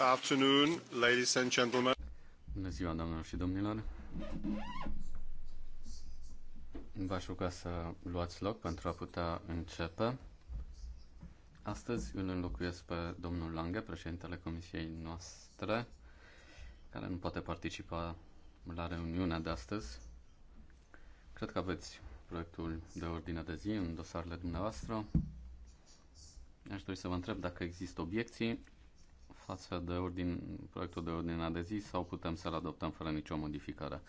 afternoon, ladies and gentlemen. Bună ziua, doamnelor și domnilor. V-aș ruga să luați loc pentru a putea începe. Astăzi îl înlocuiesc pe domnul Lange, președintele comisiei noastre, care nu poate participa la reuniunea de astăzi. Cred că aveți proiectul de ordine de zi în dosarele dumneavoastră. Aș dori să vă întreb dacă există obiecții față de ordin, proiectul de ordine de zi sau putem să-l adoptăm fără nicio modificare?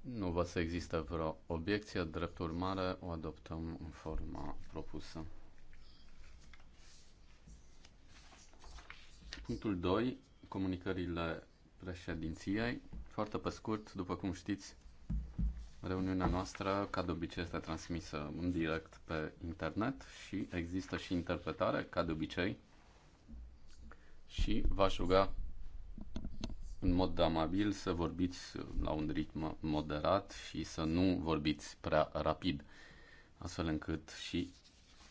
Nu vă să există vreo obiecție, drept urmare o adoptăm în forma propusă. Punctul 2, comunicările președinției. Foarte pe scurt, după cum știți, reuniunea noastră, ca de obicei, este transmisă în direct pe internet și există și interpretare, ca de obicei, și v-aș ruga în mod amabil să vorbiți la un ritm moderat și să nu vorbiți prea rapid, astfel încât și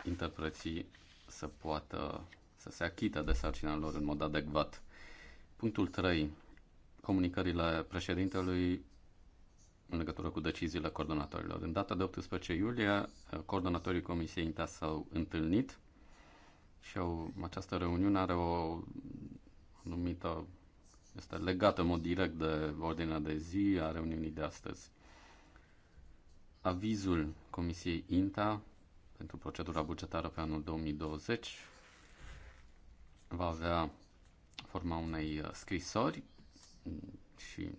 interpreții să poată să se achită de sarcina lor în mod adecvat. Punctul 3. Comunicările președintelui în legătură cu deciziile coordonatorilor. În data de 18 iulie, coordonatorii Comisiei INTA s-au întâlnit și eu, această reuniune are o anumită, este legată în mod direct de ordinea de zi a reuniunii de astăzi. Avizul Comisiei INTA pentru procedura bugetară pe anul 2020 va avea forma unei scrisori și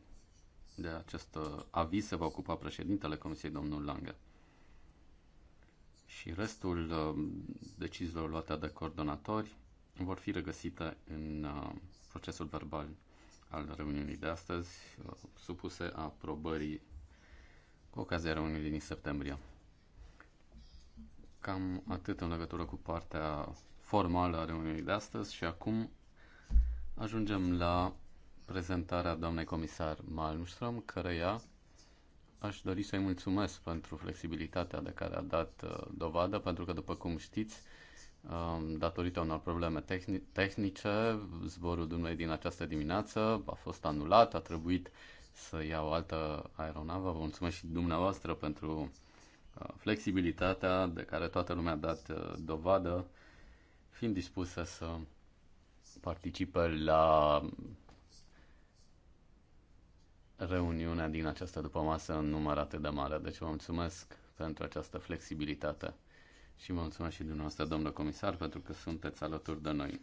de acest aviz se va ocupa președintele Comisiei, domnul Langer și restul um, deciziilor luate de coordonatori vor fi regăsite în uh, procesul verbal al reuniunii de astăzi, uh, supuse aprobării cu ocazia reuniunii din septembrie. Cam atât în legătură cu partea formală a reuniunii de astăzi și acum ajungem la prezentarea doamnei comisar Malmström, căreia aș dori să-i mulțumesc pentru flexibilitatea de care a dat uh, dovadă, pentru că, după cum știți, um, datorită unor probleme tehnice, zborul dumnei din această dimineață a fost anulat, a trebuit să iau o altă aeronavă. Vă mulțumesc și dumneavoastră pentru uh, flexibilitatea de care toată lumea a dat uh, dovadă, fiind dispusă să participe la reuniunea din această masă în număr atât de mare. Deci vă mulțumesc pentru această flexibilitate și vă mulțumesc și dumneavoastră, domnule comisar, pentru că sunteți alături de noi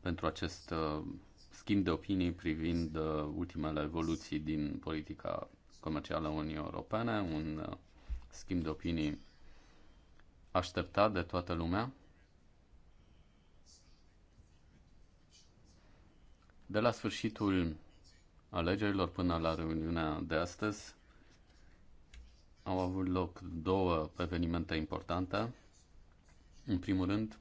pentru acest uh, schimb de opinii privind uh, ultimele evoluții din politica comercială a Uniunii Europene, un uh, schimb de opinii așteptat de toată lumea. De la sfârșitul alegerilor până la reuniunea de astăzi au avut loc două evenimente importante. În primul rând,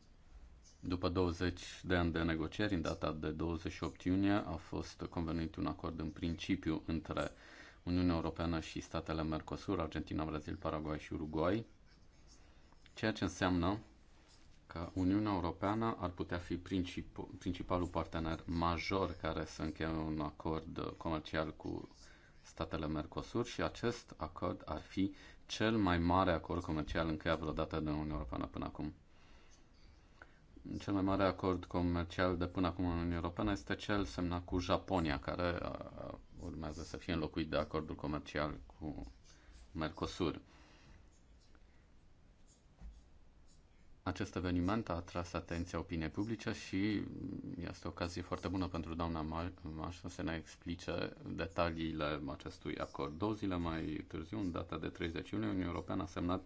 după 20 de ani de negocieri, în data de 28 iunie, a fost convenit un acord în principiu între Uniunea Europeană și statele Mercosur, Argentina, Brazil, Paraguay și Uruguay, ceea ce înseamnă că Uniunea Europeană ar putea fi princip- principalul partener major care să încheie un acord comercial cu statele Mercosur și acest acord ar fi cel mai mare acord comercial încheiat vreodată de Uniunea Europeană până acum. Cel mai mare acord comercial de până acum în Uniunea Europeană este cel semnat cu Japonia, care uh, urmează să fie înlocuit de acordul comercial cu Mercosur. Acest eveniment a atras atenția opiniei publice și este o ocazie foarte bună pentru doamna Maș să ne explice detaliile acestui acord. Două zile mai târziu, în data de 30 iunie, Uniunea Europeană a semnat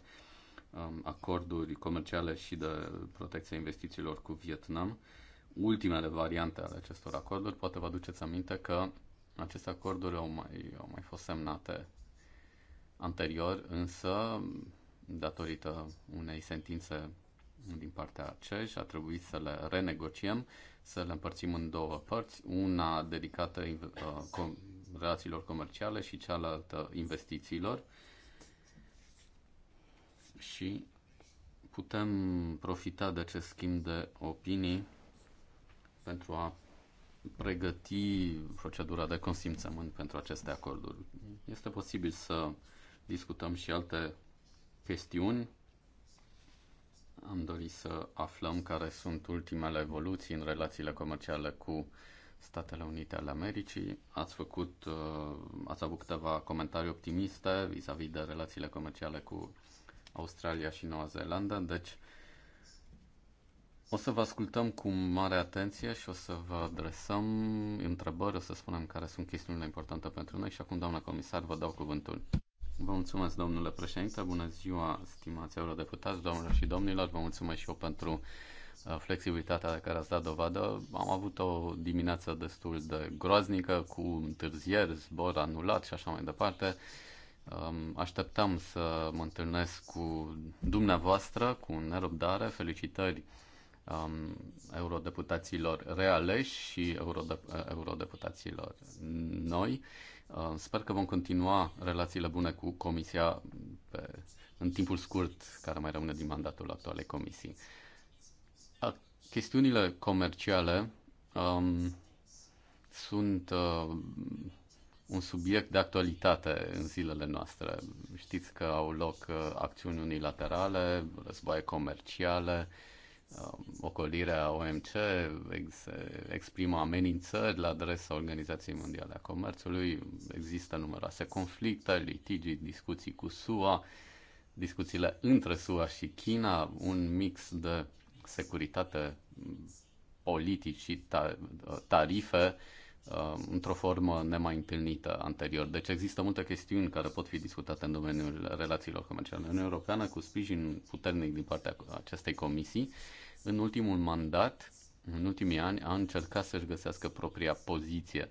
um, acorduri comerciale și de protecție investițiilor cu Vietnam. Ultimele variante ale acestor acorduri, poate vă aduceți aminte că aceste acorduri au mai, au mai fost semnate anterior, însă datorită unei sentințe din partea CEJ, a trebuit să le renegociem, să le împărțim în două părți, una dedicată uh, com- relațiilor comerciale și cealaltă investițiilor. Și putem profita de acest schimb de opinii pentru a pregăti procedura de consimțământ pentru aceste acorduri. Este posibil să discutăm și alte chestiuni am dorit să aflăm care sunt ultimele evoluții în relațiile comerciale cu Statele Unite ale Americii. Ați făcut, uh, ați avut câteva comentarii optimiste vis-a-vis -vis de relațiile comerciale cu Australia și Noua Zeelandă, deci o să vă ascultăm cu mare atenție și o să vă adresăm întrebări, o să spunem care sunt chestiunile importante pentru noi și acum, doamna comisar, vă dau cuvântul. Vă mulțumesc, domnule președinte. Bună ziua, stimați eurodeputați, domnilor și domnilor. Vă mulțumesc și eu pentru uh, flexibilitatea de care ați dat dovadă. Am avut o dimineață destul de groaznică, cu întârzieri, zbor anulat și așa mai departe. Um, așteptam să mă întâlnesc cu dumneavoastră, cu nerăbdare. Felicitări um, eurodeputaților realeși și uh, eurodeputaților noi. Uh, sper că vom continua relațiile bune cu Comisia pe, în timpul scurt care mai rămâne din mandatul actualei Comisii. A, chestiunile comerciale um, sunt uh, un subiect de actualitate în zilele noastre. Știți că au loc uh, acțiuni unilaterale, războaie comerciale, uh, Um, ocolirea OMC, ex, exprimă amenințări la adresa Organizației Mondiale a Comerțului, există numeroase conflicte, litigii, discuții cu SUA, discuțiile între SUA și China, un mix de securitate politic și tarife um, într-o formă nemai întâlnită anterior. Deci există multe chestiuni care pot fi discutate în domeniul relațiilor comerciale în Europeană cu sprijin puternic din partea acestei comisii în ultimul mandat, în ultimii ani, a încercat să-și găsească propria poziție,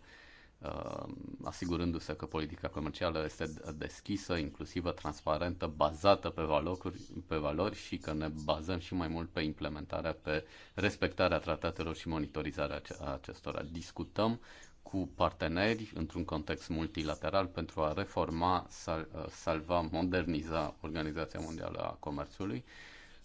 uh, asigurându-se că politica comercială este deschisă, inclusivă, transparentă, bazată pe valori, pe valori și că ne bazăm și mai mult pe implementarea, pe respectarea tratatelor și monitorizarea acestora. Discutăm cu parteneri într-un context multilateral pentru a reforma, sal, uh, salva, moderniza Organizația Mondială a Comerțului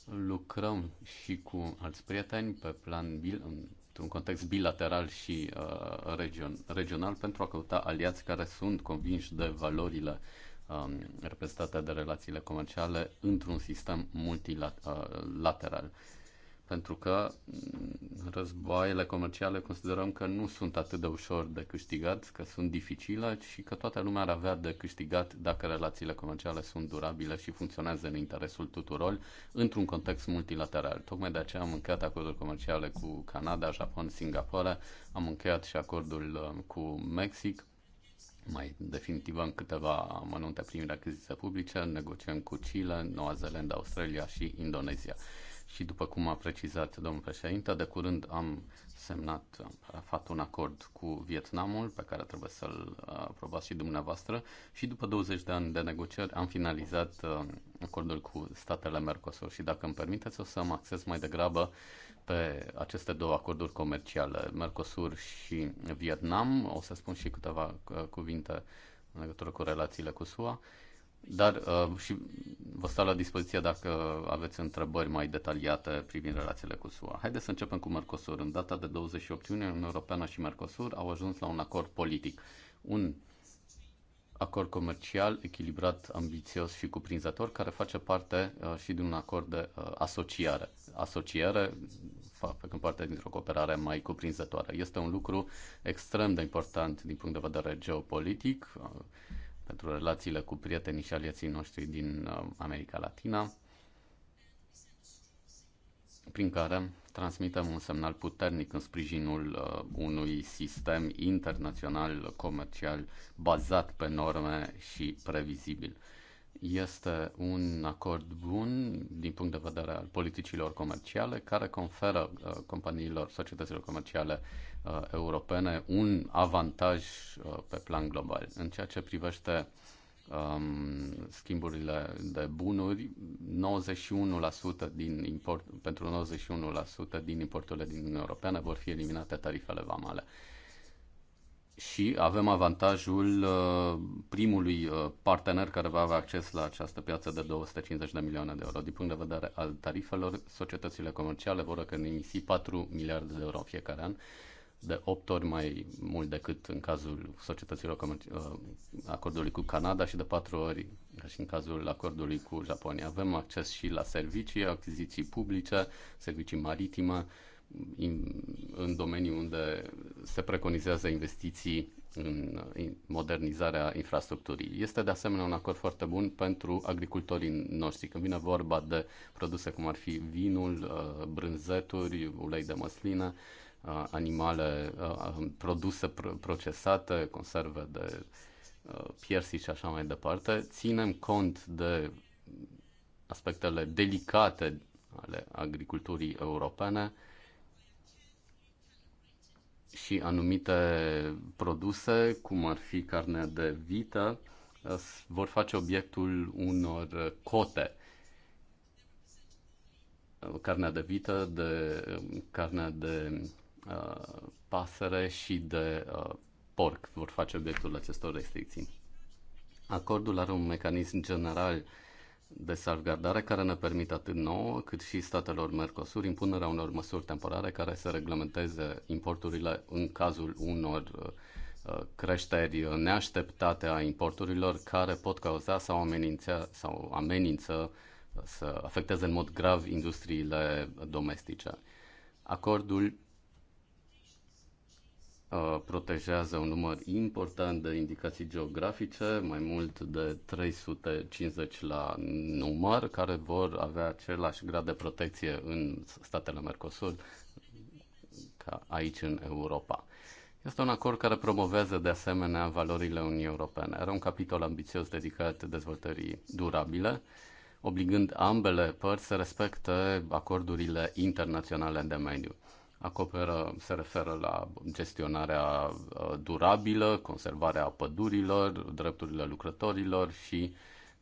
lucrăm și cu alți prieteni pe plan bil, într-un context bilateral și uh, region, regional pentru a căuta aliați care sunt convinși de valorile um, reprezentate de relațiile comerciale într-un sistem multilateral. Uh, pentru că războaiele comerciale considerăm că nu sunt atât de ușor de câștigat, că sunt dificile și că toată lumea ar avea de câștigat dacă relațiile comerciale sunt durabile și funcționează în interesul tuturor într-un context multilateral. Tocmai de aceea am încheiat acorduri comerciale cu Canada, Japon, Singapore, am încheiat și acordul uh, cu Mexic, mai definitivă în câteva amănunte primele achiziții publice, negociem cu Chile, Noua Zeelandă, Australia și Indonezia și după cum a precizat domnul președinte, de curând am semnat, am făcut un acord cu Vietnamul pe care trebuie să-l uh, aprobați și dumneavoastră și după 20 de ani de negocieri am finalizat uh, acordul cu statele Mercosur și dacă îmi permiteți o să mă acces mai degrabă pe aceste două acorduri comerciale, Mercosur și Vietnam, o să spun și câteva uh, cuvinte în legătură cu relațiile cu SUA dar uh, și vă stau la dispoziție dacă aveți întrebări mai detaliate privind relațiile cu SUA. Haideți să începem cu Mercosur. În data de 28 iunie, Uniunea Europeană și Mercosur au ajuns la un acord politic. Un acord comercial echilibrat, ambițios și cuprinzător, care face parte uh, și din un acord de uh, asociare. Asociere, făcând parte dintr-o cooperare mai cuprinzătoare. Este un lucru extrem de important din punct de vedere geopolitic. Uh, pentru relațiile cu prietenii și aliații noștri din uh, America Latina, prin care transmitem un semnal puternic în sprijinul uh, unui sistem internațional comercial bazat pe norme și previzibil. Este un acord bun din punct de vedere al politicilor comerciale care conferă uh, companiilor, societăților comerciale uh, Uh, europene un avantaj uh, pe plan global. În ceea ce privește um, schimburile de bunuri, 91% din import, pentru 91% din importurile din Uniunea Europeană vor fi eliminate tarifele vamale. Și avem avantajul uh, primului partener care va avea acces la această piață de 250 de milioane de euro. Din punct de vedere al tarifelor, societățile comerciale vor economisi 4 miliarde de euro în fiecare an de 8 ori mai mult decât în cazul societăților uh, acordului cu Canada și de 4 ori ca și în cazul acordului cu Japonia. Avem acces și la servicii, achiziții publice, servicii maritime, in, în domenii unde se preconizează investiții în modernizarea infrastructurii. Este de asemenea un acord foarte bun pentru agricultorii noștri. Când vine vorba de produse cum ar fi vinul, uh, brânzeturi, ulei de măsline, Uh, animale uh, um, produse, procesate, conserve de uh, piersici și așa mai departe, ținem cont de aspectele delicate ale agriculturii europene și anumite produse, cum ar fi carnea de vită, vor face obiectul unor cote. Carnea de vită, de um, carnea de Uh, pasăre și de uh, porc vor face obiectul acestor restricții. Acordul are un mecanism general de salvgardare care ne permite atât nouă cât și statelor Mercosur impunerea unor măsuri temporare care să reglementeze importurile în cazul unor uh, creșteri neașteptate a importurilor care pot cauza sau amenința, sau amenință să afecteze în mod grav industriile domestice. Acordul Uh, protejează un număr important de indicații geografice, mai mult de 350 la număr, care vor avea același grad de protecție în statele Mercosur ca aici în Europa. Este un acord care promovează de asemenea valorile Uniunii Europene. Era un capitol ambițios dedicat dezvoltării durabile, obligând ambele părți să respecte acordurile internaționale de mediu acoperă, se referă la gestionarea uh, durabilă, conservarea pădurilor, drepturile lucrătorilor și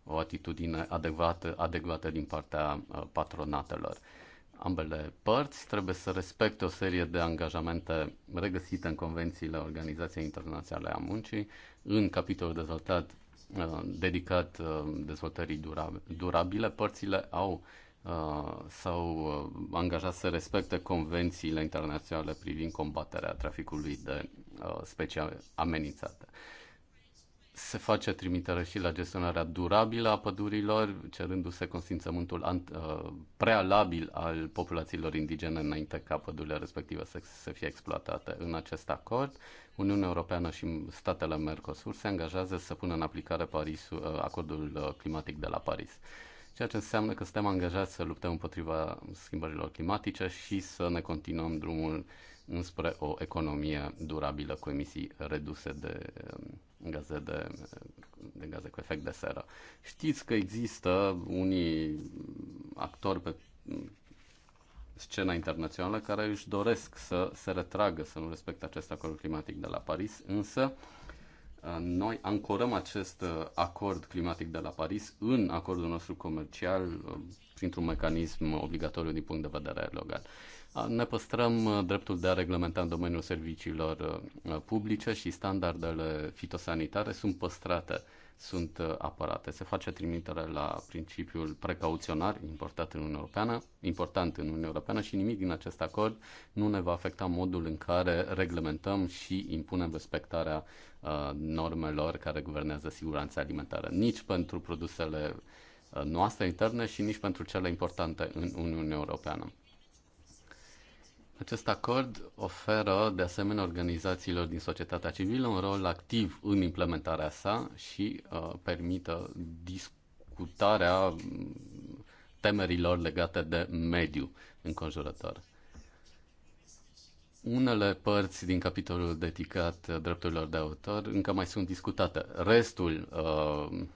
o atitudine adecvată, adecvată din partea uh, patronatelor. Ambele părți trebuie să respecte o serie de angajamente regăsite în convențiile Organizației Internaționale a Muncii, în capitolul dezvoltat uh, dedicat dezvoltării durabile, părțile au Uh, s-au uh, angajat să respecte convențiile internaționale privind combaterea traficului de uh, specii amenințate. Se face trimitere și la gestionarea durabilă a pădurilor, cerându-se consimțământul prealabil al populațiilor indigene înainte ca pădurile respective să, să fie exploatate. În acest acord, Uniunea Europeană și statele Mercosur se angajează să pună în aplicare Parisul, acordul climatic de la Paris ceea ce înseamnă că suntem angajați să luptăm împotriva schimbărilor climatice și să ne continuăm drumul înspre o economie durabilă cu emisii reduse de um, gaze, de, de gaze cu efect de seră. Știți că există unii actori pe scena internațională care își doresc să se retragă, să nu respecte acest acord climatic de la Paris, însă uh, Uh, noi ancorăm acest uh, acord climatic de la Paris în acordul nostru comercial uh, printr-un mecanism obligatoriu din punct de vedere legal. Ne păstrăm dreptul de a reglementa în domeniul serviciilor publice și standardele fitosanitare sunt păstrate sunt uh, apărate. Se face trimitere la principiul precauționar importat în Uniunea Europeană, important în Uniunea Europeană și nimic din acest acord nu ne va afecta modul în care reglementăm și impunem respectarea uh, normelor care guvernează siguranța alimentară, nici pentru produsele uh, noastre interne și nici pentru cele importante în Uniunea Europeană. Acest acord oferă, de asemenea, organizațiilor din societatea civilă un rol activ în implementarea sa și uh, permită discutarea mm, temerilor legate de mediu înconjurător. Unele părți din capitolul dedicat drepturilor de autor încă mai sunt discutate. Restul uh,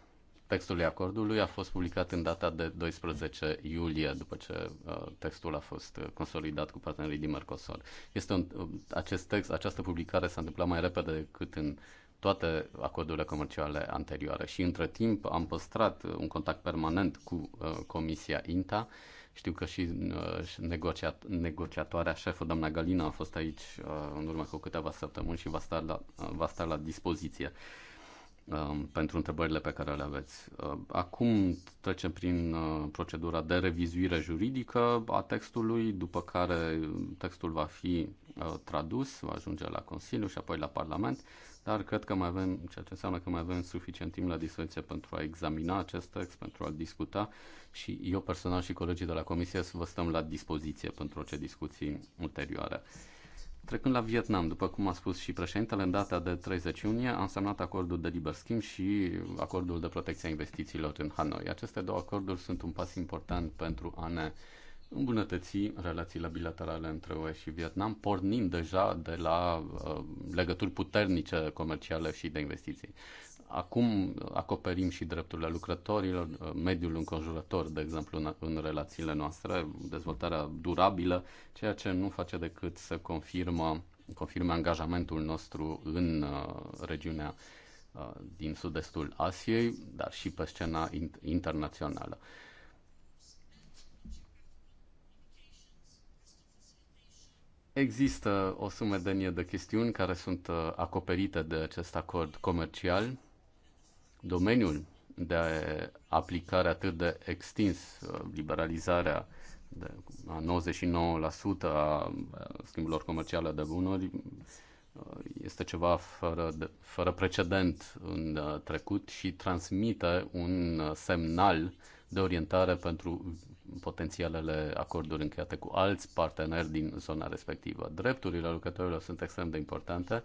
Textul acordului a fost publicat în data de 12 iulie, după ce uh, textul a fost uh, consolidat cu partenerii din Mercosur. Este un, uh, acest text, această publicare s-a întâmplat mai repede decât în toate acordurile comerciale anterioare și între timp am păstrat un contact permanent cu uh, Comisia INTA. Știu că și uh, negociat, negociatoarea șefă, doamna Galina, a fost aici uh, în urmă cu câteva săptămâni și va sta la, uh, va sta la dispoziție. Uh, Um, pentru întrebările pe care le aveți. Uh, acum trecem prin uh, procedura de revizuire juridică a textului, după care um, textul va fi uh, tradus, va ajunge la Consiliu și apoi la Parlament, dar cred că mai avem, ceea ce înseamnă că mai avem suficient timp la dispoziție pentru a examina acest text, pentru a-l discuta și eu personal și colegii de la Comisie vă stăm la dispoziție pentru orice discuții ulterioare. Trecând la Vietnam, după cum a spus și președintele, în data de 30 iunie a semnat acordul de liber schimb și acordul de protecție a investițiilor în Hanoi. Aceste două acorduri sunt un pas important pentru a ne îmbunătăți relațiile bilaterale între UE și Vietnam, pornind deja de la uh, legături puternice comerciale și de investiții. Acum acoperim și drepturile lucrătorilor, mediul înconjurător, de exemplu, în, în relațiile noastre, dezvoltarea durabilă, ceea ce nu face decât să confirmă, confirme angajamentul nostru în uh, regiunea uh, din sud-estul Asiei, dar și pe scena in- internațională. Există o sumedenie de chestiuni care sunt uh, acoperite de acest acord comercial domeniul de aplicare atât de extins, liberalizarea de a 99% a schimburilor comerciale de bunuri, este ceva fără, de, fără precedent în uh, trecut și transmite un uh, semnal de orientare pentru potențialele acorduri încheiate cu alți parteneri din zona respectivă. Drepturile lucrătorilor sunt extrem de importante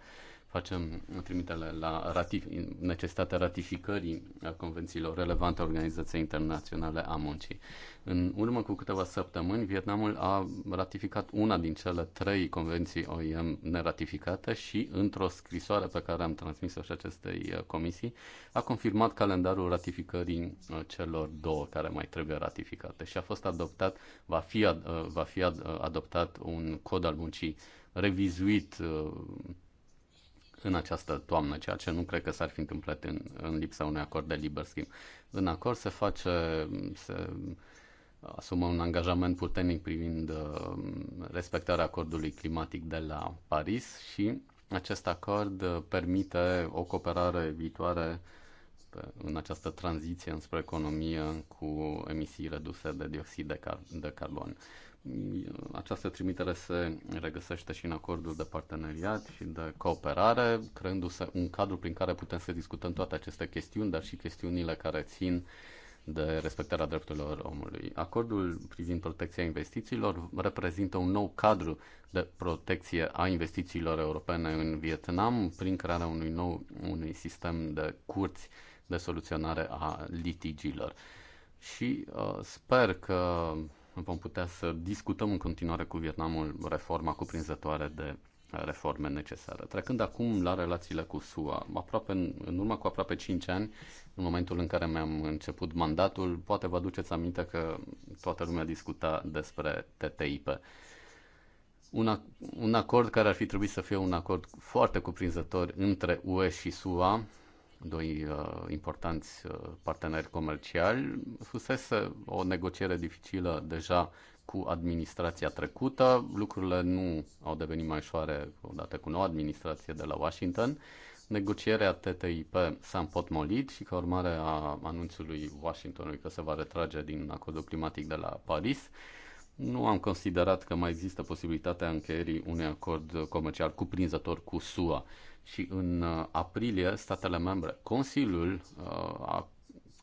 facem trimitere la ratif- necesitatea ratificării convențiilor relevante a Organizației Internaționale a Muncii. În urmă cu câteva săptămâni, Vietnamul a ratificat una din cele trei convenții OIM neratificate și, într-o scrisoare pe care am transmis-o și acestei uh, comisii, a confirmat calendarul ratificării uh, celor două care mai trebuie ratificate și a fost adoptat, va fi, uh, va fi adoptat un cod al muncii revizuit în această toamnă, ceea ce nu cred că s-ar fi întâmplat în, în lipsa unui acord de liber schimb. În acord se face, se asumă un angajament puternic privind uh, respectarea acordului climatic de la Paris și acest acord uh, permite o cooperare viitoare pe, în această tranziție înspre economie cu emisii reduse de dioxid de, car- de carbon. Această trimitere se regăsește și în acordul de parteneriat și de cooperare, creându-se un cadru prin care putem să discutăm toate aceste chestiuni, dar și chestiunile care țin de respectarea drepturilor omului. Acordul privind protecția investițiilor reprezintă un nou cadru de protecție a investițiilor europene în Vietnam prin crearea unui nou unui sistem de curți de soluționare a litigiilor. Și uh, sper că vom putea să discutăm în continuare cu Vietnamul reforma cuprinzătoare de reforme necesare. Trecând acum la relațiile cu SUA, aproape, în urmă cu aproape 5 ani, în momentul în care mi-am început mandatul, poate vă aduceți aminte că toată lumea discuta despre TTIP. Un, un acord care ar fi trebuit să fie un acord foarte cuprinzător între UE și SUA, doi uh, importanți uh, parteneri comerciali. Fusese o negociere dificilă deja cu administrația trecută. Lucrurile nu au devenit mai ușoare odată cu noua administrație de la Washington. Negocierea TTIP s-a împotmolit și ca urmare a anunțului Washingtonului că se va retrage din acordul climatic de la Paris, nu am considerat că mai există posibilitatea încheierii unui acord comercial cuprinzător cu SUA și în uh, aprilie statele membre, Consiliul uh, a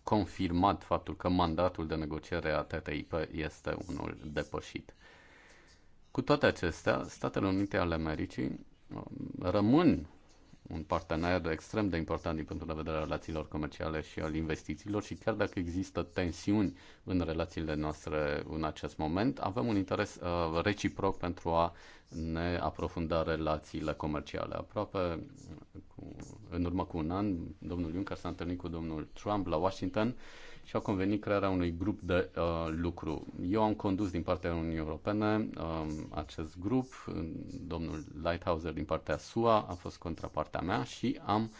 confirmat faptul că mandatul de negociere a TTIP este unul depășit. Cu toate acestea, Statele Unite ale Americii um, rămân un partener extrem de important din punctul de vedere al relațiilor comerciale și al investițiilor și chiar dacă există tensiuni în relațiile noastre în acest moment, avem un interes uh, reciproc pentru a ne aprofunda relațiile comerciale. Aproape cu, în urmă cu un an, domnul Juncker s-a întâlnit cu domnul Trump la Washington uh, și au convenit crearea unui grup de uh, lucru. Eu am condus din partea Uniunii Europene uh, acest grup, domnul Lighthouser din partea SUA a fost contrapartea mea și am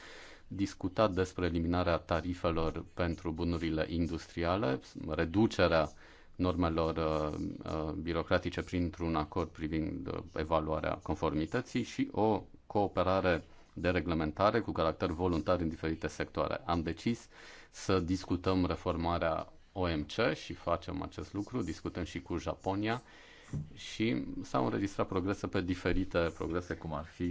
discutat despre eliminarea tarifelor pentru bunurile industriale, reducerea normelor uh, uh birocratice printr-un acord privind uh, evaluarea conformității și o cooperare de reglementare cu caracter voluntar în diferite sectoare. Am decis uh, să discutăm reformarea OMC și facem acest lucru, discutăm și cu Japonia și s-au înregistrat progrese pe diferite progrese, cum ar fi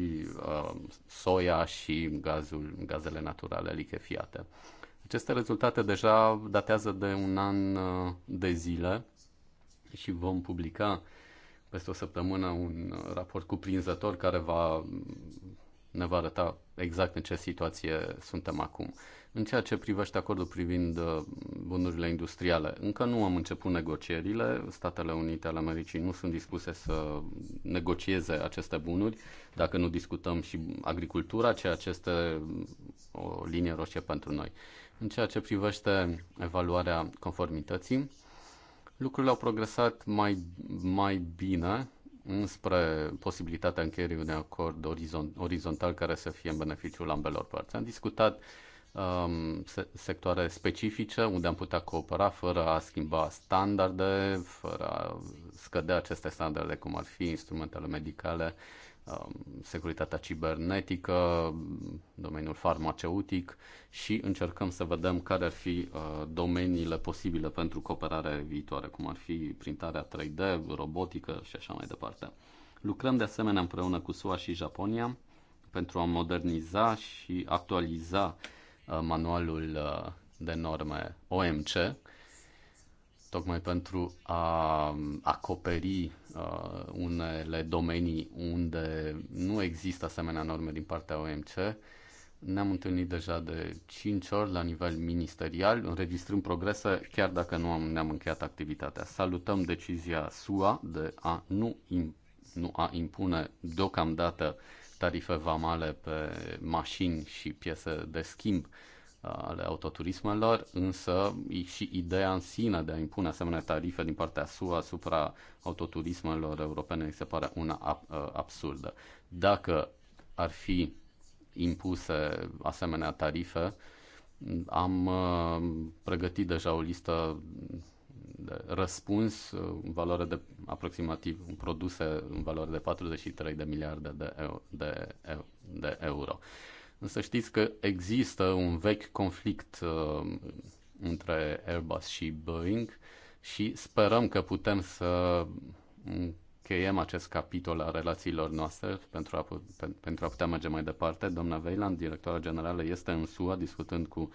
uh, soia și gazul, gazele naturale lichefiate. Aceste rezultate deja datează de un an uh, de zile și vom publica peste o săptămână un raport cuprinzător care va, ne va arăta exact în ce situație suntem acum. În ceea ce privește acordul privind uh, bunurile industriale, încă nu am început negocierile. Statele Unite ale Americii nu sunt dispuse să negocieze aceste bunuri. Dacă nu discutăm și agricultura, ceea ce este o linie roșie pentru noi. În ceea ce privește evaluarea conformității, lucrurile au progresat mai, mai bine înspre posibilitatea încheierii unui acord orizont, orizontal care să fie în beneficiul ambelor părți. Am discutat uh, um, se- sectoare specifice unde am putea coopera fără a schimba standarde, fără a scădea aceste standarde, cum ar fi instrumentele medicale, um, securitatea cibernetică, domeniul farmaceutic și încercăm să vedem care ar fi uh, domeniile posibile pentru cooperare viitoare, cum ar fi printarea 3D, robotică și așa mai departe. Lucrăm de asemenea împreună cu SUA și Japonia pentru a moderniza și actualiza uh, Uh, manualul uh, de norme OMC, tocmai pentru a um, acoperi uh, unele domenii unde nu există asemenea norme din partea OMC. Ne-am întâlnit deja de 5 ori la nivel ministerial, înregistrăm progrese chiar dacă nu am, ne-am încheiat activitatea. Salutăm decizia SUA de a nu, nu a impune deocamdată uh, tarife vamale pe mașini și piese de schimb uh, ale autoturismelor, însă și ideea în sine de a impune asemenea tarife din partea SUA asupra autoturismelor europene mi se pare una uh, absurdă. Dacă ar fi impuse asemenea tarife, am uh, pregătit deja o listă de răspuns uh, în valoare de aproximativ un produse în valoare de 43 de miliarde de, eu, de, de euro. Însă știți că există un vechi conflict uh, între Airbus și Boeing și sperăm că putem să încheiem acest capitol a relațiilor noastre pentru a, pentru a putea merge mai departe. Doamna Veiland, directora generală, este în SUA discutând cu uh,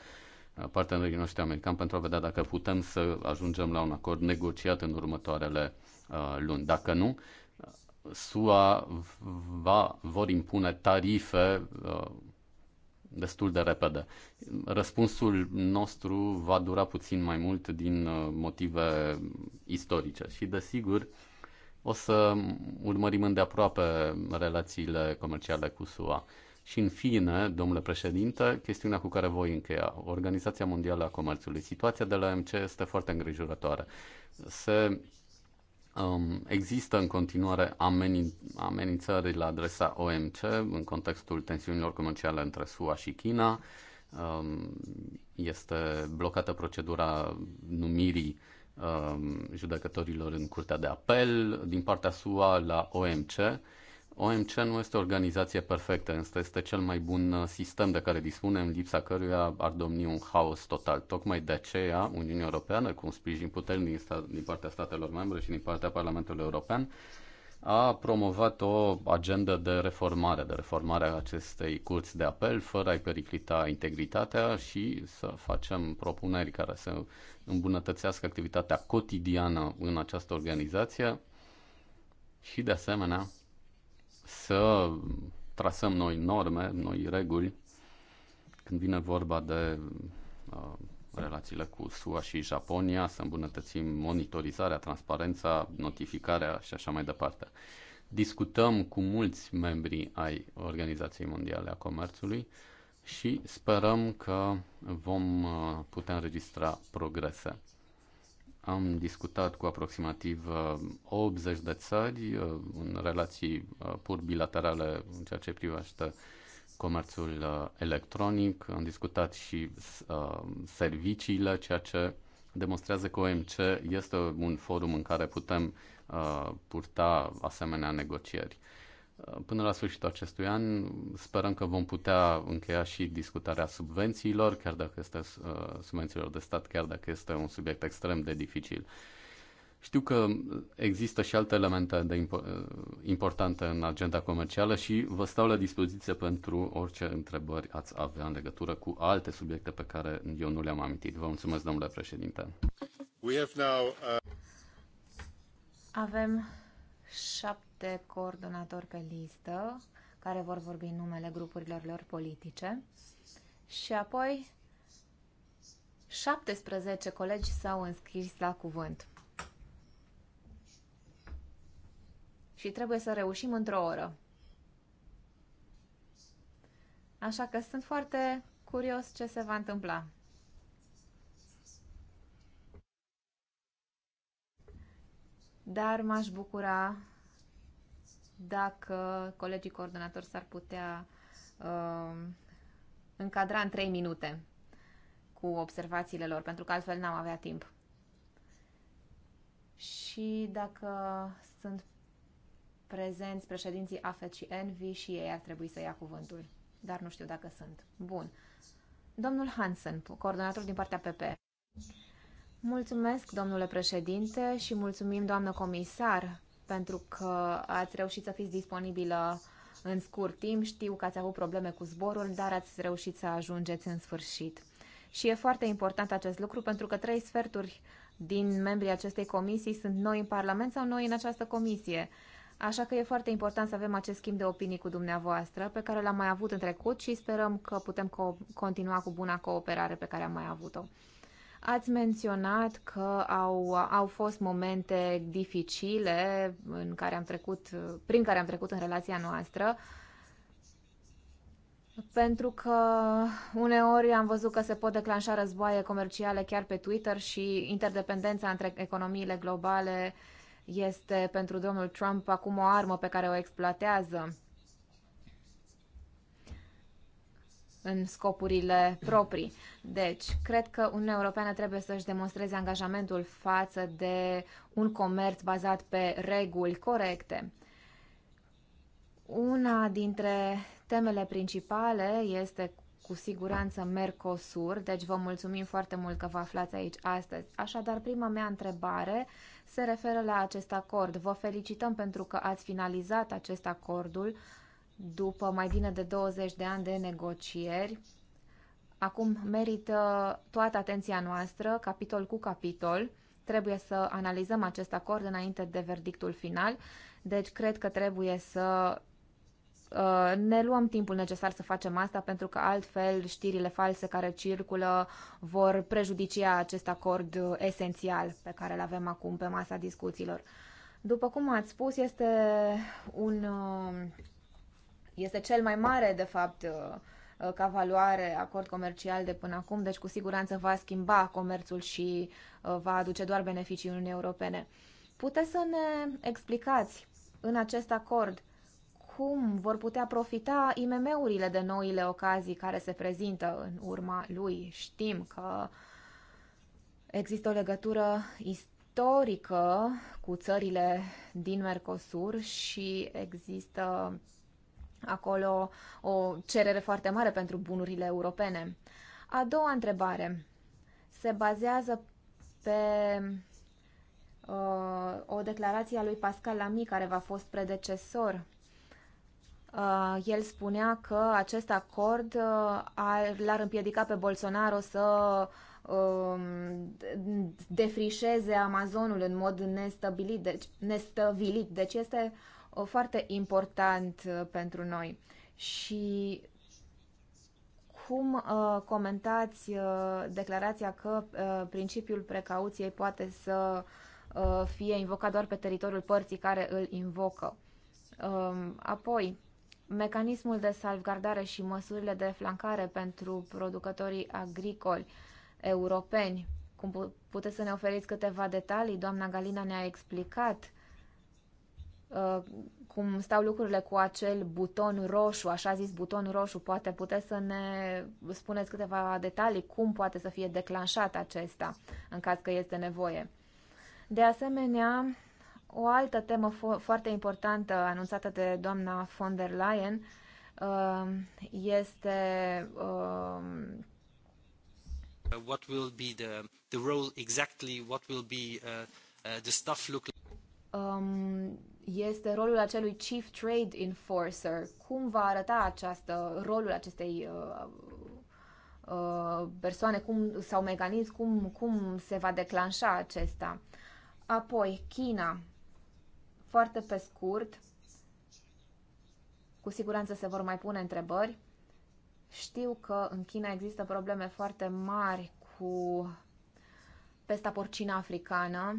partenerii noștri americani pentru a vedea dacă putem să ajungem la un acord negociat în următoarele uh, luni. Dacă nu, SUA va, vor impune tarife uh, destul de repede. Răspunsul nostru va dura puțin mai mult din uh, motive istorice și, desigur, o să urmărim îndeaproape relațiile comerciale cu SUA. Și în fine, domnule președinte, chestiunea cu care voi încheia, Organizația Mondială a Comerțului. Situația de la MC este foarte îngrijorătoare. Se Um, există în continuare ameni- amenințări la adresa OMC în contextul tensiunilor comerciale între SUA și China. Um, este blocată procedura numirii um, judecătorilor în Curtea de Apel din partea SUA la OMC. OMC nu este o organizație perfectă, însă este cel mai bun uh, sistem de care dispunem, lipsa căruia ar domni un haos total. Tocmai de aceea, Uniunea Europeană, cu un sprijin puternic din partea statelor membre și din partea Parlamentului European, a promovat o agendă de reformare, de reformare a acestei curți de apel, fără a-i periclita integritatea și să facem propuneri care să îmbunătățească activitatea cotidiană în această organizație și, de asemenea, să trasăm noi norme, noi reguli când vine vorba de uh, relațiile cu SUA și Japonia, să îmbunătățim monitorizarea, transparența, notificarea și așa mai departe. Discutăm cu mulți membri ai Organizației Mondiale a Comerțului și sperăm că vom uh, putea înregistra progrese. Am discutat cu aproximativ 80 uh, de țări uh, în relații uh, pur bilaterale în ceea ce privește comerțul electronic. Am discutat și serviciile, ceea ce demonstrează că OMC este un forum în care putem purta asemenea negocieri. Până la sfârșitul acestui an sperăm că vom putea încheia și discutarea subvențiilor, chiar dacă este uh, subvențiilor de stat, chiar dacă este un subiect extrem de dificil. Știu că există și alte elemente de impo- uh, importante în agenda comercială și vă stau la dispoziție pentru orice întrebări ați avea în legătură cu alte subiecte pe care eu nu le-am amintit. Vă mulțumesc, domnule președinte. We have now, uh... Avem șapte de coordonatori pe listă care vor vorbi în numele grupurilor lor politice și apoi 17 colegi s-au înscris la cuvânt. Și trebuie să reușim într-o oră. Așa că sunt foarte curios ce se va întâmpla. Dar m-aș bucura dacă colegii coordonatori s-ar putea uh, încadra în 3 minute cu observațiile lor, pentru că altfel n-am avea timp. Și dacă sunt prezenți președinții AFET și ENVI și ei ar trebui să ia cuvântul, dar nu știu dacă sunt. Bun. Domnul Hansen, coordonator din partea PP. Mulțumesc, domnule președinte, și mulțumim, doamnă comisar, pentru că ați reușit să fiți disponibilă în scurt timp. Știu că ați avut probleme cu zborul, dar ați reușit să ajungeți în sfârșit. Și e foarte important acest lucru pentru că trei sferturi din membrii acestei comisii sunt noi în Parlament sau noi în această comisie. Așa că e foarte important să avem acest schimb de opinii cu dumneavoastră, pe care l-am mai avut în trecut și sperăm că putem co- continua cu buna cooperare pe care am mai avut-o. Ați menționat că au, au fost momente dificile în care am trecut, prin care am trecut în relația noastră, pentru că uneori am văzut că se pot declanșa războaie comerciale chiar pe Twitter și interdependența între economiile globale este pentru domnul Trump acum o armă pe care o exploatează. în scopurile proprii. Deci, cred că Uniunea Europeană trebuie să-și demonstreze angajamentul față de un comerț bazat pe reguli corecte. Una dintre temele principale este cu siguranță Mercosur, deci vă mulțumim foarte mult că vă aflați aici astăzi. Așadar, prima mea întrebare se referă la acest acord. Vă felicităm pentru că ați finalizat acest acordul după mai bine de 20 de ani de negocieri. Acum merită toată atenția noastră, capitol cu capitol. Trebuie să analizăm acest acord înainte de verdictul final, deci cred că trebuie să uh, ne luăm timpul necesar să facem asta pentru că altfel știrile false care circulă vor prejudicia acest acord esențial pe care îl avem acum pe masa discuțiilor. După cum ați spus, este un uh, este cel mai mare, de fapt, uh, uh, ca valoare acord comercial de până acum, deci cu siguranță va schimba comerțul și uh, va aduce doar beneficii Uniunii Europene. Puteți să ne explicați în acest acord cum vor putea profita IMM-urile de noile ocazii care se prezintă în urma lui? Știm că există o legătură istorică cu țările din Mercosur și există acolo o cerere foarte mare pentru bunurile europene. A doua întrebare se bazează pe uh, o declarație a lui Pascal Lamy, care va fost predecesor. Uh, el spunea că acest acord uh, l-ar împiedica pe Bolsonaro să uh, defrișeze Amazonul în mod nestabilit, deci, nestabilit. Deci este uh, o foarte important uh, pentru noi. Și cum uh, comentați uh, declarația că uh, principiul precauției poate să uh, fie invocat doar pe teritoriul părții care îl invocă? Uh, apoi, mecanismul de salvgardare și măsurile de flancare pentru producătorii agricoli europeni. Cum puteți să ne oferiți câteva detalii? Doamna Galina ne-a explicat Uh, cum stau lucrurile cu acel buton roșu, așa zis buton roșu, poate puteți să ne spuneți câteva detalii cum poate să fie declanșat acesta în caz că este nevoie. De asemenea, o altă temă fo- foarte importantă anunțată de doamna von der Leyen uh, este uh, what will be the, the role exactly, what will be uh, uh, the stuff look like. Um, este rolul acelui Chief Trade Enforcer. Cum va arăta această, rolul acestei uh, uh, persoane cum, sau mecanism, cum, cum se va declanșa acesta. Apoi, China. Foarte pe scurt, cu siguranță se vor mai pune întrebări. Știu că în China există probleme foarte mari cu pesta porcină africană.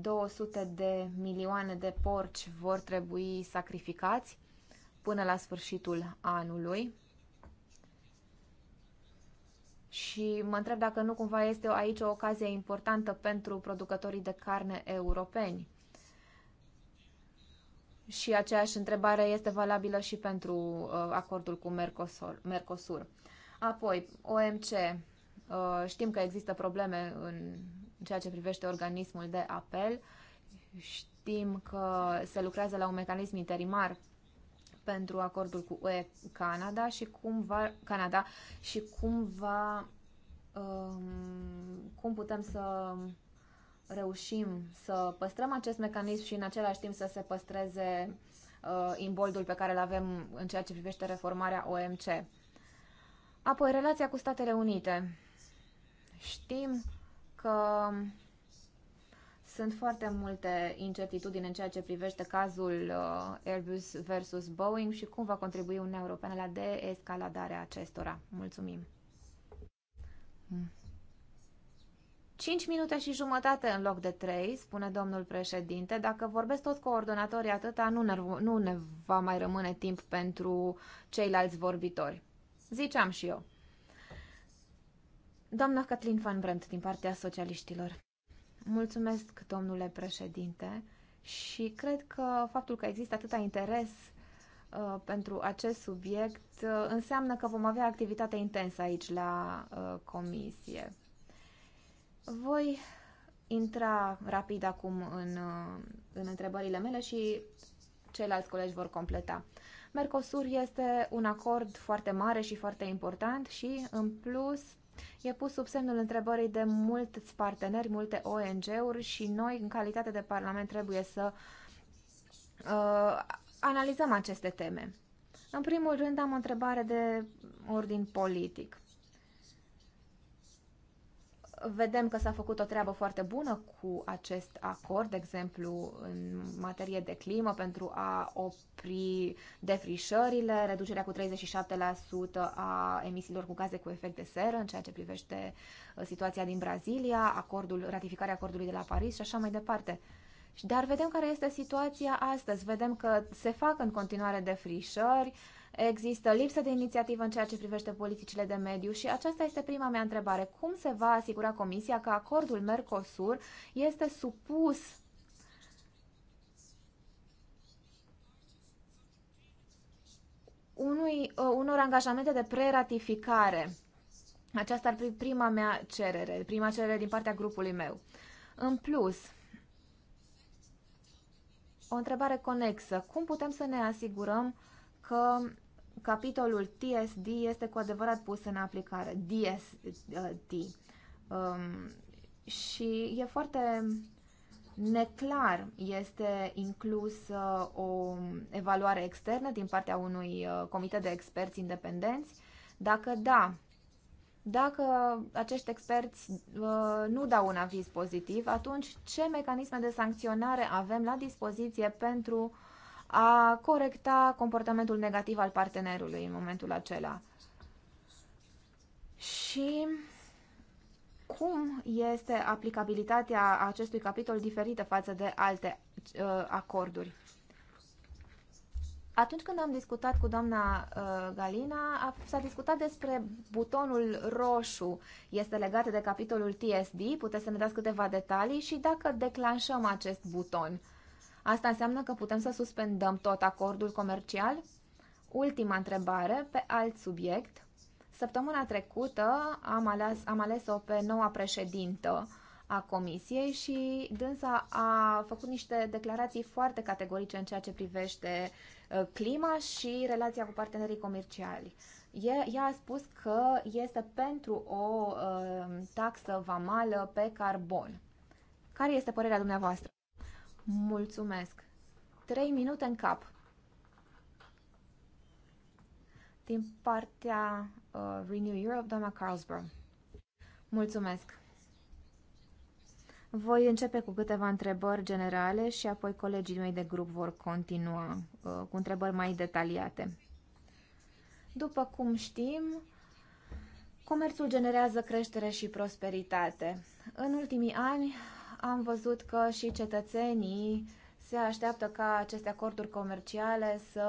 200 de milioane de porci vor trebui sacrificați până la sfârșitul anului. Și mă întreb dacă nu cumva este aici o ocazie importantă pentru producătorii de carne europeni. Și aceeași întrebare este valabilă și pentru uh, acordul cu Mercosur. Mercosur. Apoi, OMC. Uh, știm că există probleme în în ceea ce privește organismul de apel. Știm că se lucrează la un mecanism interimar pentru acordul cu UE Canada și cum va Canada și cum va um, cum putem să reușim să păstrăm acest mecanism și în același timp să se păstreze uh, imboldul pe care îl avem în ceea ce privește reformarea OMC. Apoi, relația cu Statele Unite. Știm că sunt foarte multe incertitudini în ceea ce privește cazul uh, Airbus versus Boeing și cum va contribui Uniunea Europeană la deescaladarea acestora. Mulțumim! 5 minute și jumătate în loc de 3, spune domnul președinte. Dacă vorbesc toți coordonatorii atâta, nu ne, nu ne va mai rămâne timp pentru ceilalți vorbitori. Ziceam și eu. Doamna Catlin Van Brandt, din partea socialiștilor. Mulțumesc, domnule președinte, și cred că faptul că există atâta interes uh, pentru acest subiect uh, înseamnă că vom avea activitate intensă aici la uh, comisie. Voi intra rapid acum în, uh, în întrebările mele și ceilalți colegi vor completa. Mercosur este un acord foarte mare și foarte important și, în plus, E pus sub semnul întrebării de mulți parteneri, multe ONG-uri și noi, în calitate de Parlament, trebuie să uh, analizăm aceste teme. În primul rând, am o întrebare de ordin politic. Vedem că s-a făcut o treabă foarte bună cu acest acord, de exemplu, în materie de climă, pentru a opri defrișările, reducerea cu 37% a emisiilor cu gaze cu efect de seră, în ceea ce privește uh, situația din Brazilia, acordul, ratificarea acordului de la Paris și așa mai departe. Dar vedem care este situația astăzi. Vedem că se fac în continuare defrișări, uh, Există lipsă de inițiativă în ceea ce privește politicile de mediu și aceasta este prima mea întrebare. Cum se va asigura Comisia că acordul Mercosur este supus unui, uh, unor angajamente de preratificare? Aceasta ar fi prima mea cerere, prima cerere din partea grupului meu. În plus, o întrebare conexă. Cum putem să ne asigurăm că capitolul TSD este cu adevărat pus în aplicare, DSD. Um, și e foarte neclar este uh, o evaluare externă din partea unui uh, comitet de experți independenți. Dacă da, dacă acești experți uh, nu dau un aviz pozitiv, atunci ce mecanisme de sancționare avem la dispoziție pentru a corecta comportamentul negativ al partenerului în momentul acela. Și cum este aplicabilitatea acestui capitol diferită față de alte uh, acorduri? Atunci când am discutat cu doamna uh, Galina, s-a discutat despre butonul roșu. Este legat de capitolul TSD, puteți să ne dați câteva detalii și dacă declanșăm acest buton. Asta înseamnă că putem să suspendăm tot acordul comercial? Ultima întrebare, pe alt subiect. Săptămâna trecută am ales, am ales pe noua președintă a comisiei și dânsa a făcut niște declarații foarte categorice în ceea ce privește ă, clima și relația cu partenerii comerciali. Ea a spus că este pentru o ă, taxă vamală pe carbon. Care este părerea dumneavoastră? Mulțumesc. Trei minute în cap. Din partea uh, Renew Europe, doamna Carlsborough. Mulțumesc. Voi începe cu câteva întrebări generale și apoi colegii mei de grup vor continua uh, cu întrebări mai detaliate. După cum știm, comerțul generează creștere și prosperitate. În ultimii ani am văzut că și cetățenii se așteaptă ca aceste acorduri comerciale să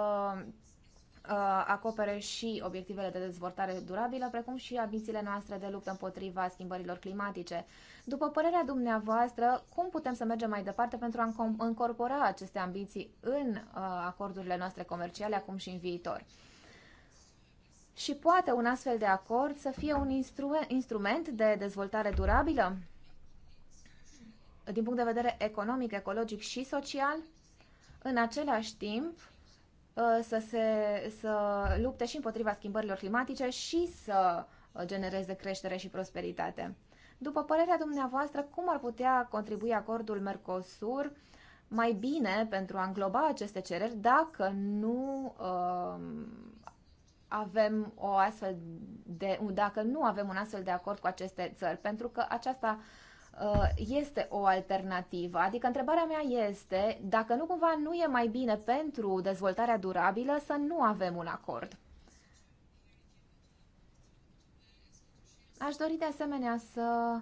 uh, acopere și obiectivele de dezvoltare durabilă, precum și ambițiile noastre de luptă împotriva schimbărilor climatice. După părerea dumneavoastră, cum putem să mergem mai departe pentru a încorpora aceste ambiții în uh, acordurile noastre comerciale acum și în viitor? Și poate un astfel de acord să fie un instrument de dezvoltare durabilă? din punct de vedere economic, ecologic și social, în același timp uh, să, se, să lupte și împotriva schimbărilor climatice și să uh, genereze creștere și prosperitate. După părerea dumneavoastră, cum ar putea contribui acordul Mercosur mai bine pentru a îngloba aceste cereri dacă nu uh, avem o astfel de, dacă nu avem un astfel de acord cu aceste țări? Pentru că aceasta uh, Uh, este o alternativă. Adică întrebarea mea este dacă nu cumva nu e mai bine pentru dezvoltarea durabilă să nu avem un acord. Aș dori de asemenea să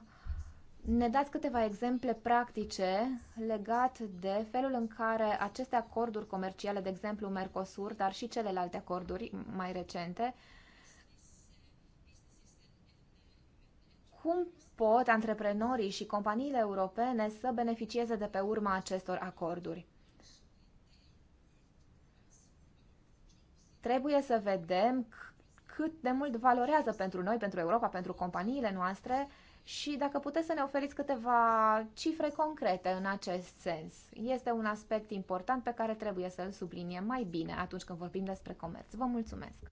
ne dați câteva exemple practice legat de felul în care aceste acorduri comerciale, de exemplu Mercosur, dar și celelalte acorduri mai recente, Cum pot antreprenorii și companiile europene să beneficieze de pe urma acestor acorduri? Trebuie să vedem cât de mult valorează pentru noi, pentru Europa, pentru companiile noastre și dacă puteți să ne oferiți câteva cifre concrete în acest sens. Este un aspect important pe care trebuie să-l subliniem mai bine atunci când vorbim despre comerț. Vă mulțumesc!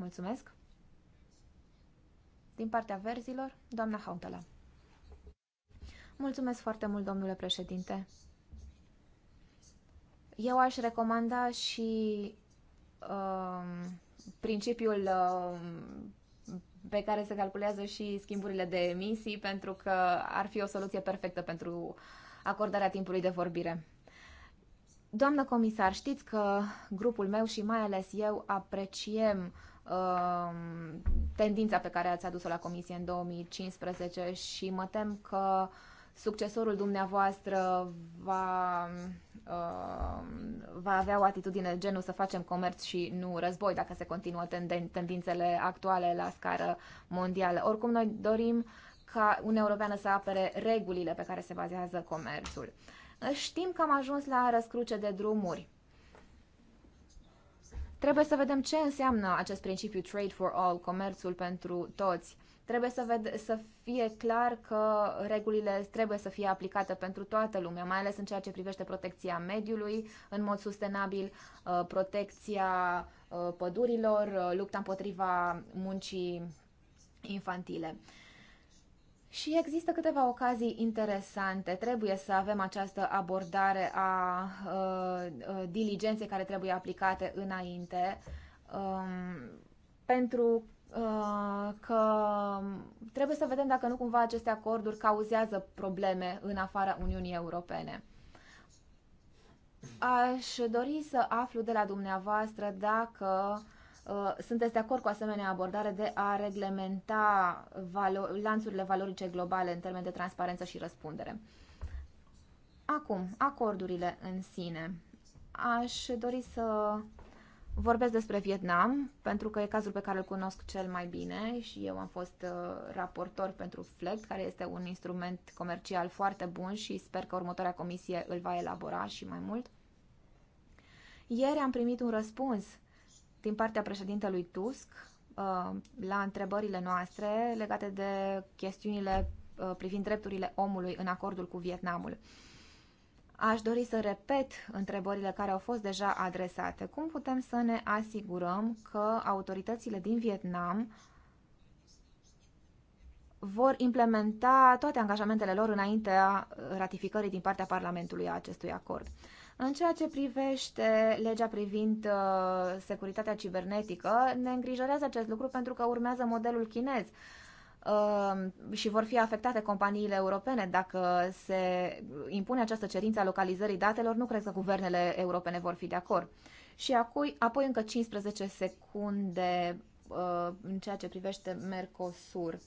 Mulțumesc. Din partea verzilor, doamna Hautala. Mulțumesc foarte mult, domnule președinte. Eu aș recomanda și uh, principiul uh, pe care se calculează și schimburile de emisii, pentru că ar fi o soluție perfectă pentru acordarea timpului de vorbire. Doamnă comisar, știți că grupul meu și mai ales eu apreciem Um, tendința pe care ați adus-o la comisie în 2015 și mă tem că succesorul dumneavoastră va, um, va avea o atitudine genul să facem comerț și nu război dacă se continuă tendințele actuale la scară mondială. Oricum, noi dorim ca Uniunea Europeană să apere regulile pe care se bazează comerțul. Știm că am ajuns la răscruce de drumuri Trebuie să vedem ce înseamnă acest principiu trade for all, comerțul pentru toți. Trebuie să, ved- să fie clar că regulile trebuie să fie aplicate pentru toată lumea, mai ales în ceea ce privește protecția mediului în mod sustenabil, uh, protecția uh, pădurilor, uh, lupta împotriva muncii infantile. Și există câteva ocazii interesante. Trebuie să avem această abordare a uh, diligenței care trebuie aplicate înainte, um, pentru ă, că trebuie să vedem dacă nu cumva aceste acorduri cauzează probleme în afara Uniunii Europene. Aș dori să aflu de la dumneavoastră dacă uh, Uh, sunteți de acord cu asemenea abordare de a reglementa valo- lanțurile valorice globale în termen de transparență și răspundere. Acum, acordurile în sine. Aș dori să vorbesc despre Vietnam, pentru că e cazul pe care îl cunosc cel mai bine și eu am fost uh, raportor pentru FLEG, care este un instrument comercial foarte bun și sper că următoarea comisie îl va elabora și mai mult. Ieri am primit un răspuns uh, din partea președintelui Tusk uh, la întrebările noastre legate de chestiunile uh, privind drepturile omului în acordul cu Vietnamul. Aș dori să repet întrebările care au fost deja adresate. Cum putem să ne asigurăm că autoritățile din Vietnam vor implementa toate angajamentele lor înaintea ratificării din partea Parlamentului a acestui acord? În ceea ce privește legea privind uh, securitatea cibernetică, ne îngrijorează acest lucru pentru că urmează modelul chinez uh, și vor fi afectate companiile europene dacă se impune această cerință a localizării datelor, nu cred că guvernele europene vor fi de acord. Și apoi, apoi încă 15 secunde uh, în ceea ce privește Mercosur.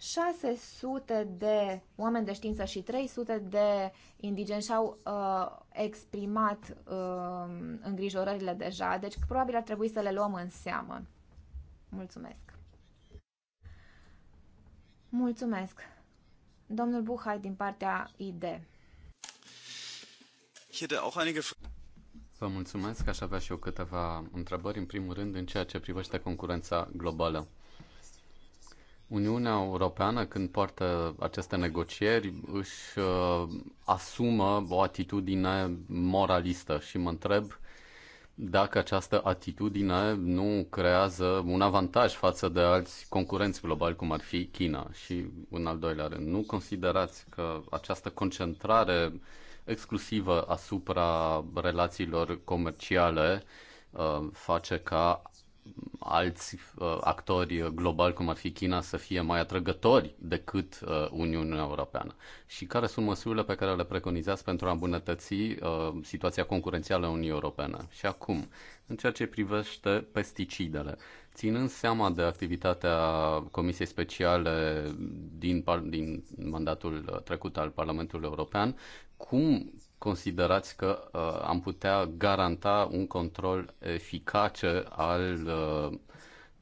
600 de oameni de știință și 300 de indigeni și-au uh, exprimat uh, îngrijorările deja, deci probabil ar trebui să le luăm în seamă. Mulțumesc! Mulțumesc! Domnul Buhai din partea ID. Vă mulțumesc, aș avea și eu câteva întrebări, în primul rând, în ceea ce privește concurența globală. Uniunea Europeană, când poartă aceste negocieri, își uh, asumă o atitudine moralistă și mă întreb dacă această atitudine nu creează un avantaj față de alți concurenți globali, cum ar fi China. Și, în al doilea rând, nu considerați că această concentrare exclusivă asupra relațiilor comerciale uh, face ca alți uh, actori globali, cum ar fi China, să fie mai atrăgători decât uh, Uniunea Europeană? Și care sunt măsurile pe care le preconizați pentru a îmbunătăți uh, situația concurențială a Uniunii Europene? Și acum, în ceea ce privește pesticidele, ținând seama de activitatea Comisiei Speciale din, din mandatul trecut al Parlamentului European, cum considerați că uh, am putea garanta un control eficace al uh,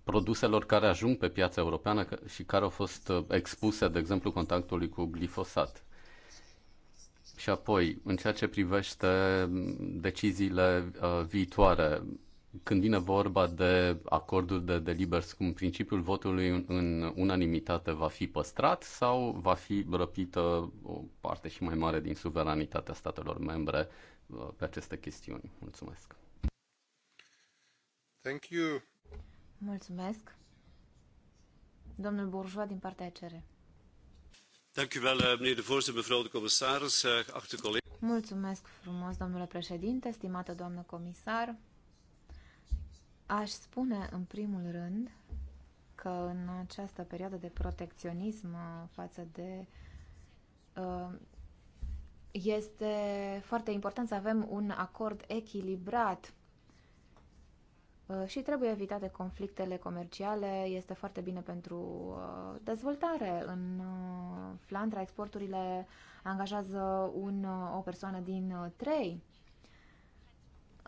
produselor care ajung pe piața europeană și care au fost uh, expuse, de exemplu, contactului cu glifosat? Și apoi, în ceea ce privește mm, deciziile uh, viitoare, când vine vorba de acordul de, de liber schimb, principiul votului în, în unanimitate va fi păstrat sau va fi răpită o parte și mai mare din suveranitatea statelor membre uh, pe aceste chestiuni? Mulțumesc. Thank you. Mulțumesc. Domnul Bourgeois din partea ECR. Eh, eh, Mulțumesc frumos, domnule președinte, stimată doamnă comisar. Aș spune în primul rând că în această perioadă de protecționism uh, față de uh, este foarte important să avem un acord echilibrat uh, și trebuie evitate conflictele comerciale. Este foarte bine pentru dezvoltare. În Flandra, exporturile angajează un, o persoană din trei.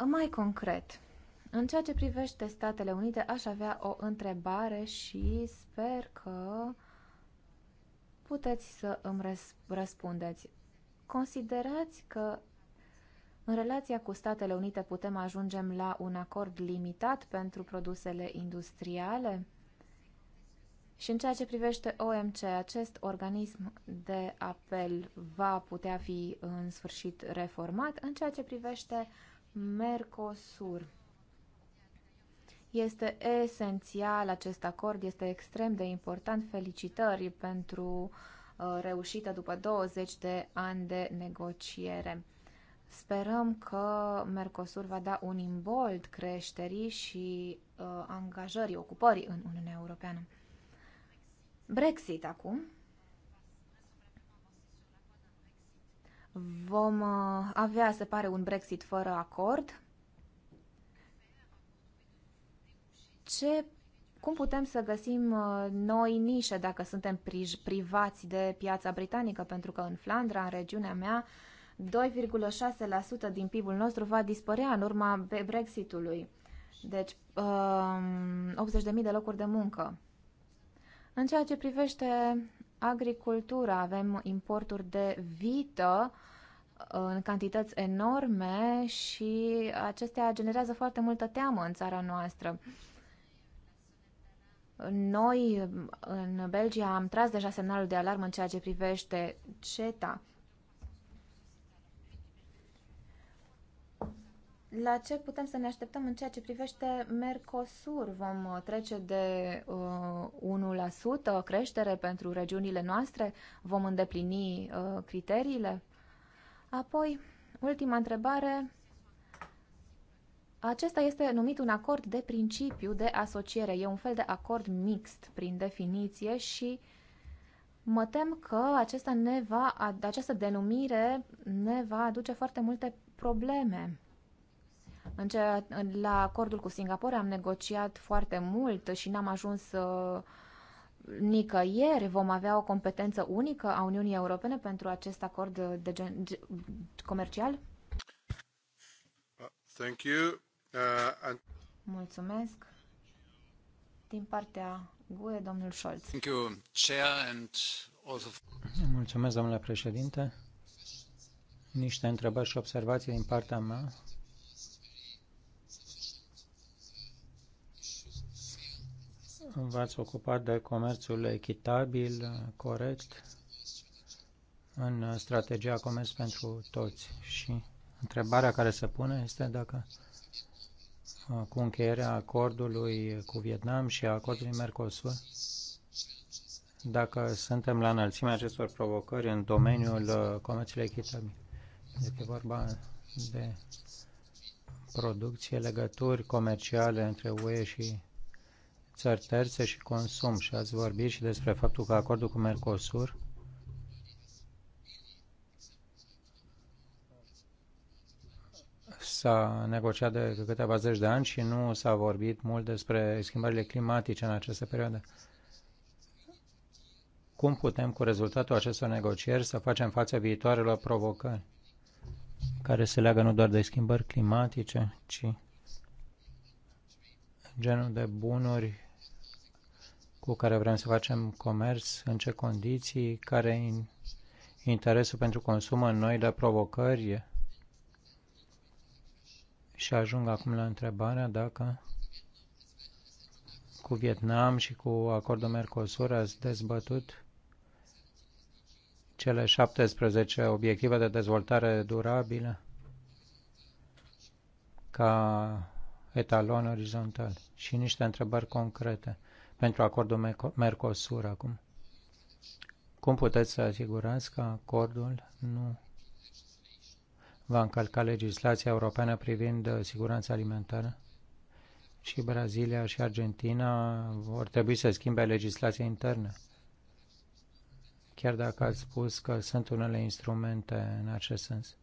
Mai concret, în ceea ce privește Statele Unite, aș avea o întrebare și sper că puteți să îmi răspundeți. Considerați că în relația cu Statele Unite putem ajungem la un acord limitat pentru produsele industriale? Și în ceea ce privește OMC, acest organism de apel va putea fi în sfârșit reformat în ceea ce privește Mercosur. Este esențial acest acord, este extrem de important. Felicitări pentru uh, reușită după 20 de ani de negociere. Sperăm că Mercosur va da un imbold creșterii și uh, angajării, ocupării în Uniunea Europeană. Brexit acum. Vom uh, avea, se pare, un Brexit fără acord. ce, cum putem să găsim uh, noi nișe dacă suntem privați de piața britanică, pentru că în Flandra, în regiunea mea, 2,6% din PIB-ul nostru va dispărea în urma Brexitului. Deci, 80.000 um, de locuri de muncă. În ceea ce privește agricultura, avem importuri de vită uh, în cantități enorme și acestea generează foarte multă teamă în țara noastră. Noi, în Belgia, am tras deja semnalul de alarmă în ceea ce privește CETA. La ce putem să ne așteptăm în ceea ce privește Mercosur? Vom uh, trece de uh, 1% creștere pentru regiunile noastre? Vom îndeplini uh, criteriile? Apoi, ultima întrebare acesta este numit un acord de principiu de asociere. E un fel de acord mixt prin definiție și mă tem că acesta ne va, această denumire ne va aduce foarte multe probleme. În ce, la acordul cu Singapore am negociat foarte mult și n-am ajuns uh, nicăieri vom avea o competență unică a Uniunii Europene pentru acest acord de gen, comercial? Uh, thank you. Uh, Mulțumesc. Din partea GUE, domnul Scholz. Thank you, Chair, and also... Mulțumesc, domnule președinte. Niște întrebări și observații din partea mea. v-ați ocupat de comerțul echitabil, corect, în strategia Comerț pentru Toți. Și întrebarea care se pune este dacă cu încheierea acordului cu Vietnam și a acordului Mercosur, dacă suntem la înălțimea acestor provocări în domeniul uh, comerțului echitabil. Este vorba de producție, legături comerciale între UE și țări terțe și consum. Și ați vorbit și despre faptul că acordul cu Mercosur s-a negociat de câteva zeci de ani și nu s-a vorbit mult despre schimbările climatice în această perioadă. Cum putem, cu rezultatul acestor negocieri, să facem față viitoarelor provocări, care se leagă nu doar de schimbări climatice, ci genul de bunuri cu care vrem să facem comerț, în ce condiții, care interesul pentru consum în de provocări, și ajung acum la întrebarea dacă cu Vietnam și cu acordul Mercosur ați dezbătut cele 17 obiective de dezvoltare durabilă ca etalon orizontal și niște întrebări concrete pentru acordul Mercosur acum. Cum puteți să asigurați că acordul nu va încalca legislația europeană privind uh, siguranța alimentară? Și Brazilia și Argentina vor trebui să schimbe legislația internă. Chiar dacă ați spus că sunt unele instrumente în acest sens.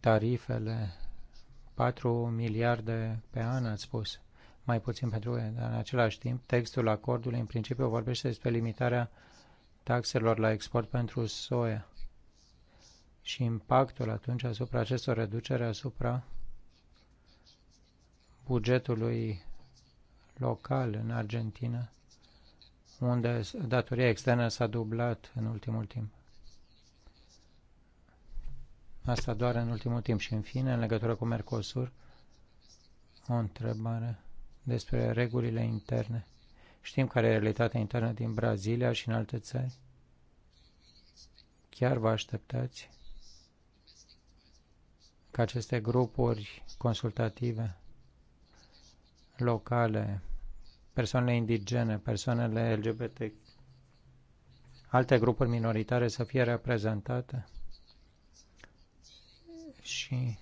Tarifele 4 miliarde pe an, ați spus mai puțin pentru că, dar în același timp, textul acordului în principiu vorbește despre limitarea taxelor la export pentru soia și impactul atunci asupra acestor reducere asupra bugetului local în Argentina, unde datoria externă s-a dublat în ultimul timp. Asta doar în ultimul timp. Și în fine, în legătură cu Mercosur, o întrebare despre regulile interne. Știm care e realitatea internă din Brazilia și în alte țări. Chiar vă așteptați ca aceste grupuri consultative locale, persoanele indigene, persoanele LGBT, alte grupuri minoritare să fie reprezentate și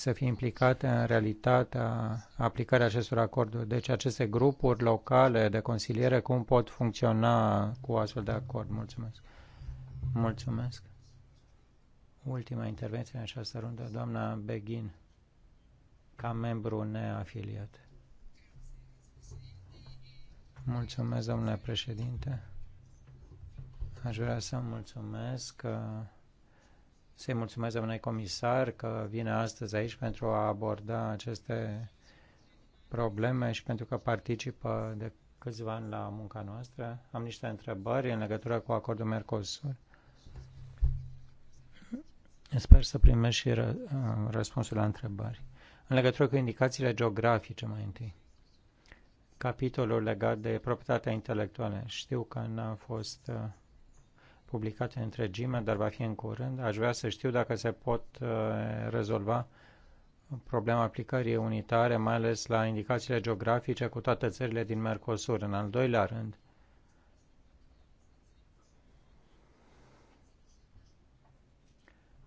să fie implicate în realitatea aplicării acestor acorduri. Deci aceste grupuri locale de consiliere, cum pot funcționa cu astfel de acord? Mulțumesc. Mulțumesc. Ultima intervenție în această rundă, doamna Beghin, ca membru neafiliat. Mulțumesc, domnule președinte. Aș vrea să mulțumesc uh, să-i mulțumesc domnule comisar că vine astăzi aici pentru a aborda aceste probleme și pentru că participă de câțiva ani la munca noastră. Am niște întrebări în legătură cu acordul Mercosur. Sper să primești și răspunsul la întrebări. În legătură cu indicațiile geografice mai întâi. Capitolul legat de proprietatea intelectuală. Știu că n-a fost uh, publicat în întregime, dar va fi în curând. Aș vrea să știu dacă se pot uh, rezolva problema aplicării unitare, mai ales la indicațiile geografice cu toate țările din Mercosur. În al doilea rând,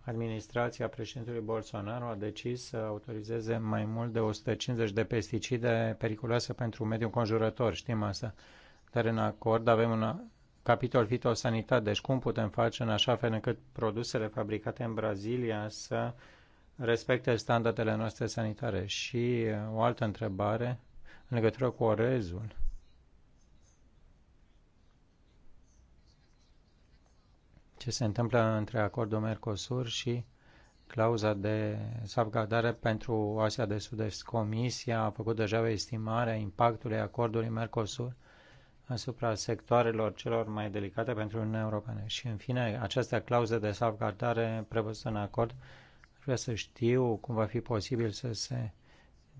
administrația președintelui Bolsonaro a decis să autorizeze mai mult de 150 de pesticide periculoase pentru mediul conjurător, știm asta. Dar în acord avem un capitol fitosanitar, deci cum putem face în așa fel încât produsele fabricate în Brazilia să respecte standardele noastre sanitare. Și uh, o altă întrebare în legătură cu orezul. Ce se întâmplă între acordul Mercosur și clauza de salvgardare pentru Asia de Sud-Est. Comisia a făcut deja o estimare a impactului acordului Mercosur asupra sectoarelor celor mai delicate pentru Uniunea Europeană. Și, în fine, această clauză de salvgardare prevăzută în acord, vreau să știu cum va fi posibil să se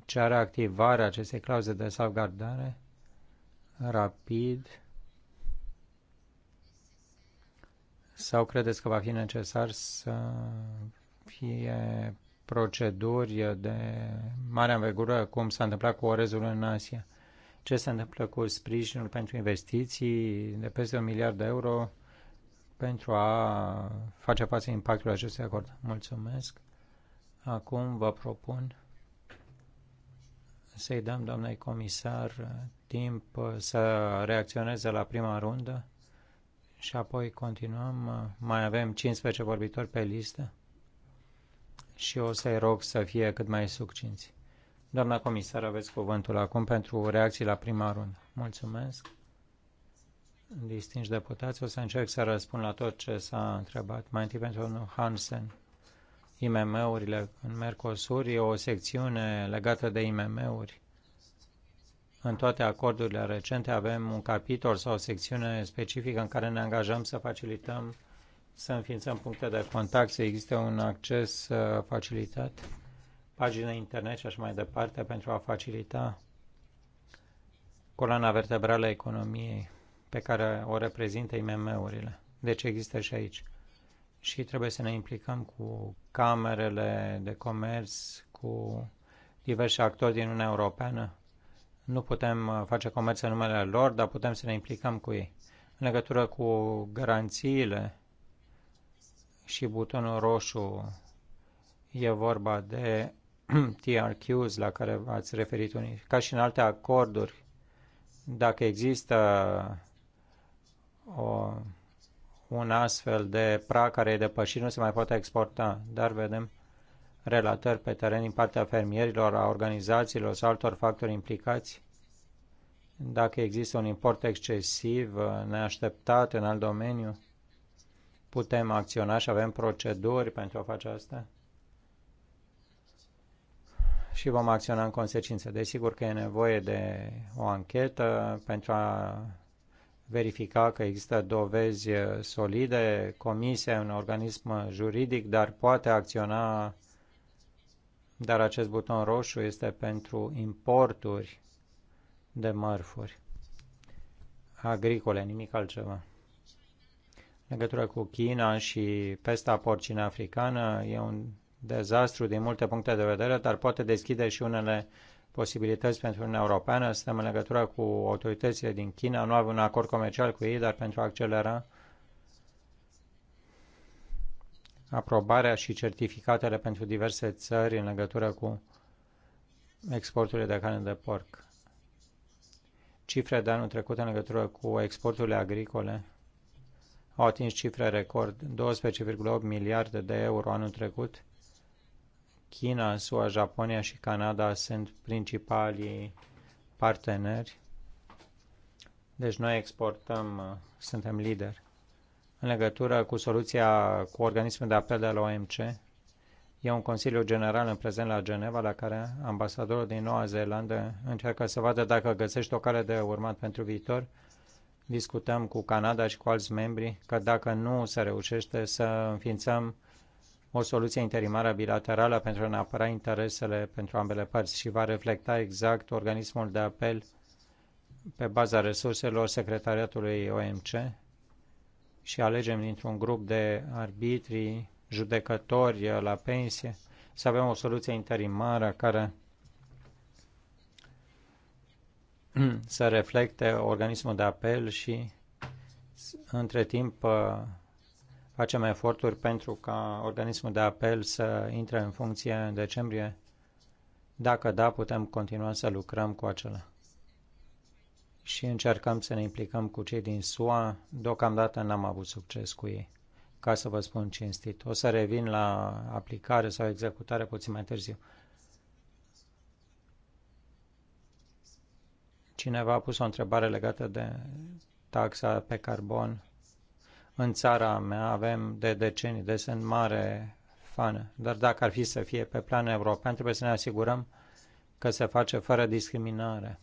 ceară activarea acestei clauze de salvgardare rapid sau credeți că va fi necesar să fie proceduri de mare învergură, cum s-a întâmplat cu orezul în Asia? ce se întâmplă cu sprijinul pentru investiții de peste un miliard de euro pentru a face față impactului acestui acord. Mulțumesc. Acum vă propun să-i dăm, doamnei comisar, timp să reacționeze la prima rundă și apoi continuăm. Mai avem 15 vorbitori pe listă și o să-i rog să fie cât mai succinți. Doamna comisar, aveți cuvântul acum pentru reacții la prima rundă. Mulțumesc. Distinși deputați, o să încerc să răspund la tot ce s-a întrebat. Mai întâi pentru domnul Hansen. IMM-urile în Mercosur e o secțiune legată de IMM-uri. În toate acordurile recente avem un capitol sau o secțiune specifică în care ne angajăm să facilităm, să înființăm puncte de contact, să existe un acces uh, facilitat pagina internet și așa mai departe pentru a facilita coloana vertebrală a economiei pe care o reprezintă IMM-urile. Deci există și aici. Și trebuie să ne implicăm cu camerele de comerț, cu diversi actori din Uniunea Europeană. Nu putem uh, face comerț în numele lor, dar putem să ne implicăm cu ei. În legătură cu garanțiile și butonul roșu, e vorba de TRQs la care v-ați referit unii, ca și în alte acorduri, dacă există o, un astfel de prag care e depășit, nu se mai poate exporta, dar vedem relatări pe teren din partea fermierilor, a organizațiilor sau altor factori implicați. Dacă există un import excesiv, uh, neașteptat în alt domeniu, putem acționa și avem proceduri pentru a face asta? și vom acționa în consecință. Desigur că e nevoie de o anchetă pentru a verifica că există dovezi uh, solide. Comisia un organism juridic, dar poate acționa, dar acest buton roșu este pentru importuri de mărfuri agricole, nimic altceva. În legătură cu China și pesta porcină africană, e un dezastru din multe puncte de vedere, dar poate deschide și unele posibilități pentru Uniunea Europeană. Suntem în legătură cu autoritățile din China, nu avem un acord comercial cu ei, dar pentru a accelera aprobarea și certificatele pentru diverse țări în legătură cu exporturile de carne de porc. Cifre de anul trecut în legătură cu exporturile agricole au atins cifre record 12,8 miliarde de euro anul trecut, China, SUA, Japonia și Canada sunt principalii parteneri. Deci noi exportăm, suntem lideri. În legătură cu soluția cu organismul de apel de la OMC, e un Consiliu General în prezent la Geneva, la care ambasadorul din Noua Zeelandă încearcă să vadă dacă găsește o cale de urmat pentru viitor. Discutăm cu Canada și cu alți membri că dacă nu se reușește să înființăm o soluție interimară bilaterală pentru a ne apăra interesele pentru ambele părți și va reflecta exact organismul de apel pe baza resurselor secretariatului OMC și alegem dintr-un grup de arbitri, judecători la pensie, să avem o soluție interimară care să reflecte organismul de apel și între timp Facem eforturi pentru ca organismul de apel să intre în funcție în decembrie. Dacă da, putem continua să lucrăm cu acela. Și încercăm să ne implicăm cu cei din SUA. Deocamdată n-am avut succes cu ei, ca să vă spun cinstit. O să revin la aplicare sau executare puțin mai târziu. Cineva a pus o întrebare legată de taxa pe carbon în țara mea avem de decenii, de sunt mare fană. Dar dacă ar fi să fie pe plan european, trebuie să ne asigurăm că se face fără discriminare.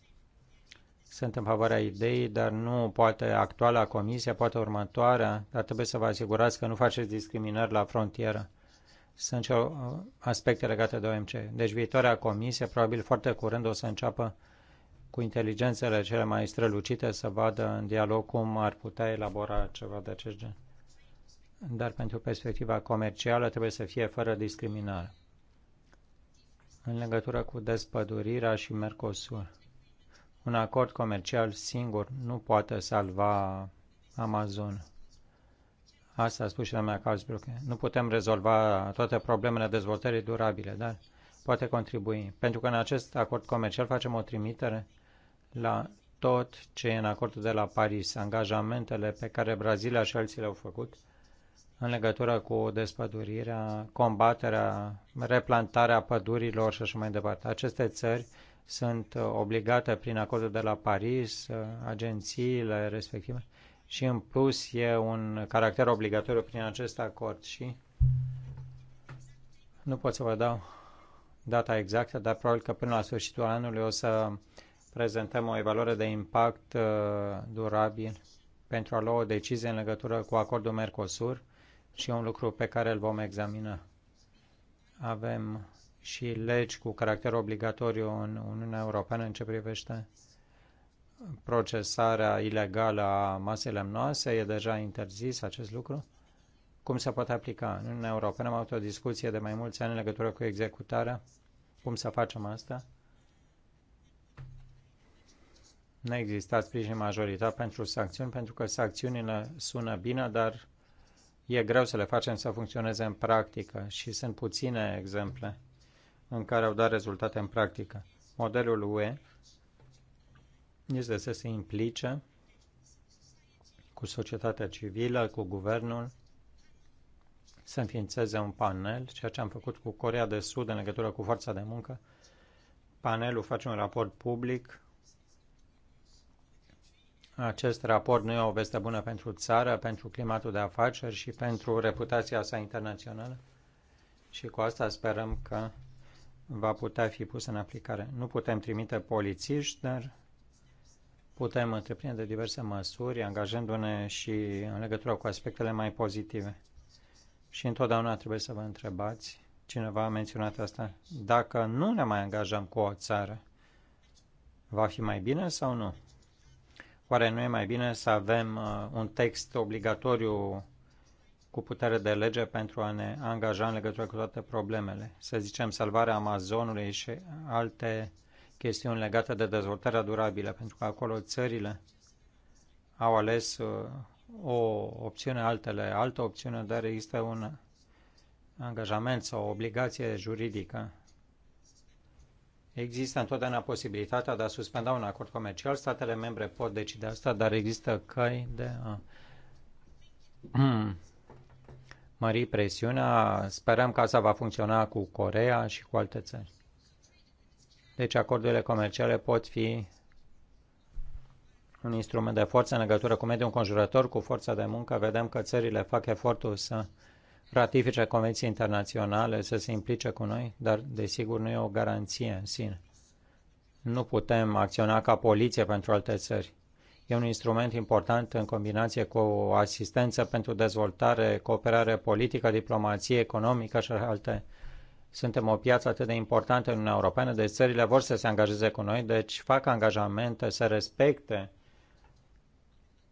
Sunt în favoarea ideii, dar nu poate actuala comisie, poate următoarea, dar trebuie să vă asigurați că nu faceți discriminări la frontieră. Sunt și aspecte legate de OMC. Deci viitoarea comisie, probabil foarte curând, o să înceapă cu inteligențele cele mai strălucite să vadă în dialog cum ar putea elabora ceva de acest gen. Dar pentru perspectiva comercială trebuie să fie fără discriminare. În legătură cu despădurirea și Mercosur, un acord comercial singur nu poate salva Amazon. Asta a spus și doamna Carlsbrook. Nu putem rezolva toate problemele dezvoltării durabile, dar poate contribui. Pentru că în acest acord comercial facem o trimitere la tot ce e în acordul de la Paris, angajamentele pe care Brazilia și alții le-au făcut în legătură cu despădurirea, combaterea, replantarea pădurilor și așa mai departe. Aceste țări sunt obligate prin acordul de la Paris, agențiile respective și în plus e un caracter obligatoriu prin acest acord și nu pot să vă dau data exactă, dar probabil că până la sfârșitul anului o să prezentăm o evaluare de impact uh, durabil pentru a lua o decizie în legătură cu acordul Mercosur și un lucru pe care îl vom examina. Avem și legi cu caracter obligatoriu în Uniunea Europeană în ce privește procesarea ilegală a masei lemnoase. E deja interzis acest lucru? Cum se poate aplica? În Uniunea Europeană am avut o discuție de mai mulți ani în legătură cu executarea. Cum să facem asta? Nu exista sprijin majoritar pentru sancțiuni, pentru că sancțiunile sună bine, dar e greu să le facem să funcționeze în practică și sunt puține exemple în care au dat rezultate în practică. Modelul UE este să se implice cu societatea civilă, cu guvernul, să înființeze un panel, ceea ce am făcut cu Corea de Sud în legătură cu forța de muncă. Panelul face un raport public acest raport nu e o veste bună pentru țară, pentru climatul de afaceri și pentru reputația sa internațională și cu asta sperăm că va putea fi pus în aplicare. Nu putem trimite polițiști, dar putem întreprinde diverse măsuri, angajându-ne și în legătură cu aspectele mai pozitive. Și întotdeauna trebuie să vă întrebați, cineva a menționat asta, dacă nu ne mai angajăm cu o țară, va fi mai bine sau nu? Oare nu e mai bine să avem uh, un text obligatoriu cu putere de lege pentru a ne angaja în legătură cu toate problemele? Să zicem salvarea Amazonului și alte chestiuni legate de dezvoltarea durabilă, pentru că acolo țările au ales uh, o opțiune, altele altă opțiune, dar există un angajament sau o obligație juridică Există întotdeauna posibilitatea de a suspenda un acord comercial. Statele membre pot decide asta, dar există căi de a mări presiunea. Sperăm că asta va funcționa cu Corea și cu alte țări. Deci acordurile comerciale pot fi un instrument de forță în legătură cu mediul înconjurător, cu forța de muncă. Vedem că țările fac efortul să ratifice convenții internaționale, să se implice cu noi, dar desigur nu e o garanție în sine. Nu putem acționa ca poliție pentru alte țări. E un instrument important în combinație cu o asistență pentru dezvoltare, cooperare politică, diplomație economică și alte. Suntem o piață atât de importantă în Uniunea Europeană, deci țările vor să se angajeze cu noi, deci fac angajamente, să respecte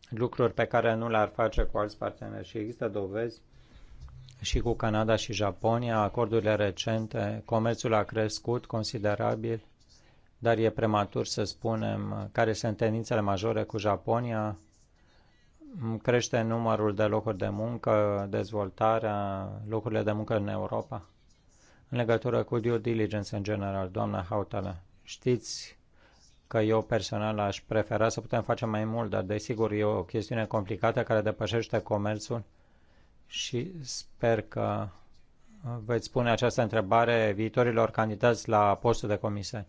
lucruri pe care nu le-ar face cu alți parteneri și există dovezi și cu Canada și Japonia, acordurile recente, comerțul a crescut considerabil, dar e prematur să spunem care sunt tendințele majore cu Japonia. Crește numărul de locuri de muncă, dezvoltarea, locurile de muncă în Europa. În legătură cu due diligence în general, doamna Hautala, știți că eu personal aș prefera să putem face mai mult, dar desigur e o chestiune complicată care depășește comerțul și sper că veți pune această întrebare viitorilor candidați la postul de comisar.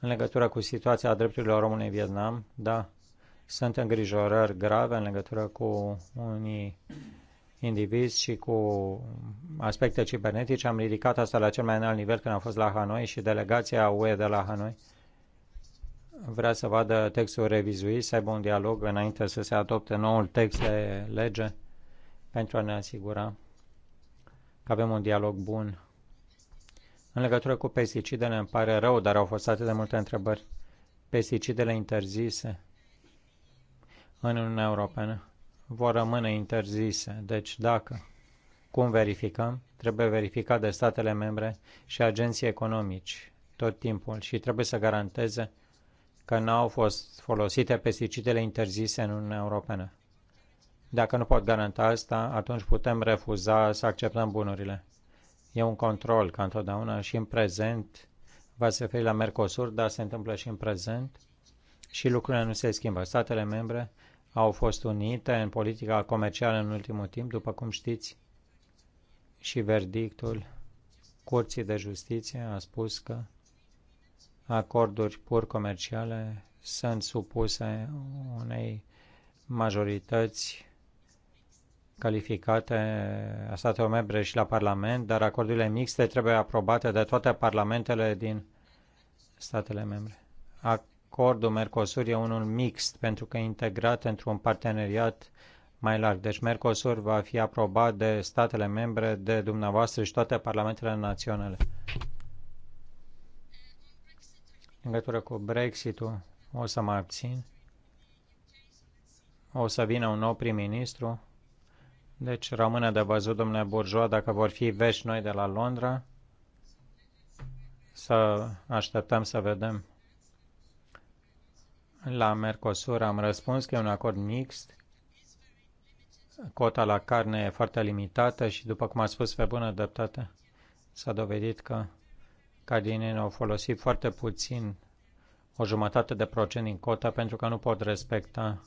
În legătură cu situația drepturilor omului în Vietnam, da, sunt îngrijorări grave în legătură cu unii indivizi și cu aspecte cibernetice. Am ridicat asta la cel mai înalt nivel când am fost la Hanoi și delegația UE de la Hanoi vrea să vadă textul revizuit, să aibă un dialog înainte să se adopte noul text de lege pentru a ne asigura că avem un dialog bun. În legătură cu pesticidele, îmi pare rău, dar au fost atât de multe întrebări. Pesticidele interzise în Uniunea Europeană vor rămâne interzise. Deci dacă, cum verificăm, trebuie verificat de statele membre și agenții economici tot timpul și trebuie să garanteze că n-au fost folosite pesticidele interzise în Uniunea Europeană. Dacă nu pot garanta asta, atunci putem refuza să acceptăm bunurile. E un control, ca întotdeauna, și în prezent. va se referit la Mercosur, dar se întâmplă și în prezent. Și lucrurile nu se schimbă. Statele membre au fost unite în politica comercială în ultimul timp, după cum știți, și verdictul Curții de Justiție a spus că acorduri pur comerciale sunt supuse unei majorități calificate a statelor membre și la Parlament, dar acordurile mixte trebuie aprobate de toate parlamentele din statele membre. Acordul Mercosur e unul mixt pentru că e integrat într-un parteneriat mai larg. Deci Mercosur va fi aprobat de statele membre, de dumneavoastră și toate parlamentele naționale. În legătură cu Brexit-ul, o să mă abțin. O să vină un nou prim-ministru deci rămâne de văzut, domnule Bourgeois, dacă vor fi vești noi de la Londra. Să așteptăm să vedem. La Mercosur am răspuns că e un acord mixt. Cota la carne e foarte limitată și, după cum a spus pe bună dreptate, s-a dovedit că cardinenii au folosit foarte puțin o jumătate de procent din cota pentru că nu pot respecta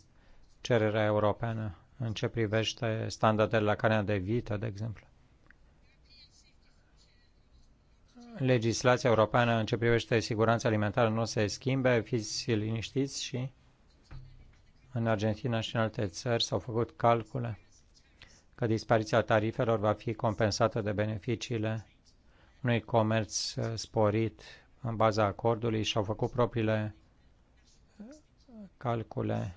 cererea europeană în ce privește standardele la carnea de vită, de exemplu. Legislația europeană în ce privește siguranța alimentară nu se schimbe, fiți liniștiți și în Argentina și în alte țări s-au făcut calcule că dispariția tarifelor va fi compensată de beneficiile unui comerț uh, sporit în baza acordului și au făcut propriile uh, calcule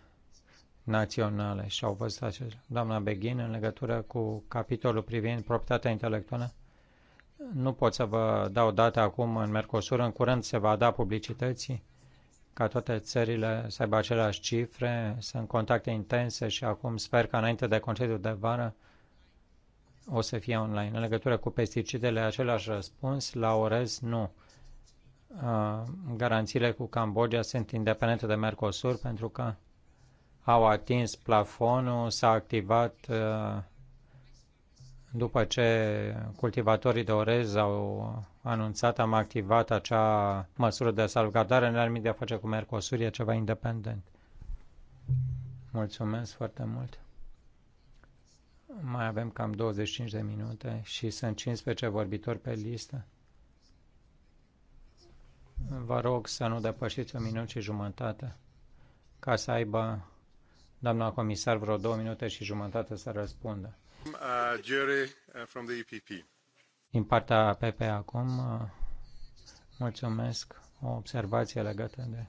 naționale și au văzut acest Doamna Beghin, în legătură cu capitolul privind proprietatea intelectuală, nu pot să vă dau data acum în Mercosur, în curând se va da publicității ca toate țările să aibă aceleași cifre, sunt contacte intense și acum sper că înainte de concediul de vară o să fie online. În legătură cu pesticidele, același răspuns, la orez nu. Uh, garanțiile cu Cambodgia sunt independente de Mercosur pentru că au atins plafonul, s-a activat uh, după ce cultivatorii de orez au anunțat, am activat acea măsură de salvgardare, ne-ar de a face cu Mercosur, e ceva independent. Mulțumesc foarte mult. Mai avem cam 25 de minute și sunt 15 vorbitori pe listă. Vă rog să nu depășiți o minut și jumătate ca să aibă Doamna comisar, vreo două minute și jumătate să răspundă. Uh, uh, Din partea PP acum, uh, mulțumesc. O observație legată de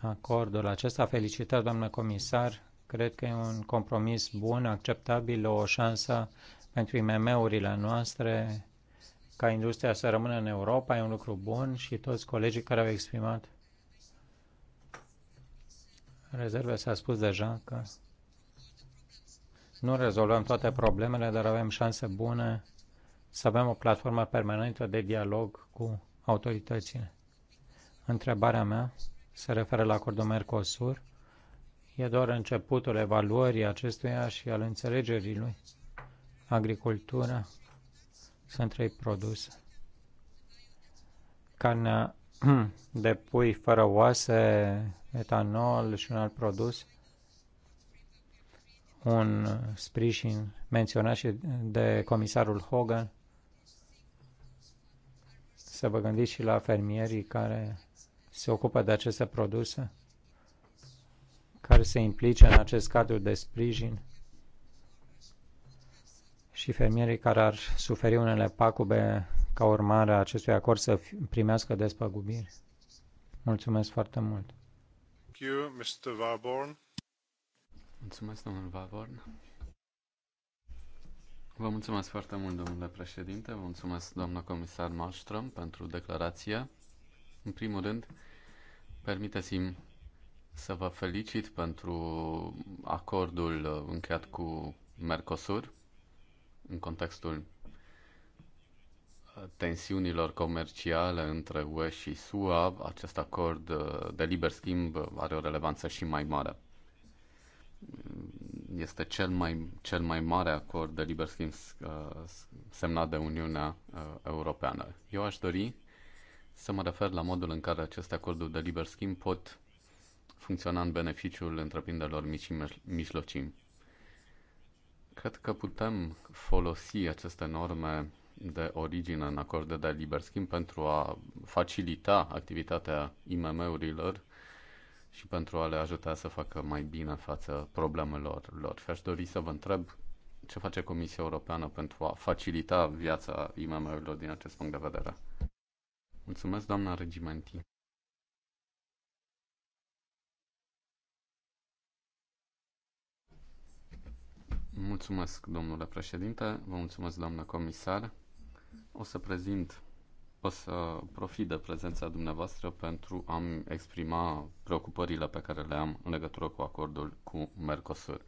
acordul acesta. Felicitări, doamnă comisar. Cred că e un compromis bun, acceptabil, o șansă pentru IMM-urile noastre ca industria să rămână în Europa. E un lucru bun și toți colegii care au exprimat în rezerve s-a spus deja că nu rezolvăm toate problemele, dar avem șanse bune să avem o platformă permanentă de dialog cu autoritățile. Întrebarea mea se referă la acordul Mercosur. E doar începutul evaluării acestuia și al înțelegerii lui. Agricultura sunt trei produse. Carnea Hmm. de pui fără oase, etanol și un alt produs, un sprijin menționat și de comisarul Hogan, să vă gândiți și la fermierii care se ocupă de aceste produse, care se implice în acest cadru de sprijin și fermierii care ar suferi unele pacube ca urmare a acestui acord să primească despăgubiri. Mulțumesc foarte mult. Mulțumesc, domnul Vaborn. Vă mulțumesc foarte mult, domnule președinte. Vă mulțumesc, doamnă comisar Malmström, pentru declarație. În primul rând, permiteți-mi să vă felicit pentru acordul încheiat cu Mercosur în contextul tensiunilor comerciale între UE și SUA, acest acord uh, de liber schimb uh, are o relevanță și mai mare. Este cel mai, cel mai mare acord de liber schimb uh, semnat de Uniunea Europeană. Eu aș dori să mă refer la modul în care aceste acorduri de liber schimb pot funcționa în beneficiul întreprinderilor mici și mijlocii. Cred că putem folosi aceste norme de origine în acorde de liber schimb pentru a facilita activitatea IMM-urilor și pentru a le ajuta să facă mai bine față problemelor lor. Și aș dori să vă întreb ce face Comisia Europeană pentru a facilita viața IMM-urilor din acest punct de vedere. Mulțumesc, doamna Regimenti. Mulțumesc, domnule președinte, vă mulțumesc, doamnă comisar. O să prezint, o să profit de prezența dumneavoastră pentru a-mi exprima preocupările pe care le am în legătură cu acordul cu Mercosur.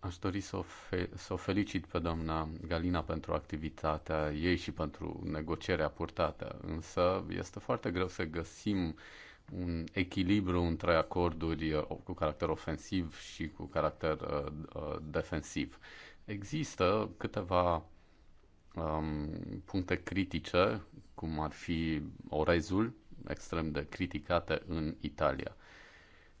Aș dori să o, fe- să o felicit pe doamna Galina pentru activitatea ei și pentru negocierea purtată, însă este foarte greu să găsim un echilibru între acorduri uh, cu caracter ofensiv și cu caracter uh, uh defensiv. Uh, Există câteva um, puncte critice, cum ar fi orezul, extrem de criticate în Italia.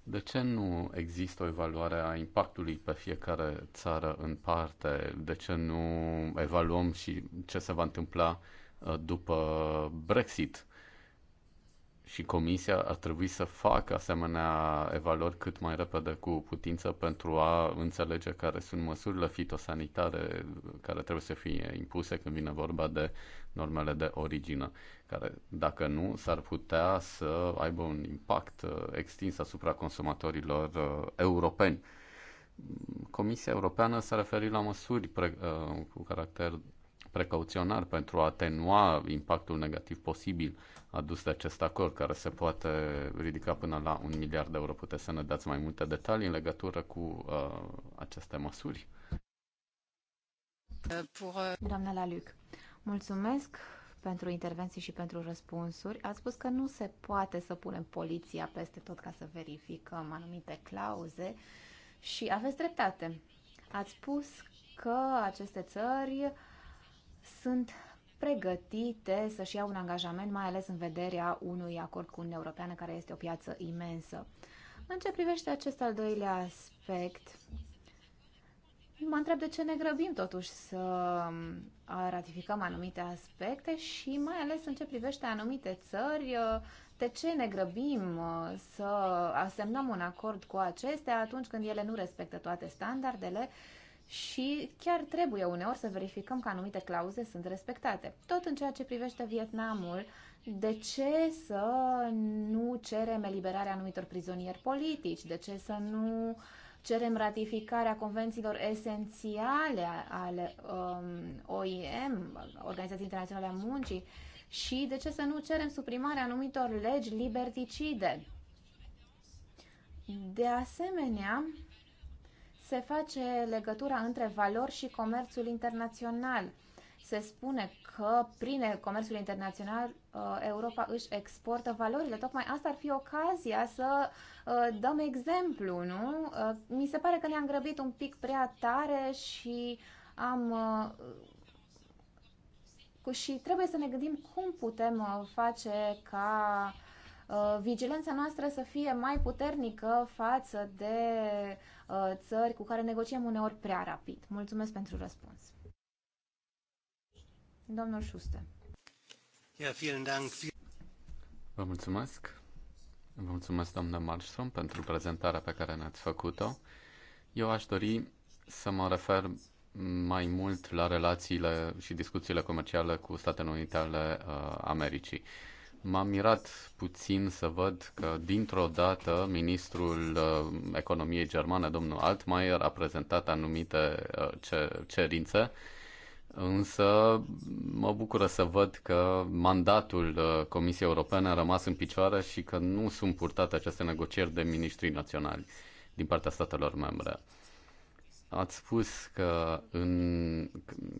De ce nu există o evaluare a impactului pe fiecare țară în parte? De ce nu evaluăm și ce se va întâmpla uh, după Brexit? și Comisia ar trebui să facă asemenea evaluări cât mai repede cu putință pentru a înțelege care sunt măsurile fitosanitare care trebuie să fie impuse când vine vorba de normele de origine, care, dacă nu, s-ar putea să aibă un impact uh, extins asupra consumatorilor uh, europeni. Comisia Europeană s-a referit la măsuri pre, uh, cu caracter precauționar pentru a atenua impactul negativ posibil adus de acest acord, care se poate ridica până la un miliard de euro. Puteți să ne dați mai multe detalii în legătură cu uh, aceste măsuri? Uh, uh, Doamna Laluc, mulțumesc pentru intervenții și pentru răspunsuri. Ați spus că nu se poate să punem poliția peste tot ca să verificăm anumite clauze și aveți dreptate. Ați spus că aceste țări sunt pregătite să-și iau un angajament, mai ales în vederea unui acord cu Uniunea Europeană, care este o piață imensă. În ce privește acest al doilea aspect, mă întreb de ce ne grăbim totuși să ratificăm anumite aspecte și mai ales în ce privește anumite țări, de ce ne grăbim să asemnăm un acord cu acestea atunci când ele nu respectă toate standardele și chiar trebuie uneori să verificăm că anumite clauze sunt respectate. Tot în ceea ce privește Vietnamul, de ce să nu cerem eliberarea anumitor prizonieri politici? De ce să nu cerem ratificarea convențiilor esențiale ale um, OIM, Organizației Internaționale a Muncii? Și de ce să nu cerem suprimarea anumitor legi liberticide? De asemenea, se face legătura între valori și comerțul internațional. Se spune că prin comerțul internațional uh, Europa își exportă valorile. Tocmai asta ar fi ocazia să uh, dăm exemplu, nu? Uh, mi se pare că ne-am grăbit un pic prea tare și am și trebuie să ne gândim cum putem face ca uh, Uh, vigilența noastră să fie mai puternică față de uh, țări cu care negociem uneori prea rapid. Mulțumesc pentru răspuns. Domnul Șuste. Ja, vielen Dank. Vă mulțumesc. Vă mulțumesc, doamnă Marstrom, pentru prezentarea pe care ne-ați făcut-o. Eu aș dori să mă refer mai mult la relațiile și discuțiile comerciale cu Statele Unite ale uh, Americii. Uh, M-am mirat puțin să văd că dintr-o dată ministrul uh, economiei germane, domnul Altmaier, a prezentat anumite uh, cerințe, însă mă bucură să văd că mandatul uh, Comisiei Europene a rămas în picioare și că nu sunt purtate aceste negocieri de ministrii naționali din partea statelor membre. Ați spus că, în,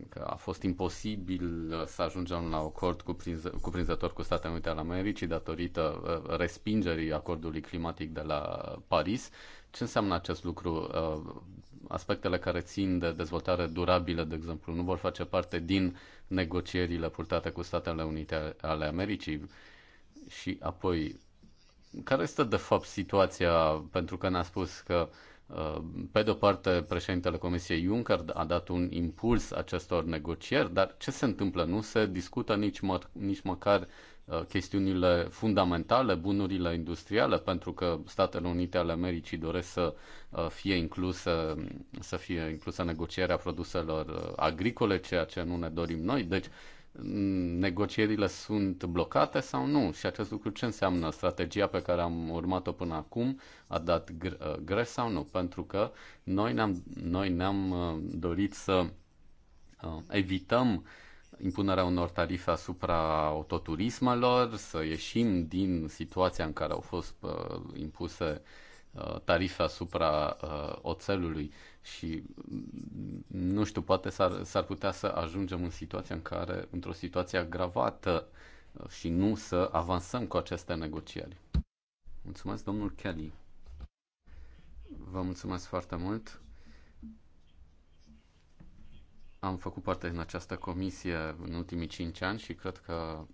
că a fost imposibil să ajungem la un acord cu cuprinzător cu Statele Unite ale Americii datorită uh, respingerii acordului climatic de la Paris. Ce înseamnă acest lucru? Uh, aspectele care țin de dezvoltare durabilă, de exemplu, nu vor face parte din negocierile purtate cu Statele Unite ale Americii? Și apoi, care este de fapt situația? Pentru că ne-a spus că pe de-o parte, președintele Comisiei Juncker a dat un impuls acestor negocieri, dar ce se întâmplă? Nu se discută nici, mă, nici măcar uh, chestiunile fundamentale, bunurile industriale, pentru că Statele Unite ale Americii doresc să uh, fie inclusă, să fie inclusă negocierea produselor uh, agricole, ceea ce nu ne dorim noi. Deci negocierile sunt blocate sau nu și acest lucru ce înseamnă strategia pe care am urmat-o până acum a dat uh, greș sau nu, pentru că noi ne-am, noi ne-am uh, dorit să uh, evităm impunerea unor tarife asupra autoturismelor, să ieșim din situația în care au fost impuse Uh, tarife asupra uh, oțelului și mm, nu știu, poate s-ar, s-ar putea să ajungem în situația în care, într-o situație agravată uh, și nu să avansăm cu aceste negocieri. Mulțumesc, domnul Kelly. Vă mulțumesc foarte mult. Am făcut parte din această comisie în ultimii cinci ani și cred că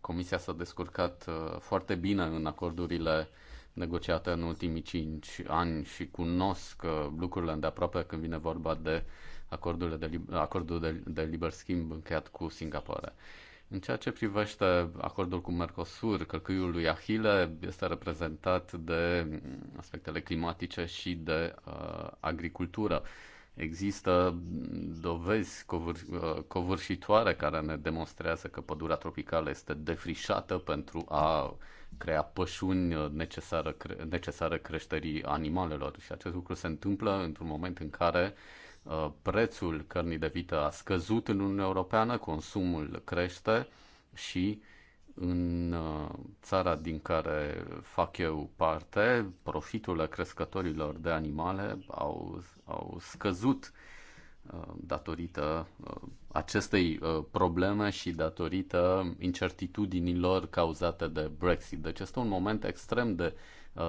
comisia s-a descurcat uh, foarte bine în acordurile uh, negociată în ultimii 5 ani și cunosc uh, lucrurile îndeaproape când vine vorba de acordurile de, acordul de, de liber schimb încheiat cu Singapore. În ceea ce privește acordul cu Mercosur, călcâiul lui Ahile este reprezentat de mm, aspectele climatice și de uh, agricultură. Există mm, dovezi covâr, uh, covârșitoare care ne demonstrează că pădurea tropicală este defrișată pentru a crea pășuni necesară, cre- necesară creșterii animalelor și acest lucru se întâmplă într-un moment în care uh, prețul cărnii de vită a scăzut în Uniunea Europeană, consumul crește și în uh, țara din care fac eu parte, profiturile crescătorilor de animale au, au scăzut Uh, datorită uh, acestei uh, probleme și datorită incertitudinilor cauzate de Brexit. Deci este un moment extrem de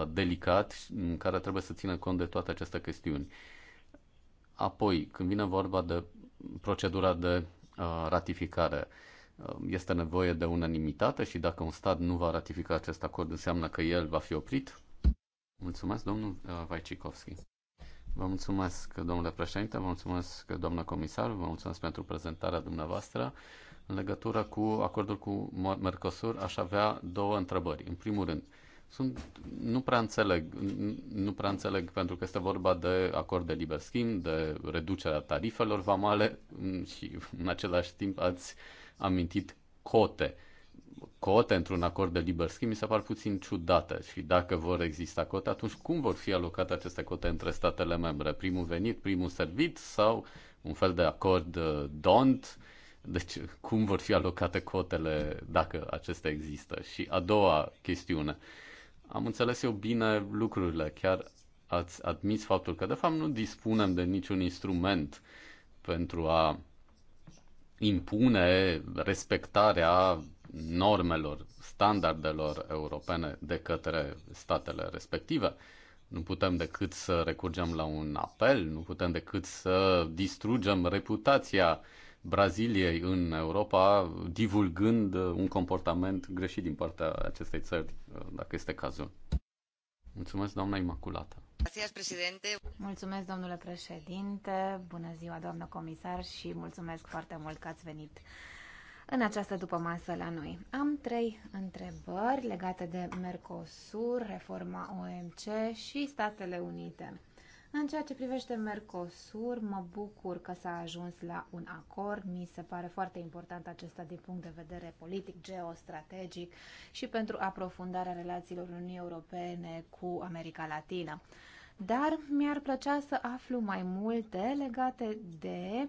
delicat în care trebuie să țină cont de toate aceste chestiuni. Apoi, când vine vorba de procedura de ratificare, este nevoie de unanimitate și dacă un stat nu va ratifica acest acord, înseamnă că el va fi oprit? Mulțumesc, domnul Vajcikovski. Vă mulțumesc, domnule președinte, vă mulțumesc, doamnă comisar, vă mulțumesc pentru prezentarea dumneavoastră. În legătură cu acordul cu Mercosur, aș avea două întrebări. În primul rând, sunt, nu prea înțeleg, nu prea înțeleg pentru că este vorba de acord de liber schimb, de reducerea tarifelor vamale mm, și în același timp ați amintit cote. Uh, cote într-un acord de liber schimb mi se par puțin ciudate și dacă vor exista cote, atunci cum vor fi alocate aceste cote între statele membre? Primul venit, primul servit sau un fel de acord uh, DONT? Deci cum vor fi alocate cotele dacă acestea există? Și a doua chestiune. Am înțeles eu bine lucrurile, chiar ați admis faptul că de fapt nu dispunem de niciun instrument pentru a impune respectarea normelor, standardelor europene de către statele respective. Nu putem decât să recurgem la un apel, nu putem decât să distrugem reputația Braziliei în Europa, divulgând un comportament greșit din partea acestei țări, dacă este cazul. Mulțumesc, doamna Imaculată. Mulțumesc, domnule președinte, bună ziua, doamnă comisar și mulțumesc foarte mult că ați venit în această dupămasă la noi. Am trei întrebări legate de Mercosur, reforma OMC și Statele Unite. În ceea ce privește Mercosur, mă bucur că s-a ajuns la un acord. Mi se pare foarte important acesta din punct de vedere politic, geostrategic și pentru aprofundarea relațiilor Uniunii Europene cu America Latină. Dar mi-ar plăcea să aflu mai multe legate de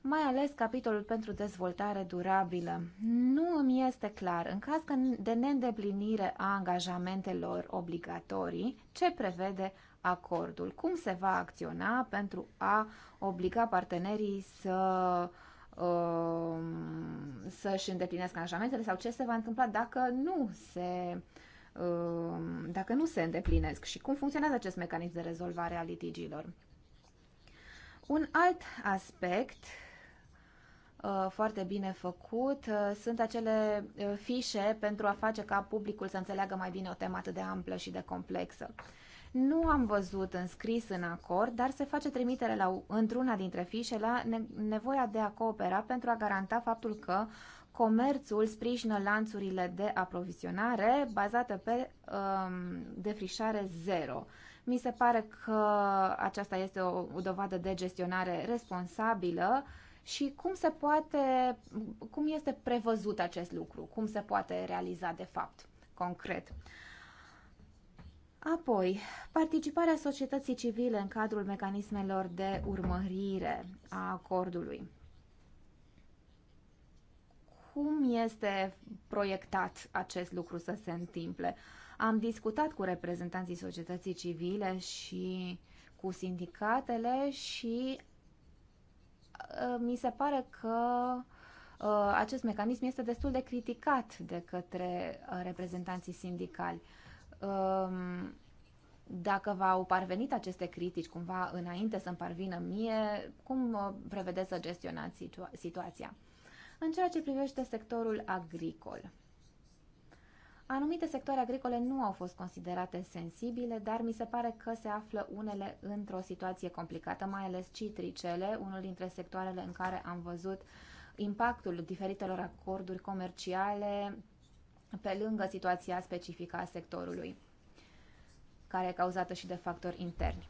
mai ales capitolul pentru dezvoltare durabilă. Nu îmi este clar, în caz de neîndeplinire a angajamentelor obligatorii, ce prevede acordul. Cum se va acționa pentru a obliga partenerii să um, să-și îndeplinească angajamentele sau ce se va întâmpla dacă nu se um, dacă nu se îndeplinesc și cum funcționează acest mecanism de rezolvare a litigiilor. Un alt aspect uh, foarte bine făcut uh, sunt acele uh, fișe pentru a face ca publicul să înțeleagă mai bine o temă atât de amplă și de complexă. Nu am văzut înscris în acord, dar se face trimitere la, într-una dintre fișe la nevoia de a coopera pentru a garanta faptul că comerțul sprijină lanțurile de aprovizionare bazate pe um, defrișare zero. Mi se pare că aceasta este o, o dovadă de gestionare responsabilă și cum se poate, cum este prevăzut acest lucru, cum se poate realiza de fapt, concret. Uh, Apoi, participarea societății civile în cadrul mecanismelor de urmărire a acordului. Cum este proiectat acest lucru să se întâmple? Am discutat cu reprezentanții societății civile și cu sindicatele și uh, mi se pare că uh, acest mecanism este destul de criticat de către uh, reprezentanții sindicali. Ehm, dacă v-au parvenit aceste critici cumva înainte să-mi parvină mie, cum uh, prevedeți să gestionați situa- situația? În ceea ce privește sectorul agricol, anumite sectoare agricole nu au fost considerate sensibile, dar mi se pare că se află unele într-o situație complicată, mai ales citricele, unul dintre sectoarele în care am văzut impactul diferitelor acorduri comerciale pe lângă situația specifică a sectorului, care e cauzată și de factori interni.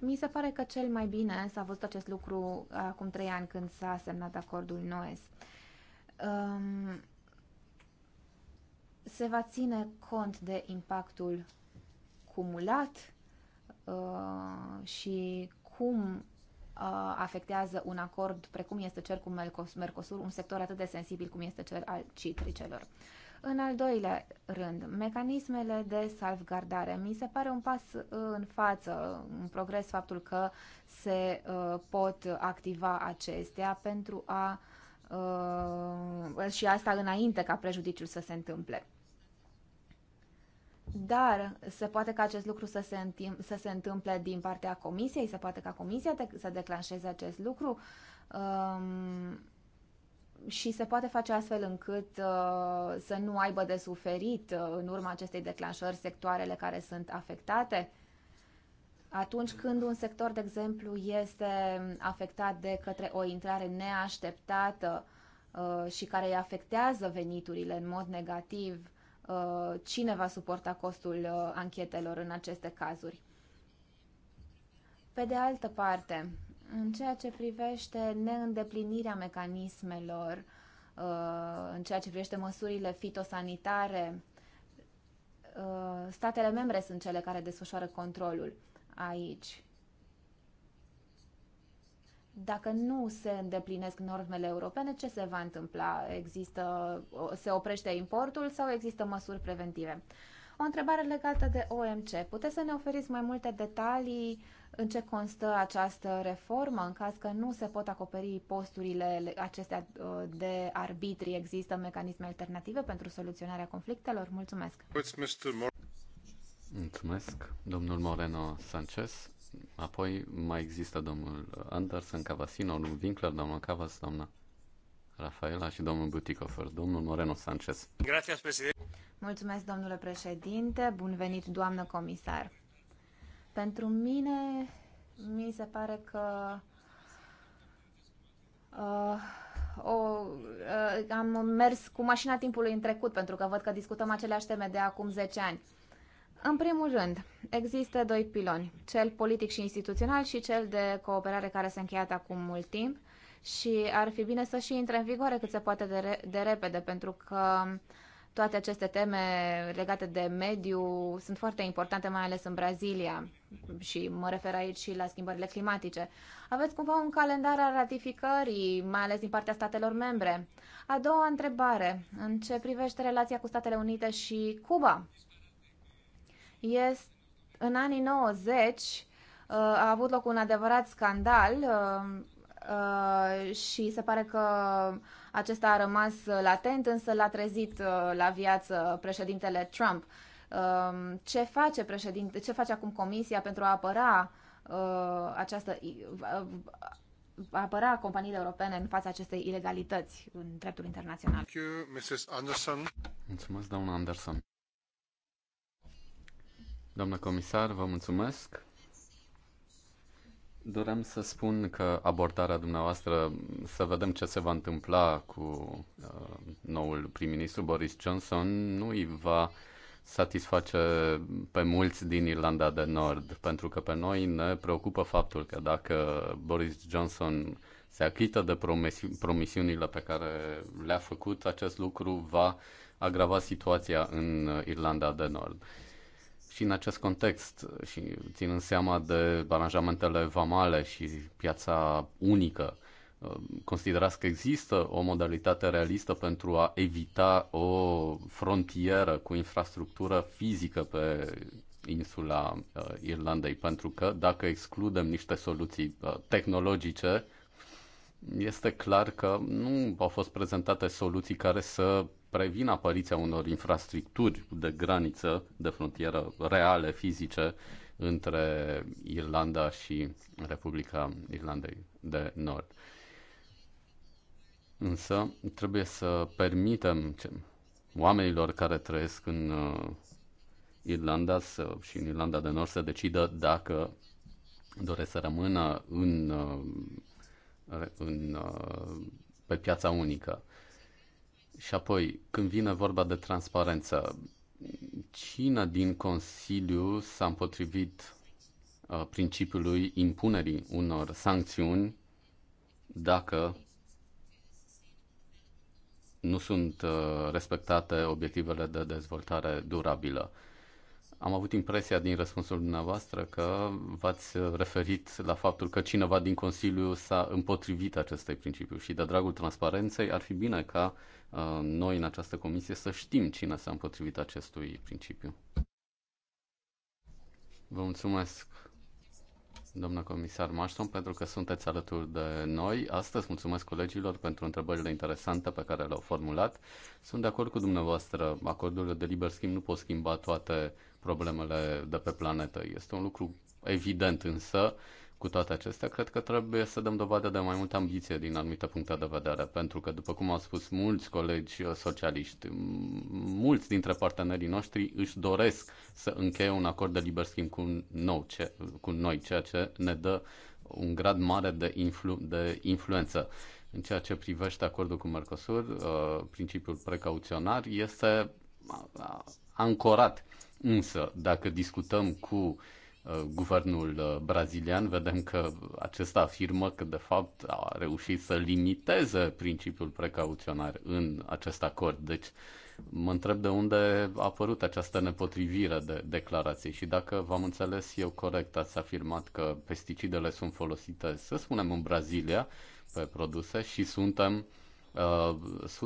Mi se pare că cel mai bine s-a văzut acest lucru acum trei ani când s-a semnat acordul NOES. Um, se va ține cont de impactul cumulat uh, și cum uh, afectează un acord precum este cel cu Mercosur, un sector atât de sensibil cum este cel al citricelor. Uh, în al doilea rând, mecanismele de salvgardare. Mi se pare un pas în față, un progres faptul că se uh, pot activa acestea pentru a uh, și asta înainte ca prejudiciul să se întâmple. Dar se poate ca acest lucru să se, să se întâmple din partea comisiei, se poate ca comisia să declanșeze acest lucru. Um, și se poate face astfel încât uh, să nu aibă de suferit uh, în urma acestei declanșări sectoarele care sunt afectate? Atunci când un sector, de exemplu, este afectat de către o intrare neașteptată uh, și care îi afectează veniturile în mod negativ, uh, cine va suporta costul uh, anchetelor în aceste cazuri? Pe de altă parte, în ceea ce privește neîndeplinirea mecanismelor, uh, în ceea ce privește măsurile fitosanitare, uh, statele membre sunt cele care desfășoară controlul aici. Dacă nu se îndeplinesc normele europene, ce se va întâmpla? Există, se oprește importul sau există măsuri preventive? O întrebare legată de OMC. Puteți să ne oferiți mai multe detalii uh, în ce constă această reformă în caz că nu se pot acoperi posturile acestea uh, de arbitri. Există mecanisme alternative pentru soluționarea conflictelor? Mulțumesc! Mulțumesc, domnul Moreno Sanchez. Apoi mai există domnul Anderson, Cavasino, domnul Winkler, domnul Cavas, doamna Rafaela și domnul Buticofer, domnul Moreno Sanchez. Gracias, președinte. Mulțumesc, domnule președinte. Bun venit, doamnă comisar. Pentru mine, mi se pare că uh, o, uh, am mers cu mașina timpului în trecut, pentru că văd că discutăm aceleași teme de acum 10 ani. În primul rând, există doi piloni, cel politic și instituțional și cel de cooperare care s-a încheiat acum mult timp și ar fi bine să și intre în vigoare cât se poate de, re- de repede, pentru că uh, toate aceste teme legate de mediu sunt foarte importante, mai ales în Brazilia și mă refer aici și la schimbările climatice. Aveți cumva un calendar al ratificării, mai ales din partea statelor membre? A doua întrebare, în ce privește relația cu Statele Unite și Cuba? Este în anii 90 uh, a avut loc un adevărat scandal uh, Uh, și se pare că acesta a rămas latent, însă l-a trezit uh, la viață președintele Trump. Um, ce face, președinte, ce face acum Comisia pentru a apăra uh, această a apăra companiile europene în fața acestei ilegalități în dreptul internațional. Thank you, Mrs. Anderson. Mulțumesc, doamna Anderson. Doamna comisar, vă mulțumesc. Doream să spun că abordarea dumneavoastră, să vedem ce se va întâmpla cu uh, noul prim-ministru Boris Johnson, nu îi va satisface pe mulți din Irlanda de Nord, pentru că pe noi ne preocupă faptul că dacă Boris Johnson se achită de promisi- promisiunile pe care le-a făcut, acest lucru va agrava situația în Irlanda de Nord. Uh, și în acest context, și ținând seama de aranjamentele vamale și piața unică, uh, considerați că există o modalitate realistă pentru a evita o frontieră cu infrastructură fizică pe insula uh, Irlandei, pentru că dacă excludem niște soluții uh, tehnologice, este clar că nu au fost prezentate soluții care să previn apariția unor infrastructuri de graniță, de frontieră reale, fizice, între Irlanda și Republica Irlandei de Nord. Însă trebuie să permitem oamenilor care trăiesc în uh, Irlanda să, și în Irlanda de Nord să decidă dacă doresc să rămână în, uh, în, uh, pe piața unică. Și apoi, când vine vorba de transparență, cine din Consiliu s-a împotrivit uh, principiului impunerii unor sancțiuni dacă nu sunt uh, respectate obiectivele de dezvoltare durabilă? Am avut impresia din răspunsul dumneavoastră că v-ați referit la faptul că cineva din Consiliu s-a împotrivit acestui principiu și de dragul transparenței ar fi bine ca uh, noi în această comisie să știm cine s-a împotrivit acestui principiu. Vă mulțumesc Domnul comisar Marston, pentru că sunteți alături de noi. Astăzi mulțumesc colegilor pentru întrebările interesante pe care le-au formulat. Sunt de acord cu dumneavoastră, acordurile de liber schimb nu pot schimba toate problemele de pe planetă. Este un lucru evident însă cu toate acestea, cred că trebuie să dăm dovadă de mai multă ambiție din anumite puncte de vedere, pentru că, după cum au spus mulți colegi socialiști, mulți dintre partenerii noștri își doresc să încheie un acord de liber schimb cu, nou, ce, cu noi, ceea ce ne dă un grad mare de, influ, de influență. În ceea ce privește acordul cu Mercosur, uh, principiul precauționar este uh, ancorat. Însă, dacă discutăm cu uh, Uh, guvernul uh, brazilian, vedem că acesta afirmă că de fapt a reușit să limiteze principiul precauționar în acest acord. Deci mă întreb de unde a apărut această nepotrivire de declarații și dacă v-am înțeles eu corect, ați afirmat că pesticidele sunt folosite, să spunem, în Brazilia pe produse și suntem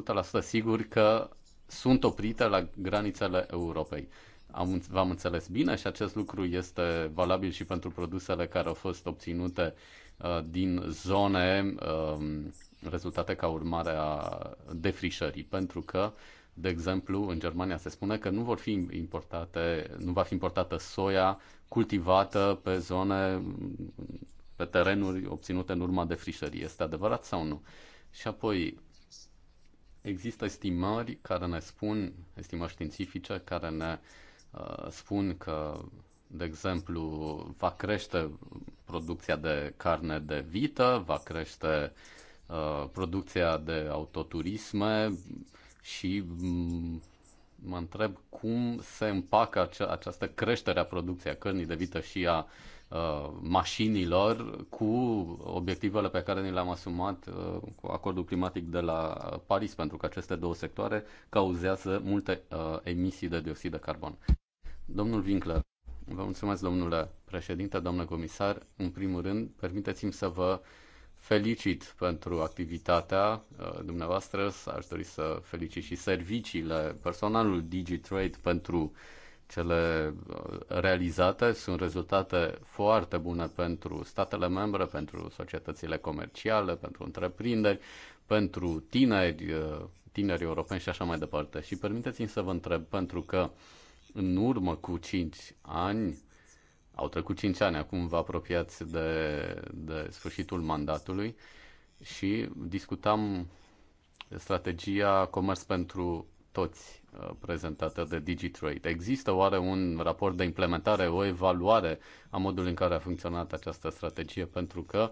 uh, 100% siguri că sunt oprite la granițele Europei. Am, v-am înțeles bine și acest lucru este valabil și pentru produsele care au fost obținute uh, din zone um, rezultate ca urmare a defrișării, pentru că de exemplu, în Germania se spune că nu vor fi importate, nu va fi importată soia cultivată pe zone, pe terenuri obținute în urma defrișării. Este adevărat sau nu? Și apoi, există estimări care ne spun, estimări științifice, care ne uh, Uh, spun că, de exemplu, va crește producția de carne de vită, va crește uh, producția de autoturisme și mm, mă întreb cum se împacă ace- această creștere a producției a cărnii de vită și a uh, mașinilor cu obiectivele pe care ni le-am asumat uh, cu acordul climatic de la Paris, pentru că aceste două sectoare cauzează multe uh, emisii de dioxid de carbon. Domnul Winkler, vă mulțumesc, domnule președinte, domnule comisar. În primul rând, permiteți-mi să vă felicit pentru activitatea uh, dumneavoastră. Aș dori să felicit și serviciile, personalul DigiTrade pentru cele uh, realizate. Sunt rezultate foarte bune pentru statele membre, pentru societățile comerciale, pentru întreprinderi, pentru tineri, uh, tineri europeni și așa mai departe. Și permiteți-mi să vă întreb, pentru că în urmă cu 5 ani, au trecut 5 ani, acum vă apropiați de, de sfârșitul mandatului și discutam strategia comerț pentru toți uh, prezentată de DigiTrade. Există oare un raport de implementare, o evaluare a modului în care a funcționat această strategie? Pentru că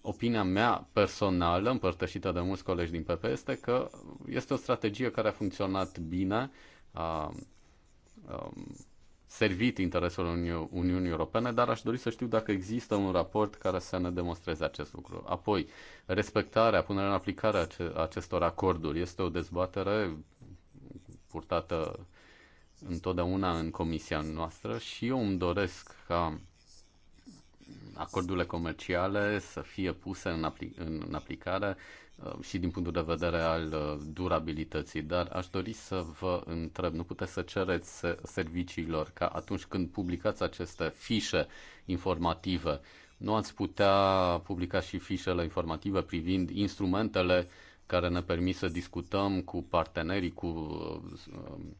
opinia mea personală, împărtășită de mulți colegi din PP, este că este o strategie care a funcționat bine, a um, servit interesul Uni- Uniunii Europene, dar aș dori să știu dacă există un raport care să ne demonstreze acest lucru. Apoi, respectarea, punerea în aplicare ace- acestor acorduri este o dezbatere purtată întotdeauna în comisia noastră și eu îmi doresc ca acordurile comerciale să fie puse în, apli- în aplicare Um, și din punctul de vedere al uh, durabilității, dar aș dori să vă întreb, nu puteți să cereți serviciilor ca atunci când publicați aceste fișe informative, nu ați putea publica și fișele informative privind instrumentele care ne permit să discutăm cu partenerii, cu um,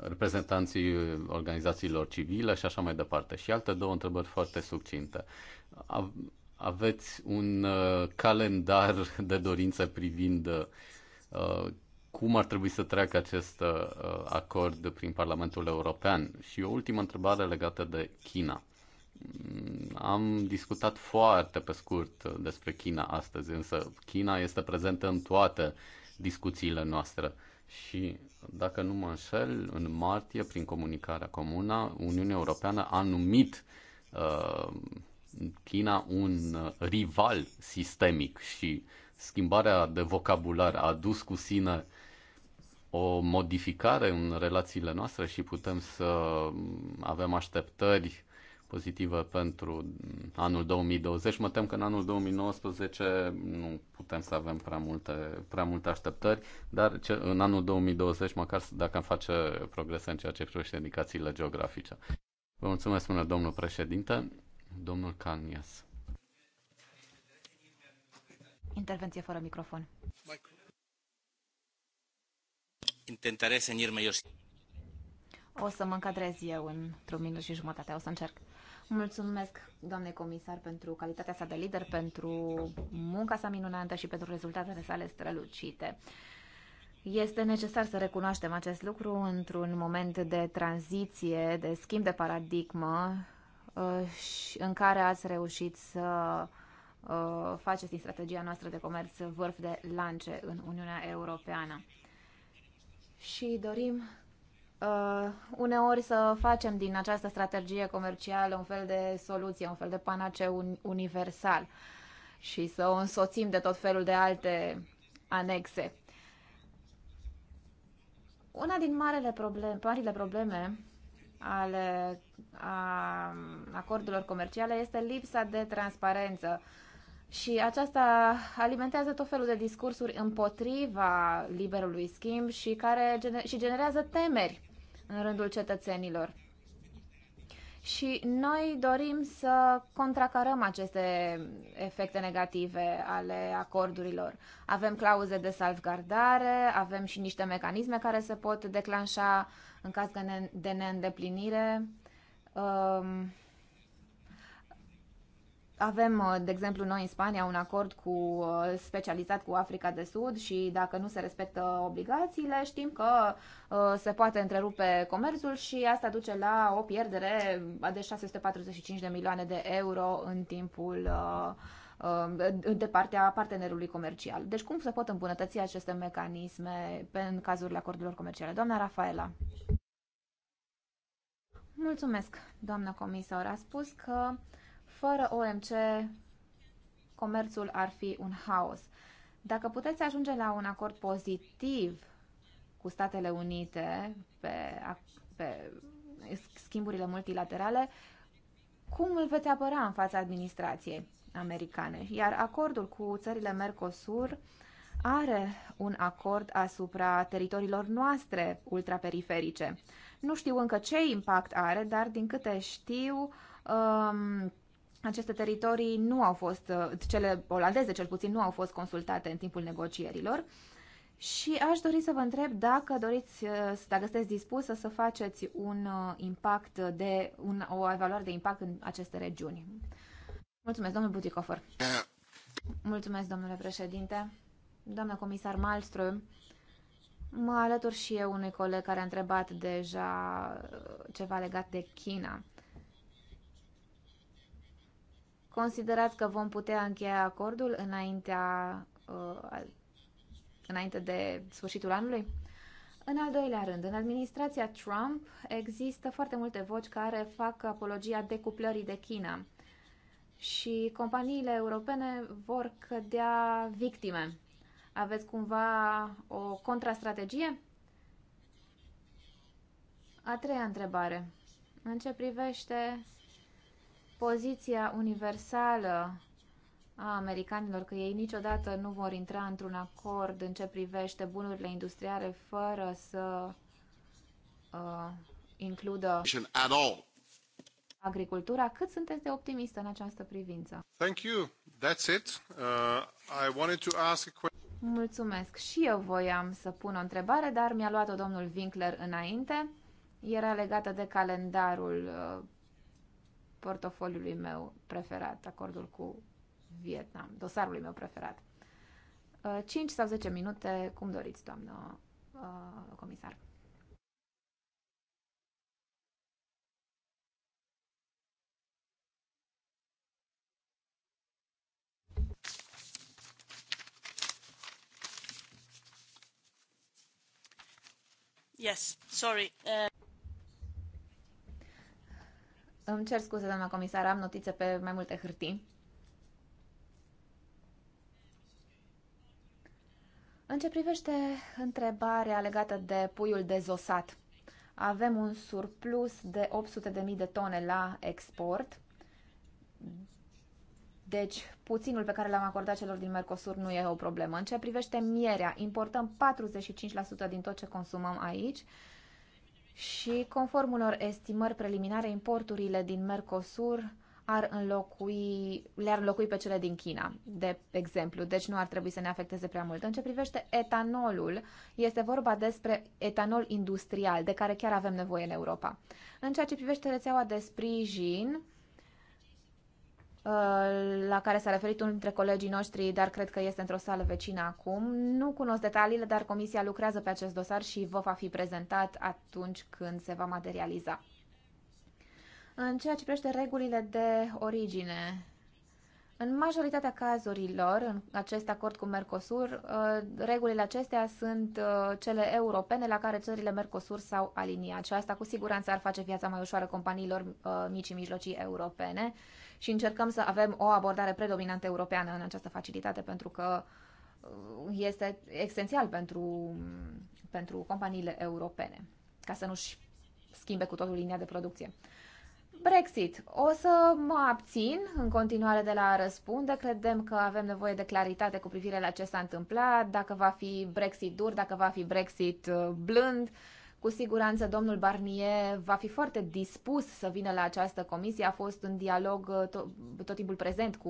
reprezentanții organizațiilor civile și așa mai departe. Și alte două întrebări foarte succinte aveți un uh, calendar de dorință privind uh, uh, cum ar trebui să treacă acest acord prin Parlamentul European? Și o ultimă întrebare legată de China. Mm, am discutat foarte pe scurt despre China astăzi, însă China este prezentă în toate discuțiile noastre. Și, dacă nu mă înșel, în martie, prin comunicarea comună, Uniunea Europeană a numit uh, China un uh, rival sistemic și schimbarea de vocabular a dus cu sine o modificare în relațiile noastre și putem să mm, avem așteptări pozitive pentru mm, anul 2020. Mă tem că în anul 2019 nu putem să avem prea multe, prea multe așteptări, dar ce, în anul 2020, măcar dacă am face progrese în ceea ce privește indicațiile geografice. Vă mulțumesc, spune domnul președinte. Domnul Canias. Intervenție fără microfon. să nirmă eu. O să mă încadrez eu într-un minut și jumătate, o să încerc. Mulțumesc, doamne comisar, pentru calitatea sa de lider, pentru munca sa minunată și pentru rezultatele sale strălucite. Este necesar să recunoaștem acest lucru într-un moment de tranziție, de schimb de paradigmă Uh, și în care ați reușit să uh, faceți din strategia noastră de comerț vârf de lance în Uniunea Europeană. Și dorim Uh, uneori să facem din această strategie comercială un fel de soluție, un fel de panaceu universal și să o însoțim de tot felul de alte anexe. Una din marele probleme, marile probleme ale a, acordurilor comerciale este lipsa de transparență. Și aceasta alimentează tot felul de discursuri împotriva liberului schimb și care și generează temeri în rândul cetățenilor și noi dorim să contracarăm aceste efecte negative ale acordurilor. Avem clauze de salvgardare, avem și niște mecanisme care se pot declanșa în caz de neîndeplinire. Um, avem, uh, de exemplu, noi în Spania un acord cu, uh, specializat cu Africa de Sud și dacă nu se respectă obligațiile, știm că uh, se poate întrerupe comerțul și asta duce la o pierdere de 645 de milioane de euro în timpul de partea partenerului comercial. Deci cum se pot îmbunătăți aceste mecanisme în cazurile acordurilor comerciale? Doamna Rafaela. Mulțumesc, doamna comisar. A spus că uh, fără OMC, comerțul ar fi un haos. Dacă puteți ajunge la un acord pozitiv cu Statele Unite pe, pe schimburile multilaterale, cum îl veți apăra în fața administrației americane? Iar acordul cu țările Mercosur are un acord asupra teritoriilor noastre ultraperiferice. Nu știu încă ce impact are, dar din câte știu, um, aceste teritorii nu au fost, uh, cele olandeze cel puțin, nu au fost consultate în timpul negocierilor. Și aș dori să vă întreb dacă doriți, uh, dacă sunteți dispusă să faceți un uh, impact de, un, o evaluare de impact în aceste regiuni. Mulțumesc, domnul Buticofer. Mulțumesc, domnule președinte. Doamna comisar Malmström, mă alătur și eu unui coleg care a întrebat deja ceva legat de China. Considerați că vom putea încheia acordul înaintea, uh, înainte de sfârșitul anului? În al doilea rând, în administrația Trump există foarte multe voci care fac apologia decuplării de China și companiile europene vor cădea victime. Aveți cumva o contrastrategie? A treia întrebare. În ce privește poziția universală a americanilor că ei niciodată nu vor intra într-un acord în ce privește bunurile industriale fără să uh, includă agricultura. Cât sunteți de optimistă în această privință? Thank you. That's it. Uh, I wanted to ask a Mulțumesc. Și eu voiam să pun o întrebare, dar mi-a luat-o domnul Winkler înainte. Era legată de calendarul uh, portofoliului meu preferat, acordul cu Vietnam, dosarului meu preferat. 5 uh, sau 10 minute, cum doriți, doamnă uh, comisar. Yes, sorry. Uh... Îmi cer scuze, doamna comisar, am notițe pe mai multe hârtii. În ce privește întrebarea legată de puiul dezosat, avem un surplus de 800.000 de tone la export, deci puținul pe care l-am acordat celor din Mercosur nu e o problemă. În ce privește mierea, importăm 45% din tot ce consumăm aici și, conform unor estimări preliminare, importurile din Mercosur ar înlocui, le-ar înlocui pe cele din China, de exemplu, deci nu ar trebui să ne afecteze prea mult. În ce privește etanolul, este vorba despre etanol industrial, de care chiar avem nevoie în Europa. În ceea ce privește rețeaua de sprijin, Uh, la care s-a referit unul dintre colegii noștri, dar cred că este într-o sală vecină acum. Nu cunosc detaliile, dar comisia lucrează pe acest dosar și vă va fi prezentat atunci când se va materializa. În ceea ce privește regulile de origine, în majoritatea cazurilor, în acest acord cu Mercosur, uh, regulile acestea sunt uh, cele europene la care țările Mercosur s-au aliniat și asta cu siguranță ar face viața mai ușoară companiilor mici și mijlocii europene și încercăm să avem o abordare predominant europeană în această facilitate pentru că uh, este esențial pentru, pentru companiile europene ca să nu-și schimbe cu totul linia de producție. Brexit. O să mă abțin în continuare de la a răspunde. Credem că avem nevoie de claritate cu privire la ce s-a întâmplat, dacă va fi Brexit dur, dacă va fi Brexit uh, blând. Uh, cu siguranță domnul Barnier va fi foarte dispus să vină la această comisie. A fost în dialog uh, tot, tot timpul prezent cu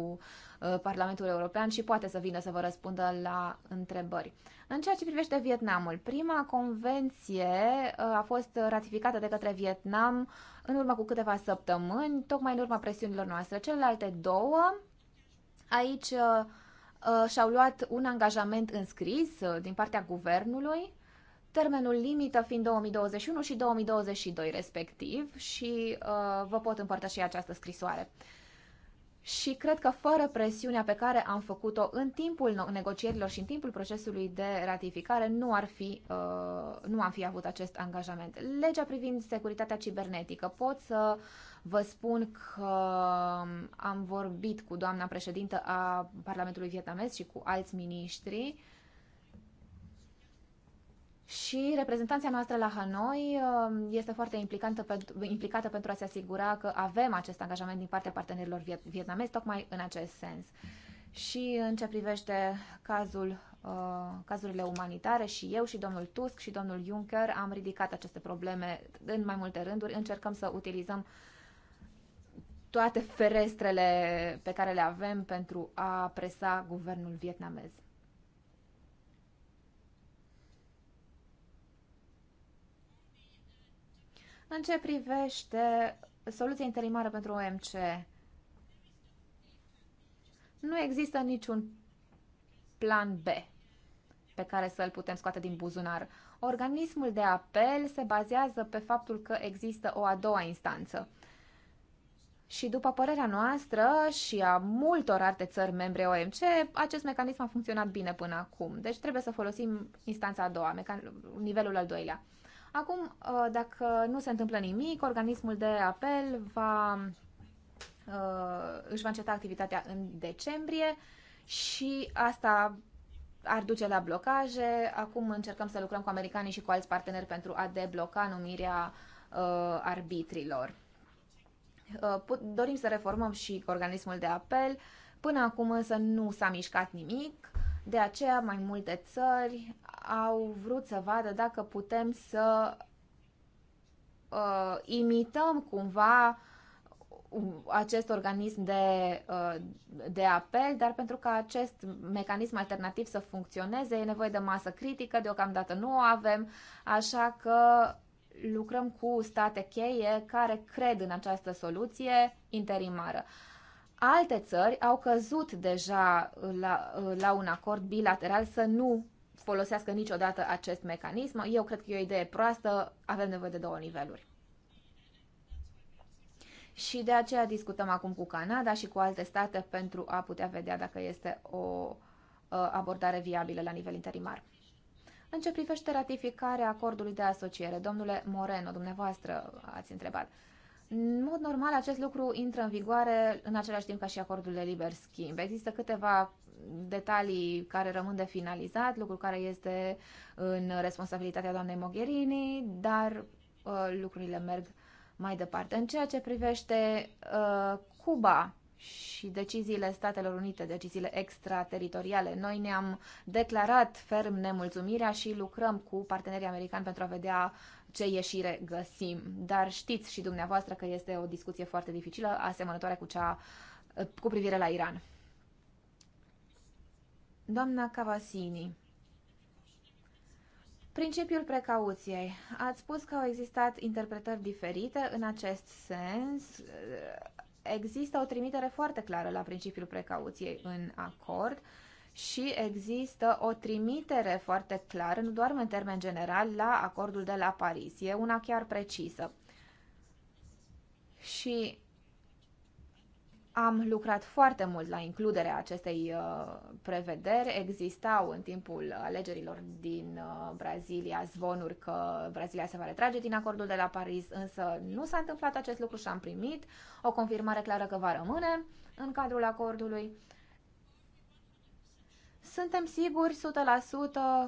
uh, Parlamentul European și poate să vină să vă răspundă la întrebări. În ceea ce privește Vietnamul, prima convenție uh, a fost ratificată de către Vietnam în urmă cu câteva săptămâni, tocmai în urma presiunilor noastre. Celelalte două, aici și-au luat un angajament înscris din partea guvernului termenul limită fiind 2021 și 2022 respectiv și uh, vă pot împărtăși această scrisoare. Și cred că fără presiunea pe care am făcut-o în timpul negocierilor și în timpul procesului de ratificare, nu, ar fi, uh, nu am fi avut acest angajament. Legea privind securitatea cibernetică. Pot să vă spun că am vorbit cu doamna președintă a Parlamentului Vietnamez și cu alți miniștri și reprezentanția noastră la Hanoi um, este foarte implicată pentru, implicată pentru a se asigura că avem acest angajament din partea partenerilor vietnamezi, tocmai în acest sens. Și în ce privește cazul, uh, cazurile umanitare, și eu, și domnul Tusk, și domnul Juncker am ridicat aceste probleme în mai multe rânduri. Încercăm să utilizăm toate ferestrele pe care le avem pentru a presa guvernul vietnamez. În ce privește soluția interimară pentru OMC, nu există niciun plan B pe care să-l putem scoate din buzunar. Organismul de apel se bazează pe faptul că există o a doua instanță. Și după părerea noastră și a multor alte țări membre OMC, acest mecanism a funcționat bine până acum. Deci trebuie să folosim instanța a doua, nivelul al doilea. Acum, uh, dacă nu se întâmplă nimic, organismul de apel va, uh, își va înceta activitatea în decembrie și asta ar duce la blocaje. Acum încercăm să lucrăm cu americanii și cu alți parteneri pentru a debloca numirea uh, arbitrilor. dorim să reformăm și organismul de apel. Până acum însă nu s-a mișcat nimic, de aceea mai multe țări au vrut să vadă dacă putem să uh, imităm cumva um, acest organism de, uh, de apel, dar pentru ca acest mecanism alternativ să funcționeze e nevoie de masă critică, deocamdată nu o avem, așa că lucrăm cu state cheie care cred în această soluție interimară. Alte țări au căzut deja la, la un acord bilateral să nu folosească niciodată acest mecanism. Eu cred că e o idee proastă, avem nevoie de două niveluri. Și de aceea discutăm acum cu Canada și cu alte state pentru a putea vedea dacă este o uh, abordare viabilă la nivel interimar. În ce privește ratificarea acordului de asociere, domnule Moreno, dumneavoastră ați întrebat, în mod normal acest lucru intră în vigoare în același timp ca și acordul de liber schimb. Există câteva detalii care rămân de finalizat, lucru care este în responsabilitatea doamnei Mogherini, dar uh, lucrurile merg mai departe. În ceea ce privește uh, Cuba și deciziile Statelor Unite, deciziile extrateritoriale, noi ne-am declarat ferm nemulțumirea și lucrăm cu partenerii americani pentru a vedea ce ieșire găsim. Dar știți și dumneavoastră că este o discuție foarte dificilă, asemănătoare cu cea cu privire la Iran. Doamna Cavasini, principiul precauției. Ați spus că au existat interpretări diferite în acest sens. Există o trimitere foarte clară la principiul precauției în acord și există o trimitere foarte clară, nu doar în termen general, la acordul de la Paris. E una chiar precisă. Și am lucrat foarte mult la includerea acestei uh, prevederi. Existau în timpul alegerilor din uh, Brazilia zvonuri că Brazilia se va retrage din acordul de la Paris, însă nu s-a întâmplat acest lucru și am primit o confirmare clară că va rămâne în cadrul acordului. Suntem siguri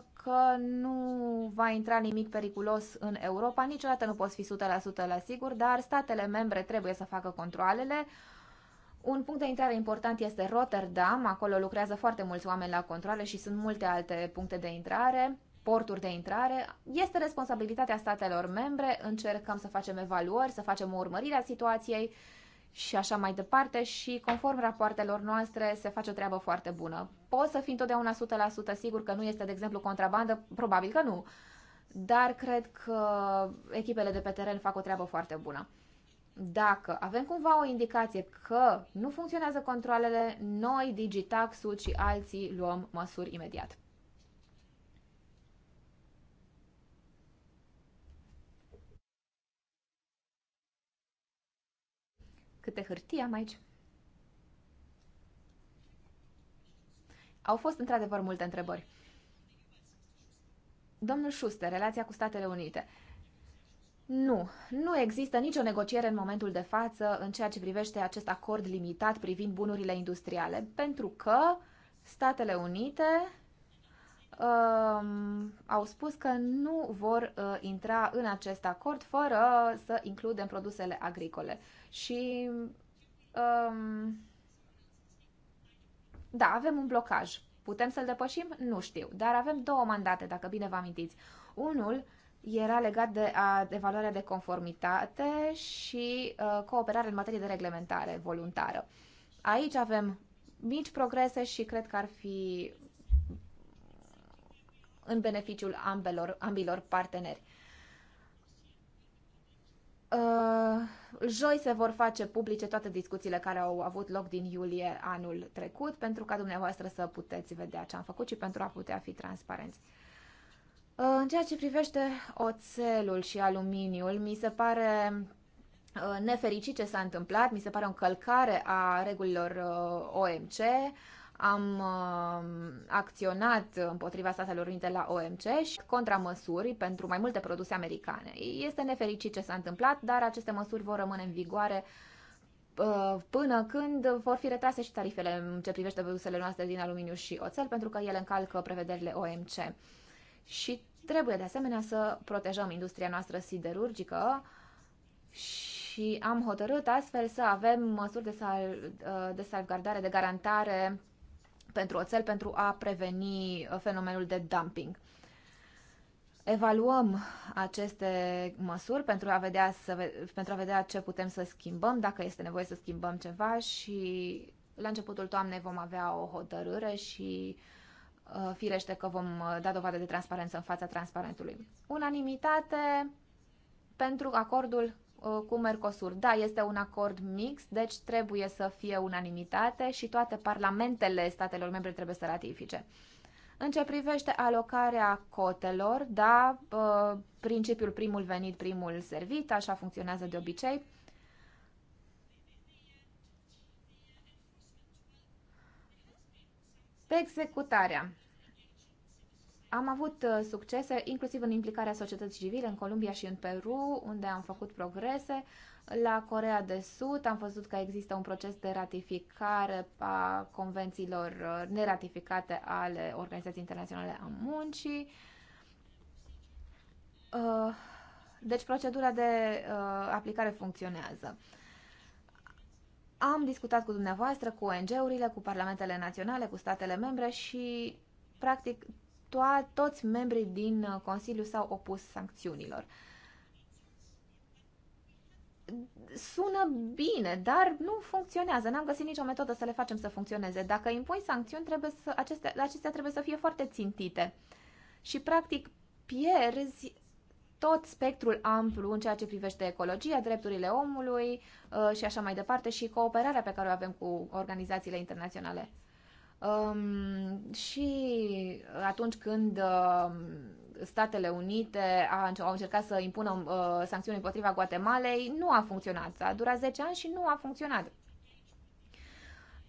100% că nu va intra nimic periculos în Europa. Niciodată nu poți fi 100% la sigur, dar statele membre trebuie să facă controalele. Un punct de intrare important este Rotterdam, acolo lucrează foarte mulți oameni la controle și sunt multe alte puncte de intrare, porturi de intrare. Este responsabilitatea statelor membre, încercăm să facem evaluări, să facem o urmărire a situației și așa mai departe și conform rapoartelor noastre se face o treabă foarte bună. Poți să fii întotdeauna 100% sigur că nu este, de exemplu, contrabandă? Probabil că nu, dar cred că echipele de pe teren fac o treabă foarte bună dacă avem cumva o indicație că nu funcționează controlele, noi, Digitaxul și alții luăm măsuri imediat. Câte hârtie am aici? Au fost într-adevăr multe întrebări. Domnul Schuster, relația cu Statele Unite. Uh, nu, nu există nicio negociere în momentul de față în ceea ce privește acest acord limitat privind bunurile industriale, pentru că Statele Unite um, au spus că nu vor uh, intra în acest acord fără să includem produsele agricole. Și um, da, avem un blocaj. Putem să-l depășim? Nu știu, dar avem două mandate, dacă bine vă amintiți. Unul era legat de a, evaluarea de conformitate și uh, cooperare în materie de reglementare voluntară. Aici avem mici progrese și cred că ar fi în beneficiul ambelor, ambilor parteneri. Uh, joi se vor face publice toate discuțiile care au avut loc din iulie anul trecut pentru ca dumneavoastră să puteți vedea ce am făcut și pentru a putea fi transparenți. În ceea ce privește oțelul și aluminiul, mi se pare uh, nefericit ce s-a întâmplat, mi se pare o încălcare a regulilor uh, OMC. Am uh, acționat împotriva Statelor Unite la OMC și contramăsuri pentru mai multe produse americane. Este nefericit ce s-a întâmplat, dar aceste măsuri vor rămâne în vigoare până când vor fi retrase și tarifele în ce privește produsele noastre din aluminiu și oțel, pentru că ele încalcă prevederile OMC și trebuie de asemenea să protejăm industria noastră siderurgică și am hotărât astfel să avem măsuri de, sal, de salvgardare, de garantare pentru oțel pentru a preveni fenomenul de dumping. Evaluăm aceste măsuri pentru a, vedea să, pentru a vedea ce putem să schimbăm, dacă este nevoie să schimbăm ceva și la începutul toamnei vom avea o hotărâre și uh, Uh, firește că vom uh, da dovadă de transparență în fața transparentului. Unanimitate pentru acordul uh, cu Mercosur. Da, este un acord mix, deci trebuie să fie unanimitate și toate parlamentele statelor membre trebuie să ratifice. În ce privește alocarea cotelor, da, principiul primul venit, primul servit, așa funcționează de obicei. Executarea. Am avut uh, succese inclusiv în implicarea societății civile în Columbia și în Peru, unde am făcut progrese. La Corea de Sud am văzut că există un proces de ratificare a convențiilor uh, neratificate ale Organizației Internaționale a Muncii. Uh, deci procedura de aplicare funcționează. Am discutat cu dumneavoastră, cu ONG-urile, cu parlamentele naționale, cu statele membre și practic to- toți membrii din uh, Consiliu s-au opus sancțiunilor. Sună bine, dar nu funcționează. N-am găsit nicio metodă să le facem să funcționeze. Dacă impui sancțiuni, trebuie să, acestea, acestea trebuie să fie foarte țintite. Și, practic, pierzi tot spectrul amplu în ceea ce privește ecologia, drepturile omului uh, și așa mai departe și cooperarea pe care o avem cu organizațiile internaționale. Um, și atunci când uh, Statele Unite a, au încercat să impună uh, sancțiuni împotriva Guatemalei, nu a funcționat. A durat 10 ani și nu a funcționat.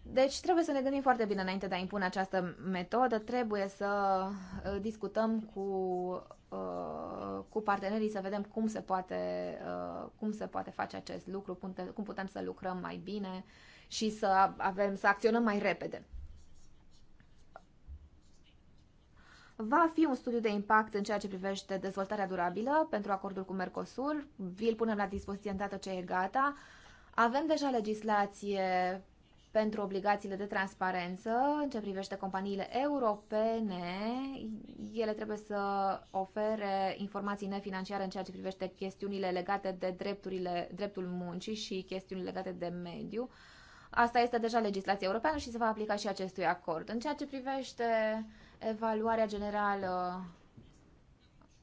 Deci trebuie să ne gândim foarte bine înainte de a impune această metodă, trebuie să ă, discutăm cu, uh, cu partenerii să vedem cum se, poate, uh, cum se poate face acest lucru, cum putem să lucrăm mai bine și să avem să acționăm mai repede. Va fi un studiu de impact în ceea ce privește dezvoltarea durabilă pentru acordul cu Mercosur. Vi-l punem la dispoziție dată ce e gata. Avem deja legislație pentru obligațiile de transparență în ce privește companiile europene. Ele trebuie să ofere informații nefinanciare în ceea ce privește chestiunile legate de drepturile, dreptul muncii și chestiunile legate de mediu. Asta este deja legislația europeană și se va aplica și acestui acord. În ceea ce privește uh, evaluarea generală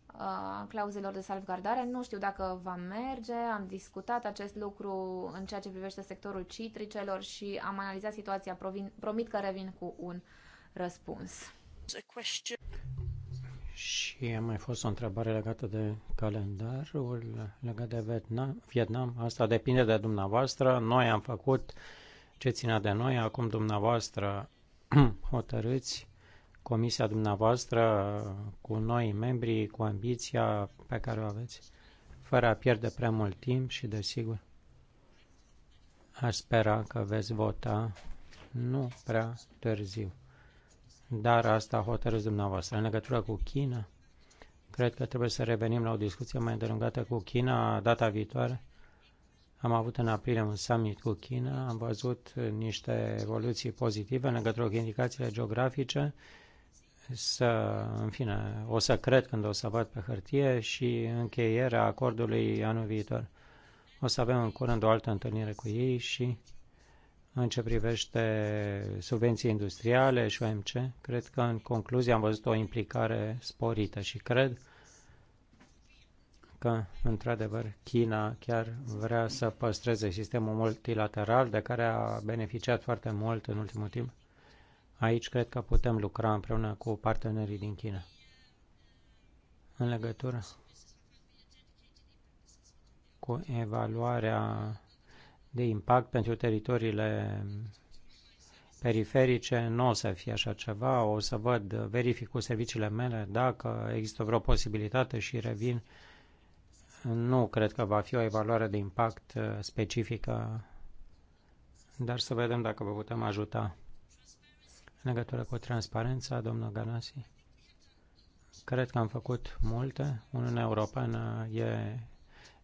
a clauzelor de salvgardare. Nu știu dacă va merge, am discutat acest lucru în ceea ce privește sectorul citricelor și am analizat situația, Provin, promit că revin cu un răspuns. Și a mai fost o întrebare legată de calendarul legat de Vietnam. Vietnam. Asta depinde de dumneavoastră. Noi am făcut ce ținea de noi, acum dumneavoastră hotărâți comisia dumneavoastră cu noi membri cu ambiția pe care o aveți, fără a pierde prea mult timp și, desigur, aș spera că veți vota nu prea târziu. Dar asta hotărâți dumneavoastră. În legătură cu China, cred că trebuie să revenim la o discuție mai îndelungată cu China data viitoare. Am avut în aprilie un summit cu China, am văzut niște evoluții pozitive în legătură cu indicațiile geografice să, în fine, o să cred când o să văd pe hârtie și încheierea acordului anul viitor. O să avem în curând o altă întâlnire cu ei și în ce privește subvenții industriale și OMC, cred că în concluzie am văzut o implicare sporită și cred că, într-adevăr, China chiar vrea să păstreze sistemul multilateral de care a beneficiat foarte mult în ultimul timp Aici cred că putem lucra împreună cu partenerii din China. În legătură cu evaluarea de impact pentru teritoriile periferice, nu o să fie așa ceva, o să văd, verific cu serviciile mele dacă există vreo posibilitate și revin. Nu cred că va fi o evaluare de impact uh, specifică, dar să vedem dacă vă putem ajuta în legătură cu transparența, domnul Ganasi, cred că am făcut multe. Uniunea Europeană e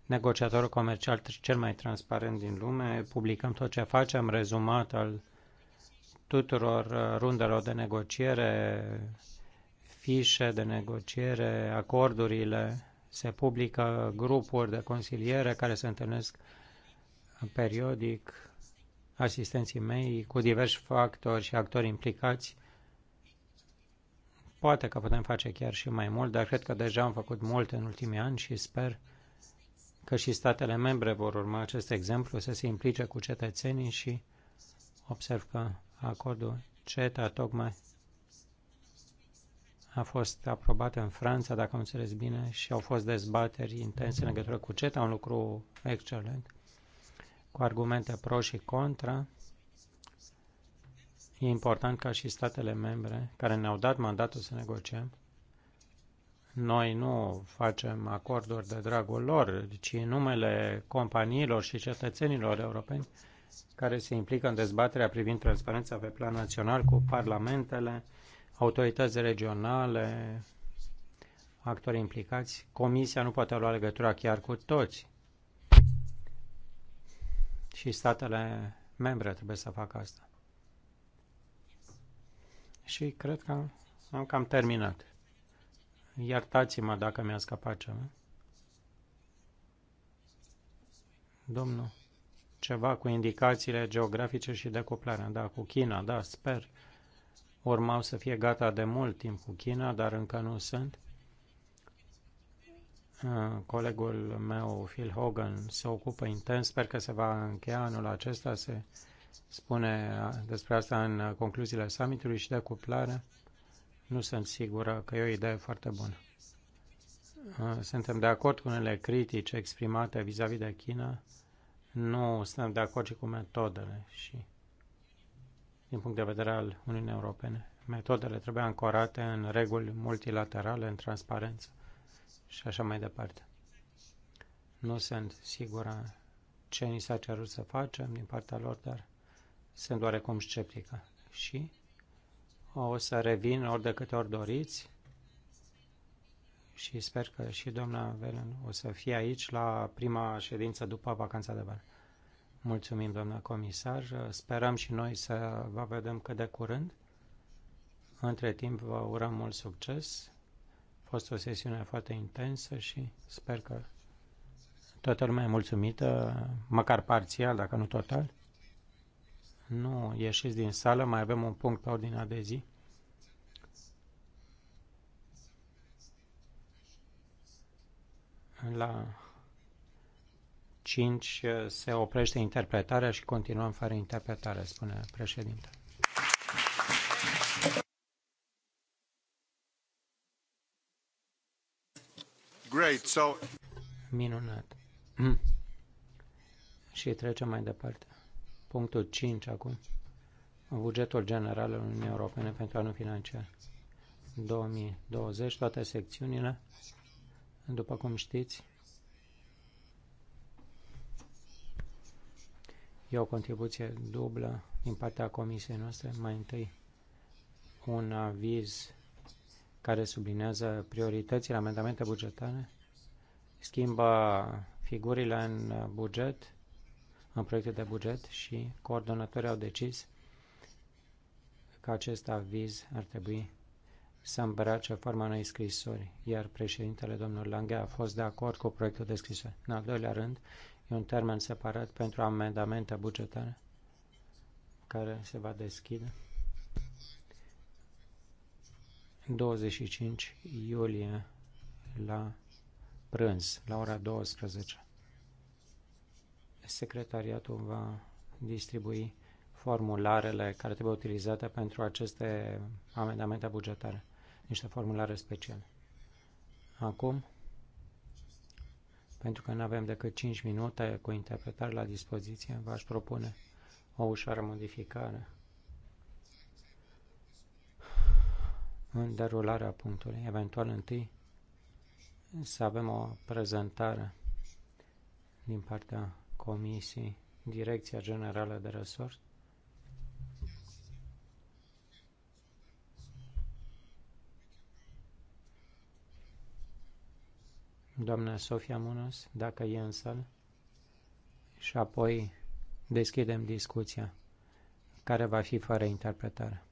negociatorul comercial cel mai transparent din lume. Publicăm tot ce facem, rezumat al tuturor uh, rundelor de negociere, fișe de negociere, acordurile. Se publică grupuri de consiliere care se întâlnesc periodic asistenții mei, cu diversi factori și actori implicați. Poate că putem face chiar și mai mult, dar cred că deja am făcut mult în ultimii ani și sper că și statele membre vor urma acest exemplu, să se implice cu cetățenii și observ că acordul CETA tocmai a fost aprobat în Franța, dacă am înțeles bine, și au fost dezbateri intense în legătură cu CETA, un lucru excelent cu argumente pro și contra. E important ca și statele membre care ne-au dat mandatul să negociem. Noi nu facem acorduri de dragul lor, ci în numele companiilor și cetățenilor europeni care se implică în dezbaterea privind transparența pe plan național cu parlamentele, autorități regionale, actori implicați. Comisia nu poate lua legătura chiar cu toți și statele membre trebuie să facă asta. Și cred că am cam terminat. Iertați-mă dacă mi-a scăpat ceva. Domnul, ceva cu indicațiile geografice și decuplarea. Da, cu China, da, sper. Urmau să fie gata de mult timp cu China, dar încă nu sunt colegul meu, Phil Hogan, se ocupă intens. Sper că se va încheia anul acesta. Se spune despre asta în concluziile summitului și de cuplare. Nu sunt sigură că e o idee foarte bună. Suntem de acord cu unele critici exprimate vis-a-vis -vis de China. Nu suntem de acord și cu metodele și din punct de vedere al Uniunii Europene. Metodele trebuie ancorate în reguli multilaterale, în transparență și așa mai departe. Nu sunt sigură ce ni s-a cerut să facem din partea lor, dar sunt oarecum sceptică. Și o să revin ori de câte ori doriți și sper că și doamna Velen o să fie aici la prima ședință după vacanța de vară. Mulțumim, doamna comisar. Sperăm și noi să vă vedem cât de curând. Între timp, vă urăm mult succes a fost o sesiune foarte intensă și sper că toată lumea e mulțumită, măcar parțial, dacă nu total. Nu ieșiți din sală, mai avem un punct pe ordinea de zi. La 5 se oprește interpretarea și continuăm fără interpretare, spune președintele. Great, so... Minunat. Mm. Și trecem mai departe. Punctul 5 acum. Bugetul general al Uniunii Europene pentru anul financiar 2020, toate secțiunile. După cum știți, e o contribuție dublă din partea comisiei noastre. Mai întâi un aviz care sublinează prioritățile amendamente bugetare, schimbă figurile în buget, în proiecte de buget și coordonatorii au decis că acest aviz ar trebui să îmbrace forma unei scrisori, iar președintele domnul Lange a fost de acord cu proiectul de scrisoare. În al doilea rând, e un termen separat pentru amendamente bugetare care se va deschide 25 iulie la prânz, la ora 12. Secretariatul va distribui formularele care trebuie utilizate pentru aceste amendamente bugetare, niște formulare speciale. Acum, pentru că nu avem decât 5 minute cu interpretare la dispoziție, v-aș propune o ușoară modificare în derularea punctului. Eventual întâi să avem o prezentare din partea Comisiei, Direcția Generală de Resort, doamna Sofia Munos, dacă e în sală, și apoi deschidem discuția, care va fi fără interpretare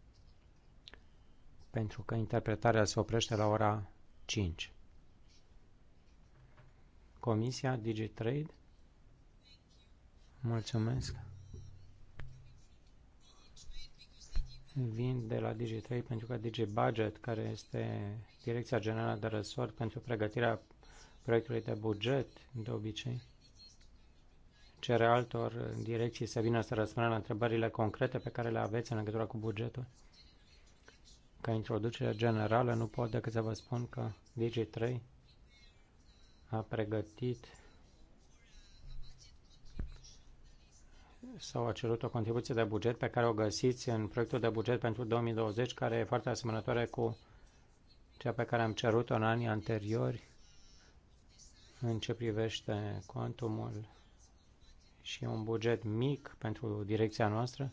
pentru că interpretarea se oprește la ora 5. Comisia DigiTrade. Mulțumesc. Vin de la DigiTrade pentru că DigiBudget, care este Direcția Generală de Resort pentru pregătirea proiectului de buget, de obicei, cere altor direcții să vină să răspundă la întrebările concrete pe care le aveți în legătură cu bugetul. Ca introducere generală, nu pot decât să vă spun că dg 3 a pregătit sau a cerut o contribuție de buget pe care o găsiți în proiectul de buget pentru 2020, care e foarte asemănătoare cu cea pe care am cerut-o în anii anteriori în ce privește cuantumul și un buget mic pentru direcția noastră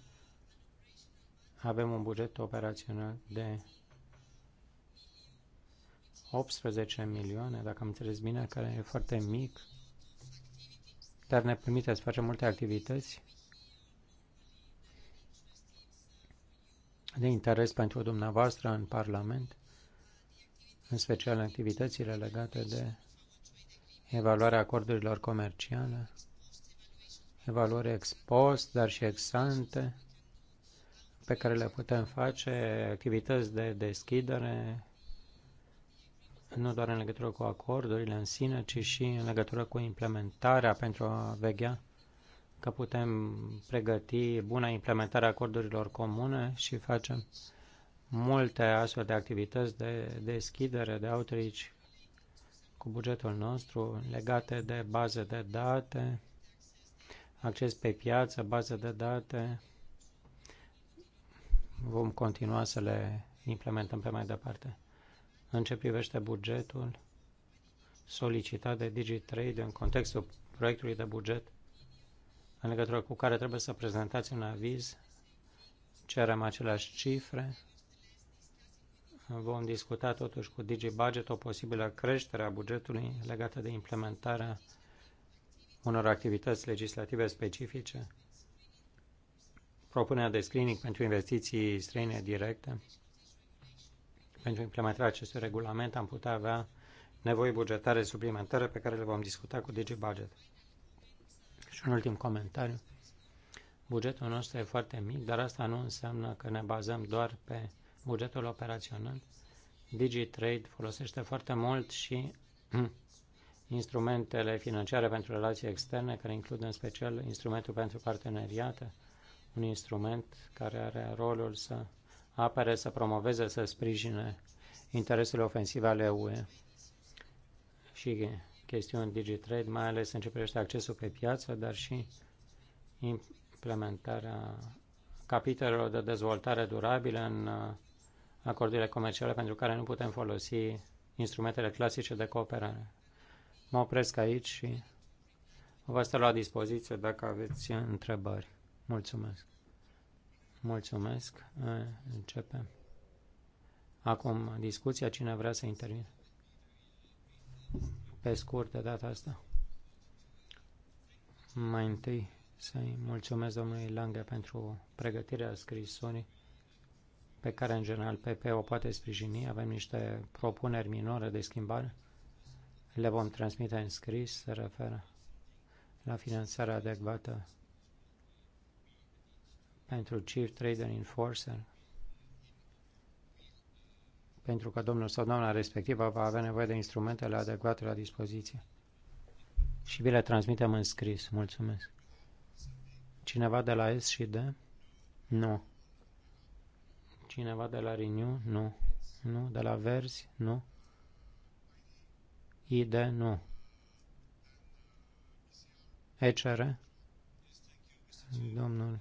avem un buget operațional de 18 milioane, dacă am înțeles bine, care e foarte mic, dar ne permite să facem multe activități de interes pentru dumneavoastră în Parlament, în special activitățile legate de evaluarea acordurilor comerciale, evaluări ex post, dar și ex ante, pe care le putem face, activități de deschidere, nu doar în legătură cu acordurile în sine, ci și în legătură cu implementarea pentru a vegea că putem pregăti buna implementare a acordurilor comune și facem multe astfel de activități de deschidere, de outreach cu bugetul nostru legate de baze de date, acces pe piață, baze de date, vom continua să le implementăm pe mai departe. În ce privește bugetul solicitat de DigiTrade în contextul proiectului de buget în legătură cu care trebuie să prezentați un aviz, cerem aceleași cifre, vom discuta totuși cu DigiBudget o posibilă creștere a bugetului legată de implementarea unor activități legislative specifice propunerea de screening pentru investiții străine directe, pentru implementarea acestui regulament am putea avea nevoi bugetare suplimentare pe care le vom discuta cu DigiBudget. Și un ultim comentariu. Bugetul nostru e foarte mic, dar asta nu înseamnă că ne bazăm doar pe bugetul operațional. DigiTrade folosește foarte mult și instrumentele financiare pentru relații externe, care includ în special instrumentul pentru parteneriate, un instrument care are rolul să apere, să promoveze, să sprijine interesele ofensive ale UE și chestiuni DigiTrade, mai ales în ce privește accesul pe piață, dar și implementarea capitolelor de dezvoltare durabilă în uh, acordurile comerciale pentru care nu putem folosi instrumentele clasice de cooperare. Mă opresc aici și vă stau la dispoziție dacă aveți întrebări. Mulțumesc. Mulțumesc. Începem. Acum discuția, cine vrea să intervine. Pe scurt, de data asta. Mai întâi să-i mulțumesc domnului Lange pentru pregătirea scrisorii pe care în general PP o poate sprijini. Avem niște propuneri minore de schimbare. Le vom transmite în scris, se referă la finanțarea adecvată pentru Chief Trader Enforcer, pentru că domnul sau doamna respectivă va avea nevoie de instrumentele adecvate la dispoziție. Și vi le transmitem în scris. Mulțumesc. Cineva de la S și D? Nu. Cineva de la Renew? Nu. Nu. De la Verzi? Nu. ID? Nu. ECR? Domnul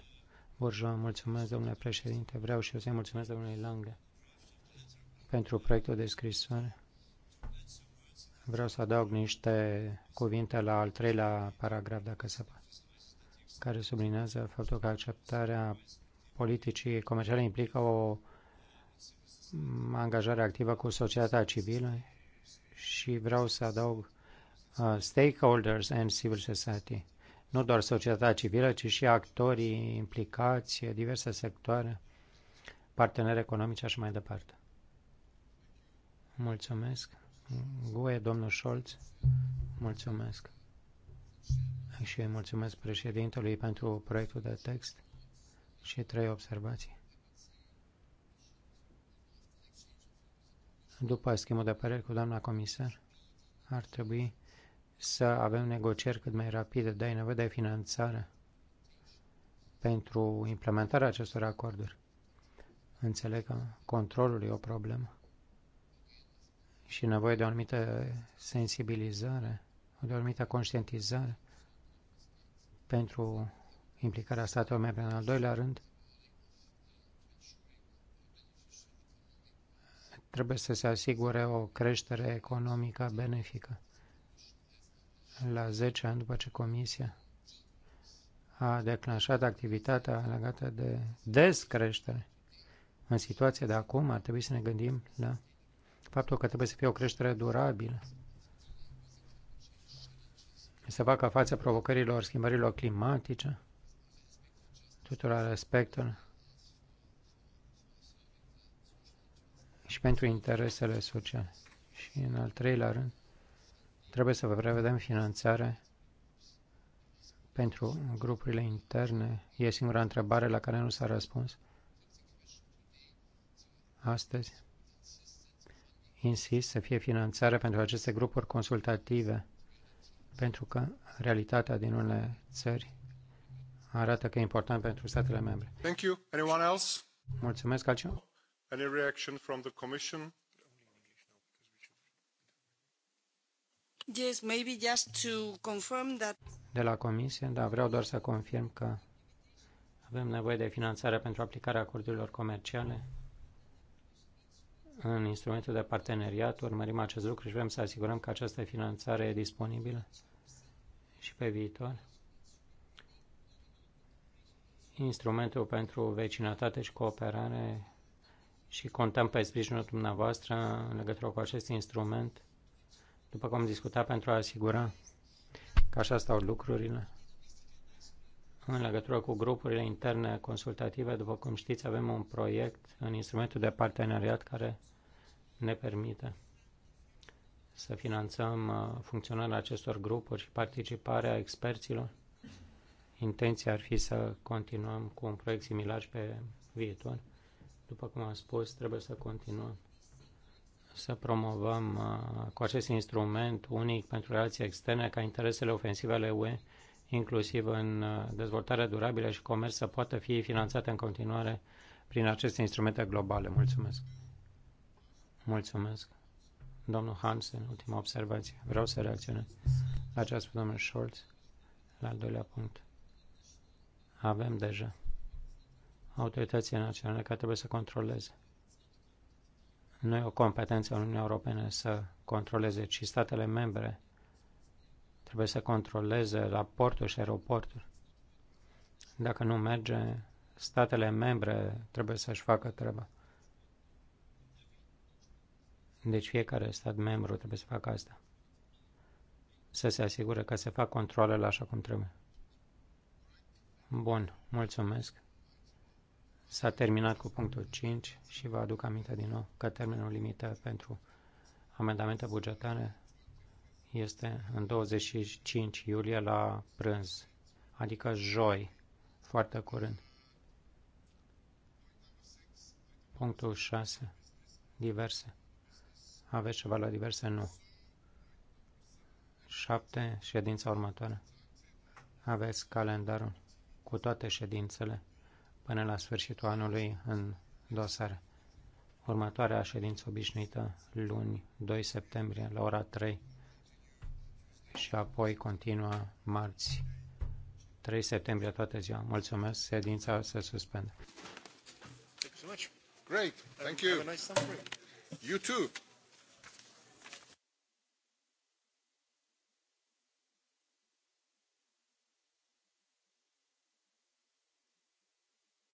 Burjo, mulțumesc, domnule președinte. Vreau și eu să-i mulțumesc domnului Lange pentru proiectul de scrisoare. Vreau să adaug niște cuvinte la al treilea paragraf, dacă se poate, care sublinează faptul că acceptarea politicii comerciale implică o angajare activă cu societatea civilă și vreau să adaug uh, stakeholders and civil society nu doar societatea civilă, ci și actorii implicați, diverse sectoare, parteneri economici, așa mai departe. Mulțumesc. Gue, domnul Scholz, mulțumesc. Și îi mulțumesc președintelui pentru proiectul de text și trei observații. După schimbul de păreri cu doamna comisar, ar trebui să avem negocieri cât mai rapide, dar e nevoie de finanțare pentru implementarea acestor acorduri. Înțeleg că controlul e o problemă și nevoie de o anumită sensibilizare, de o anumită conștientizare pentru implicarea statelor membre. În al doilea rând, trebuie să se asigure o creștere economică benefică la 10 ani după ce Comisia a declanșat activitatea legată de descreștere. În situația de acum ar trebui să ne gândim la faptul că trebuie să fie o creștere durabilă, să facă față provocărilor schimbărilor climatice, tuturor aspectelor și pentru interesele sociale. Și în al treilea rând, Trebuie să vă prevedem finanțare pentru grupurile interne. E singura întrebare la care nu s-a răspuns. Astăzi insist să fie finanțare pentru aceste grupuri consultative, pentru că realitatea din unele țări arată că e important pentru statele membre. Thank you. Anyone else? Mulțumesc, Alciu. Any reaction from the Commission? Yes, maybe just to confirm that... De la comisie, dar vreau doar să confirm că avem nevoie de finanțare pentru aplicarea acordurilor comerciale în instrumentul de parteneriat. Urmărim acest lucru și vrem să asigurăm că această finanțare e disponibilă și pe viitor. Instrumentul pentru vecinătate și cooperare și contăm pe sprijinul dumneavoastră în legătură cu acest instrument după cum am discutat, pentru a asigura că așa stau lucrurile. În legătură cu grupurile interne consultative, după cum știți, avem un proiect în instrumentul de parteneriat care ne permite să finanțăm uh, funcționarea acestor grupuri și participarea experților. Intenția ar fi să continuăm cu un proiect similar și pe viitor. După cum am spus, trebuie să continuăm să promovăm uh, cu acest instrument unic pentru relații externe ca interesele ofensive ale UE, inclusiv în uh, dezvoltarea durabilă și comerț, să poată fi finanțate în continuare prin aceste instrumente globale. Mulțumesc! Mulțumesc! Domnul Hansen, ultima observație. Vreau să reacționez la ce a spus domnul Scholz, la al doilea punct. Avem deja autoritățile naționale care trebuie să controleze nu e o competență a Uniunii Europene să controleze, ci statele membre trebuie să controleze raportul și aeroportul. Dacă nu merge, statele membre trebuie să-și facă treaba. Deci fiecare stat membru trebuie să facă asta. Să se asigure că se fac controlele așa cum trebuie. Bun, mulțumesc. S-a terminat cu punctul 5 și vă aduc aminte din nou că termenul limită pentru amendamente bugetare este în 25 iulie la prânz, adică joi, foarte curând. Punctul 6. Diverse. Aveți ceva la diverse? Nu. 7. Ședința următoare. Aveți calendarul cu toate ședințele până la sfârșitul anului în dosar. Următoarea ședință obișnuită luni 2 septembrie la ora 3 și apoi continuă marți 3 septembrie toată ziua. Mulțumesc, ședința se suspendă. Thank you so much. Great. Thank you. Have a nice summer You too.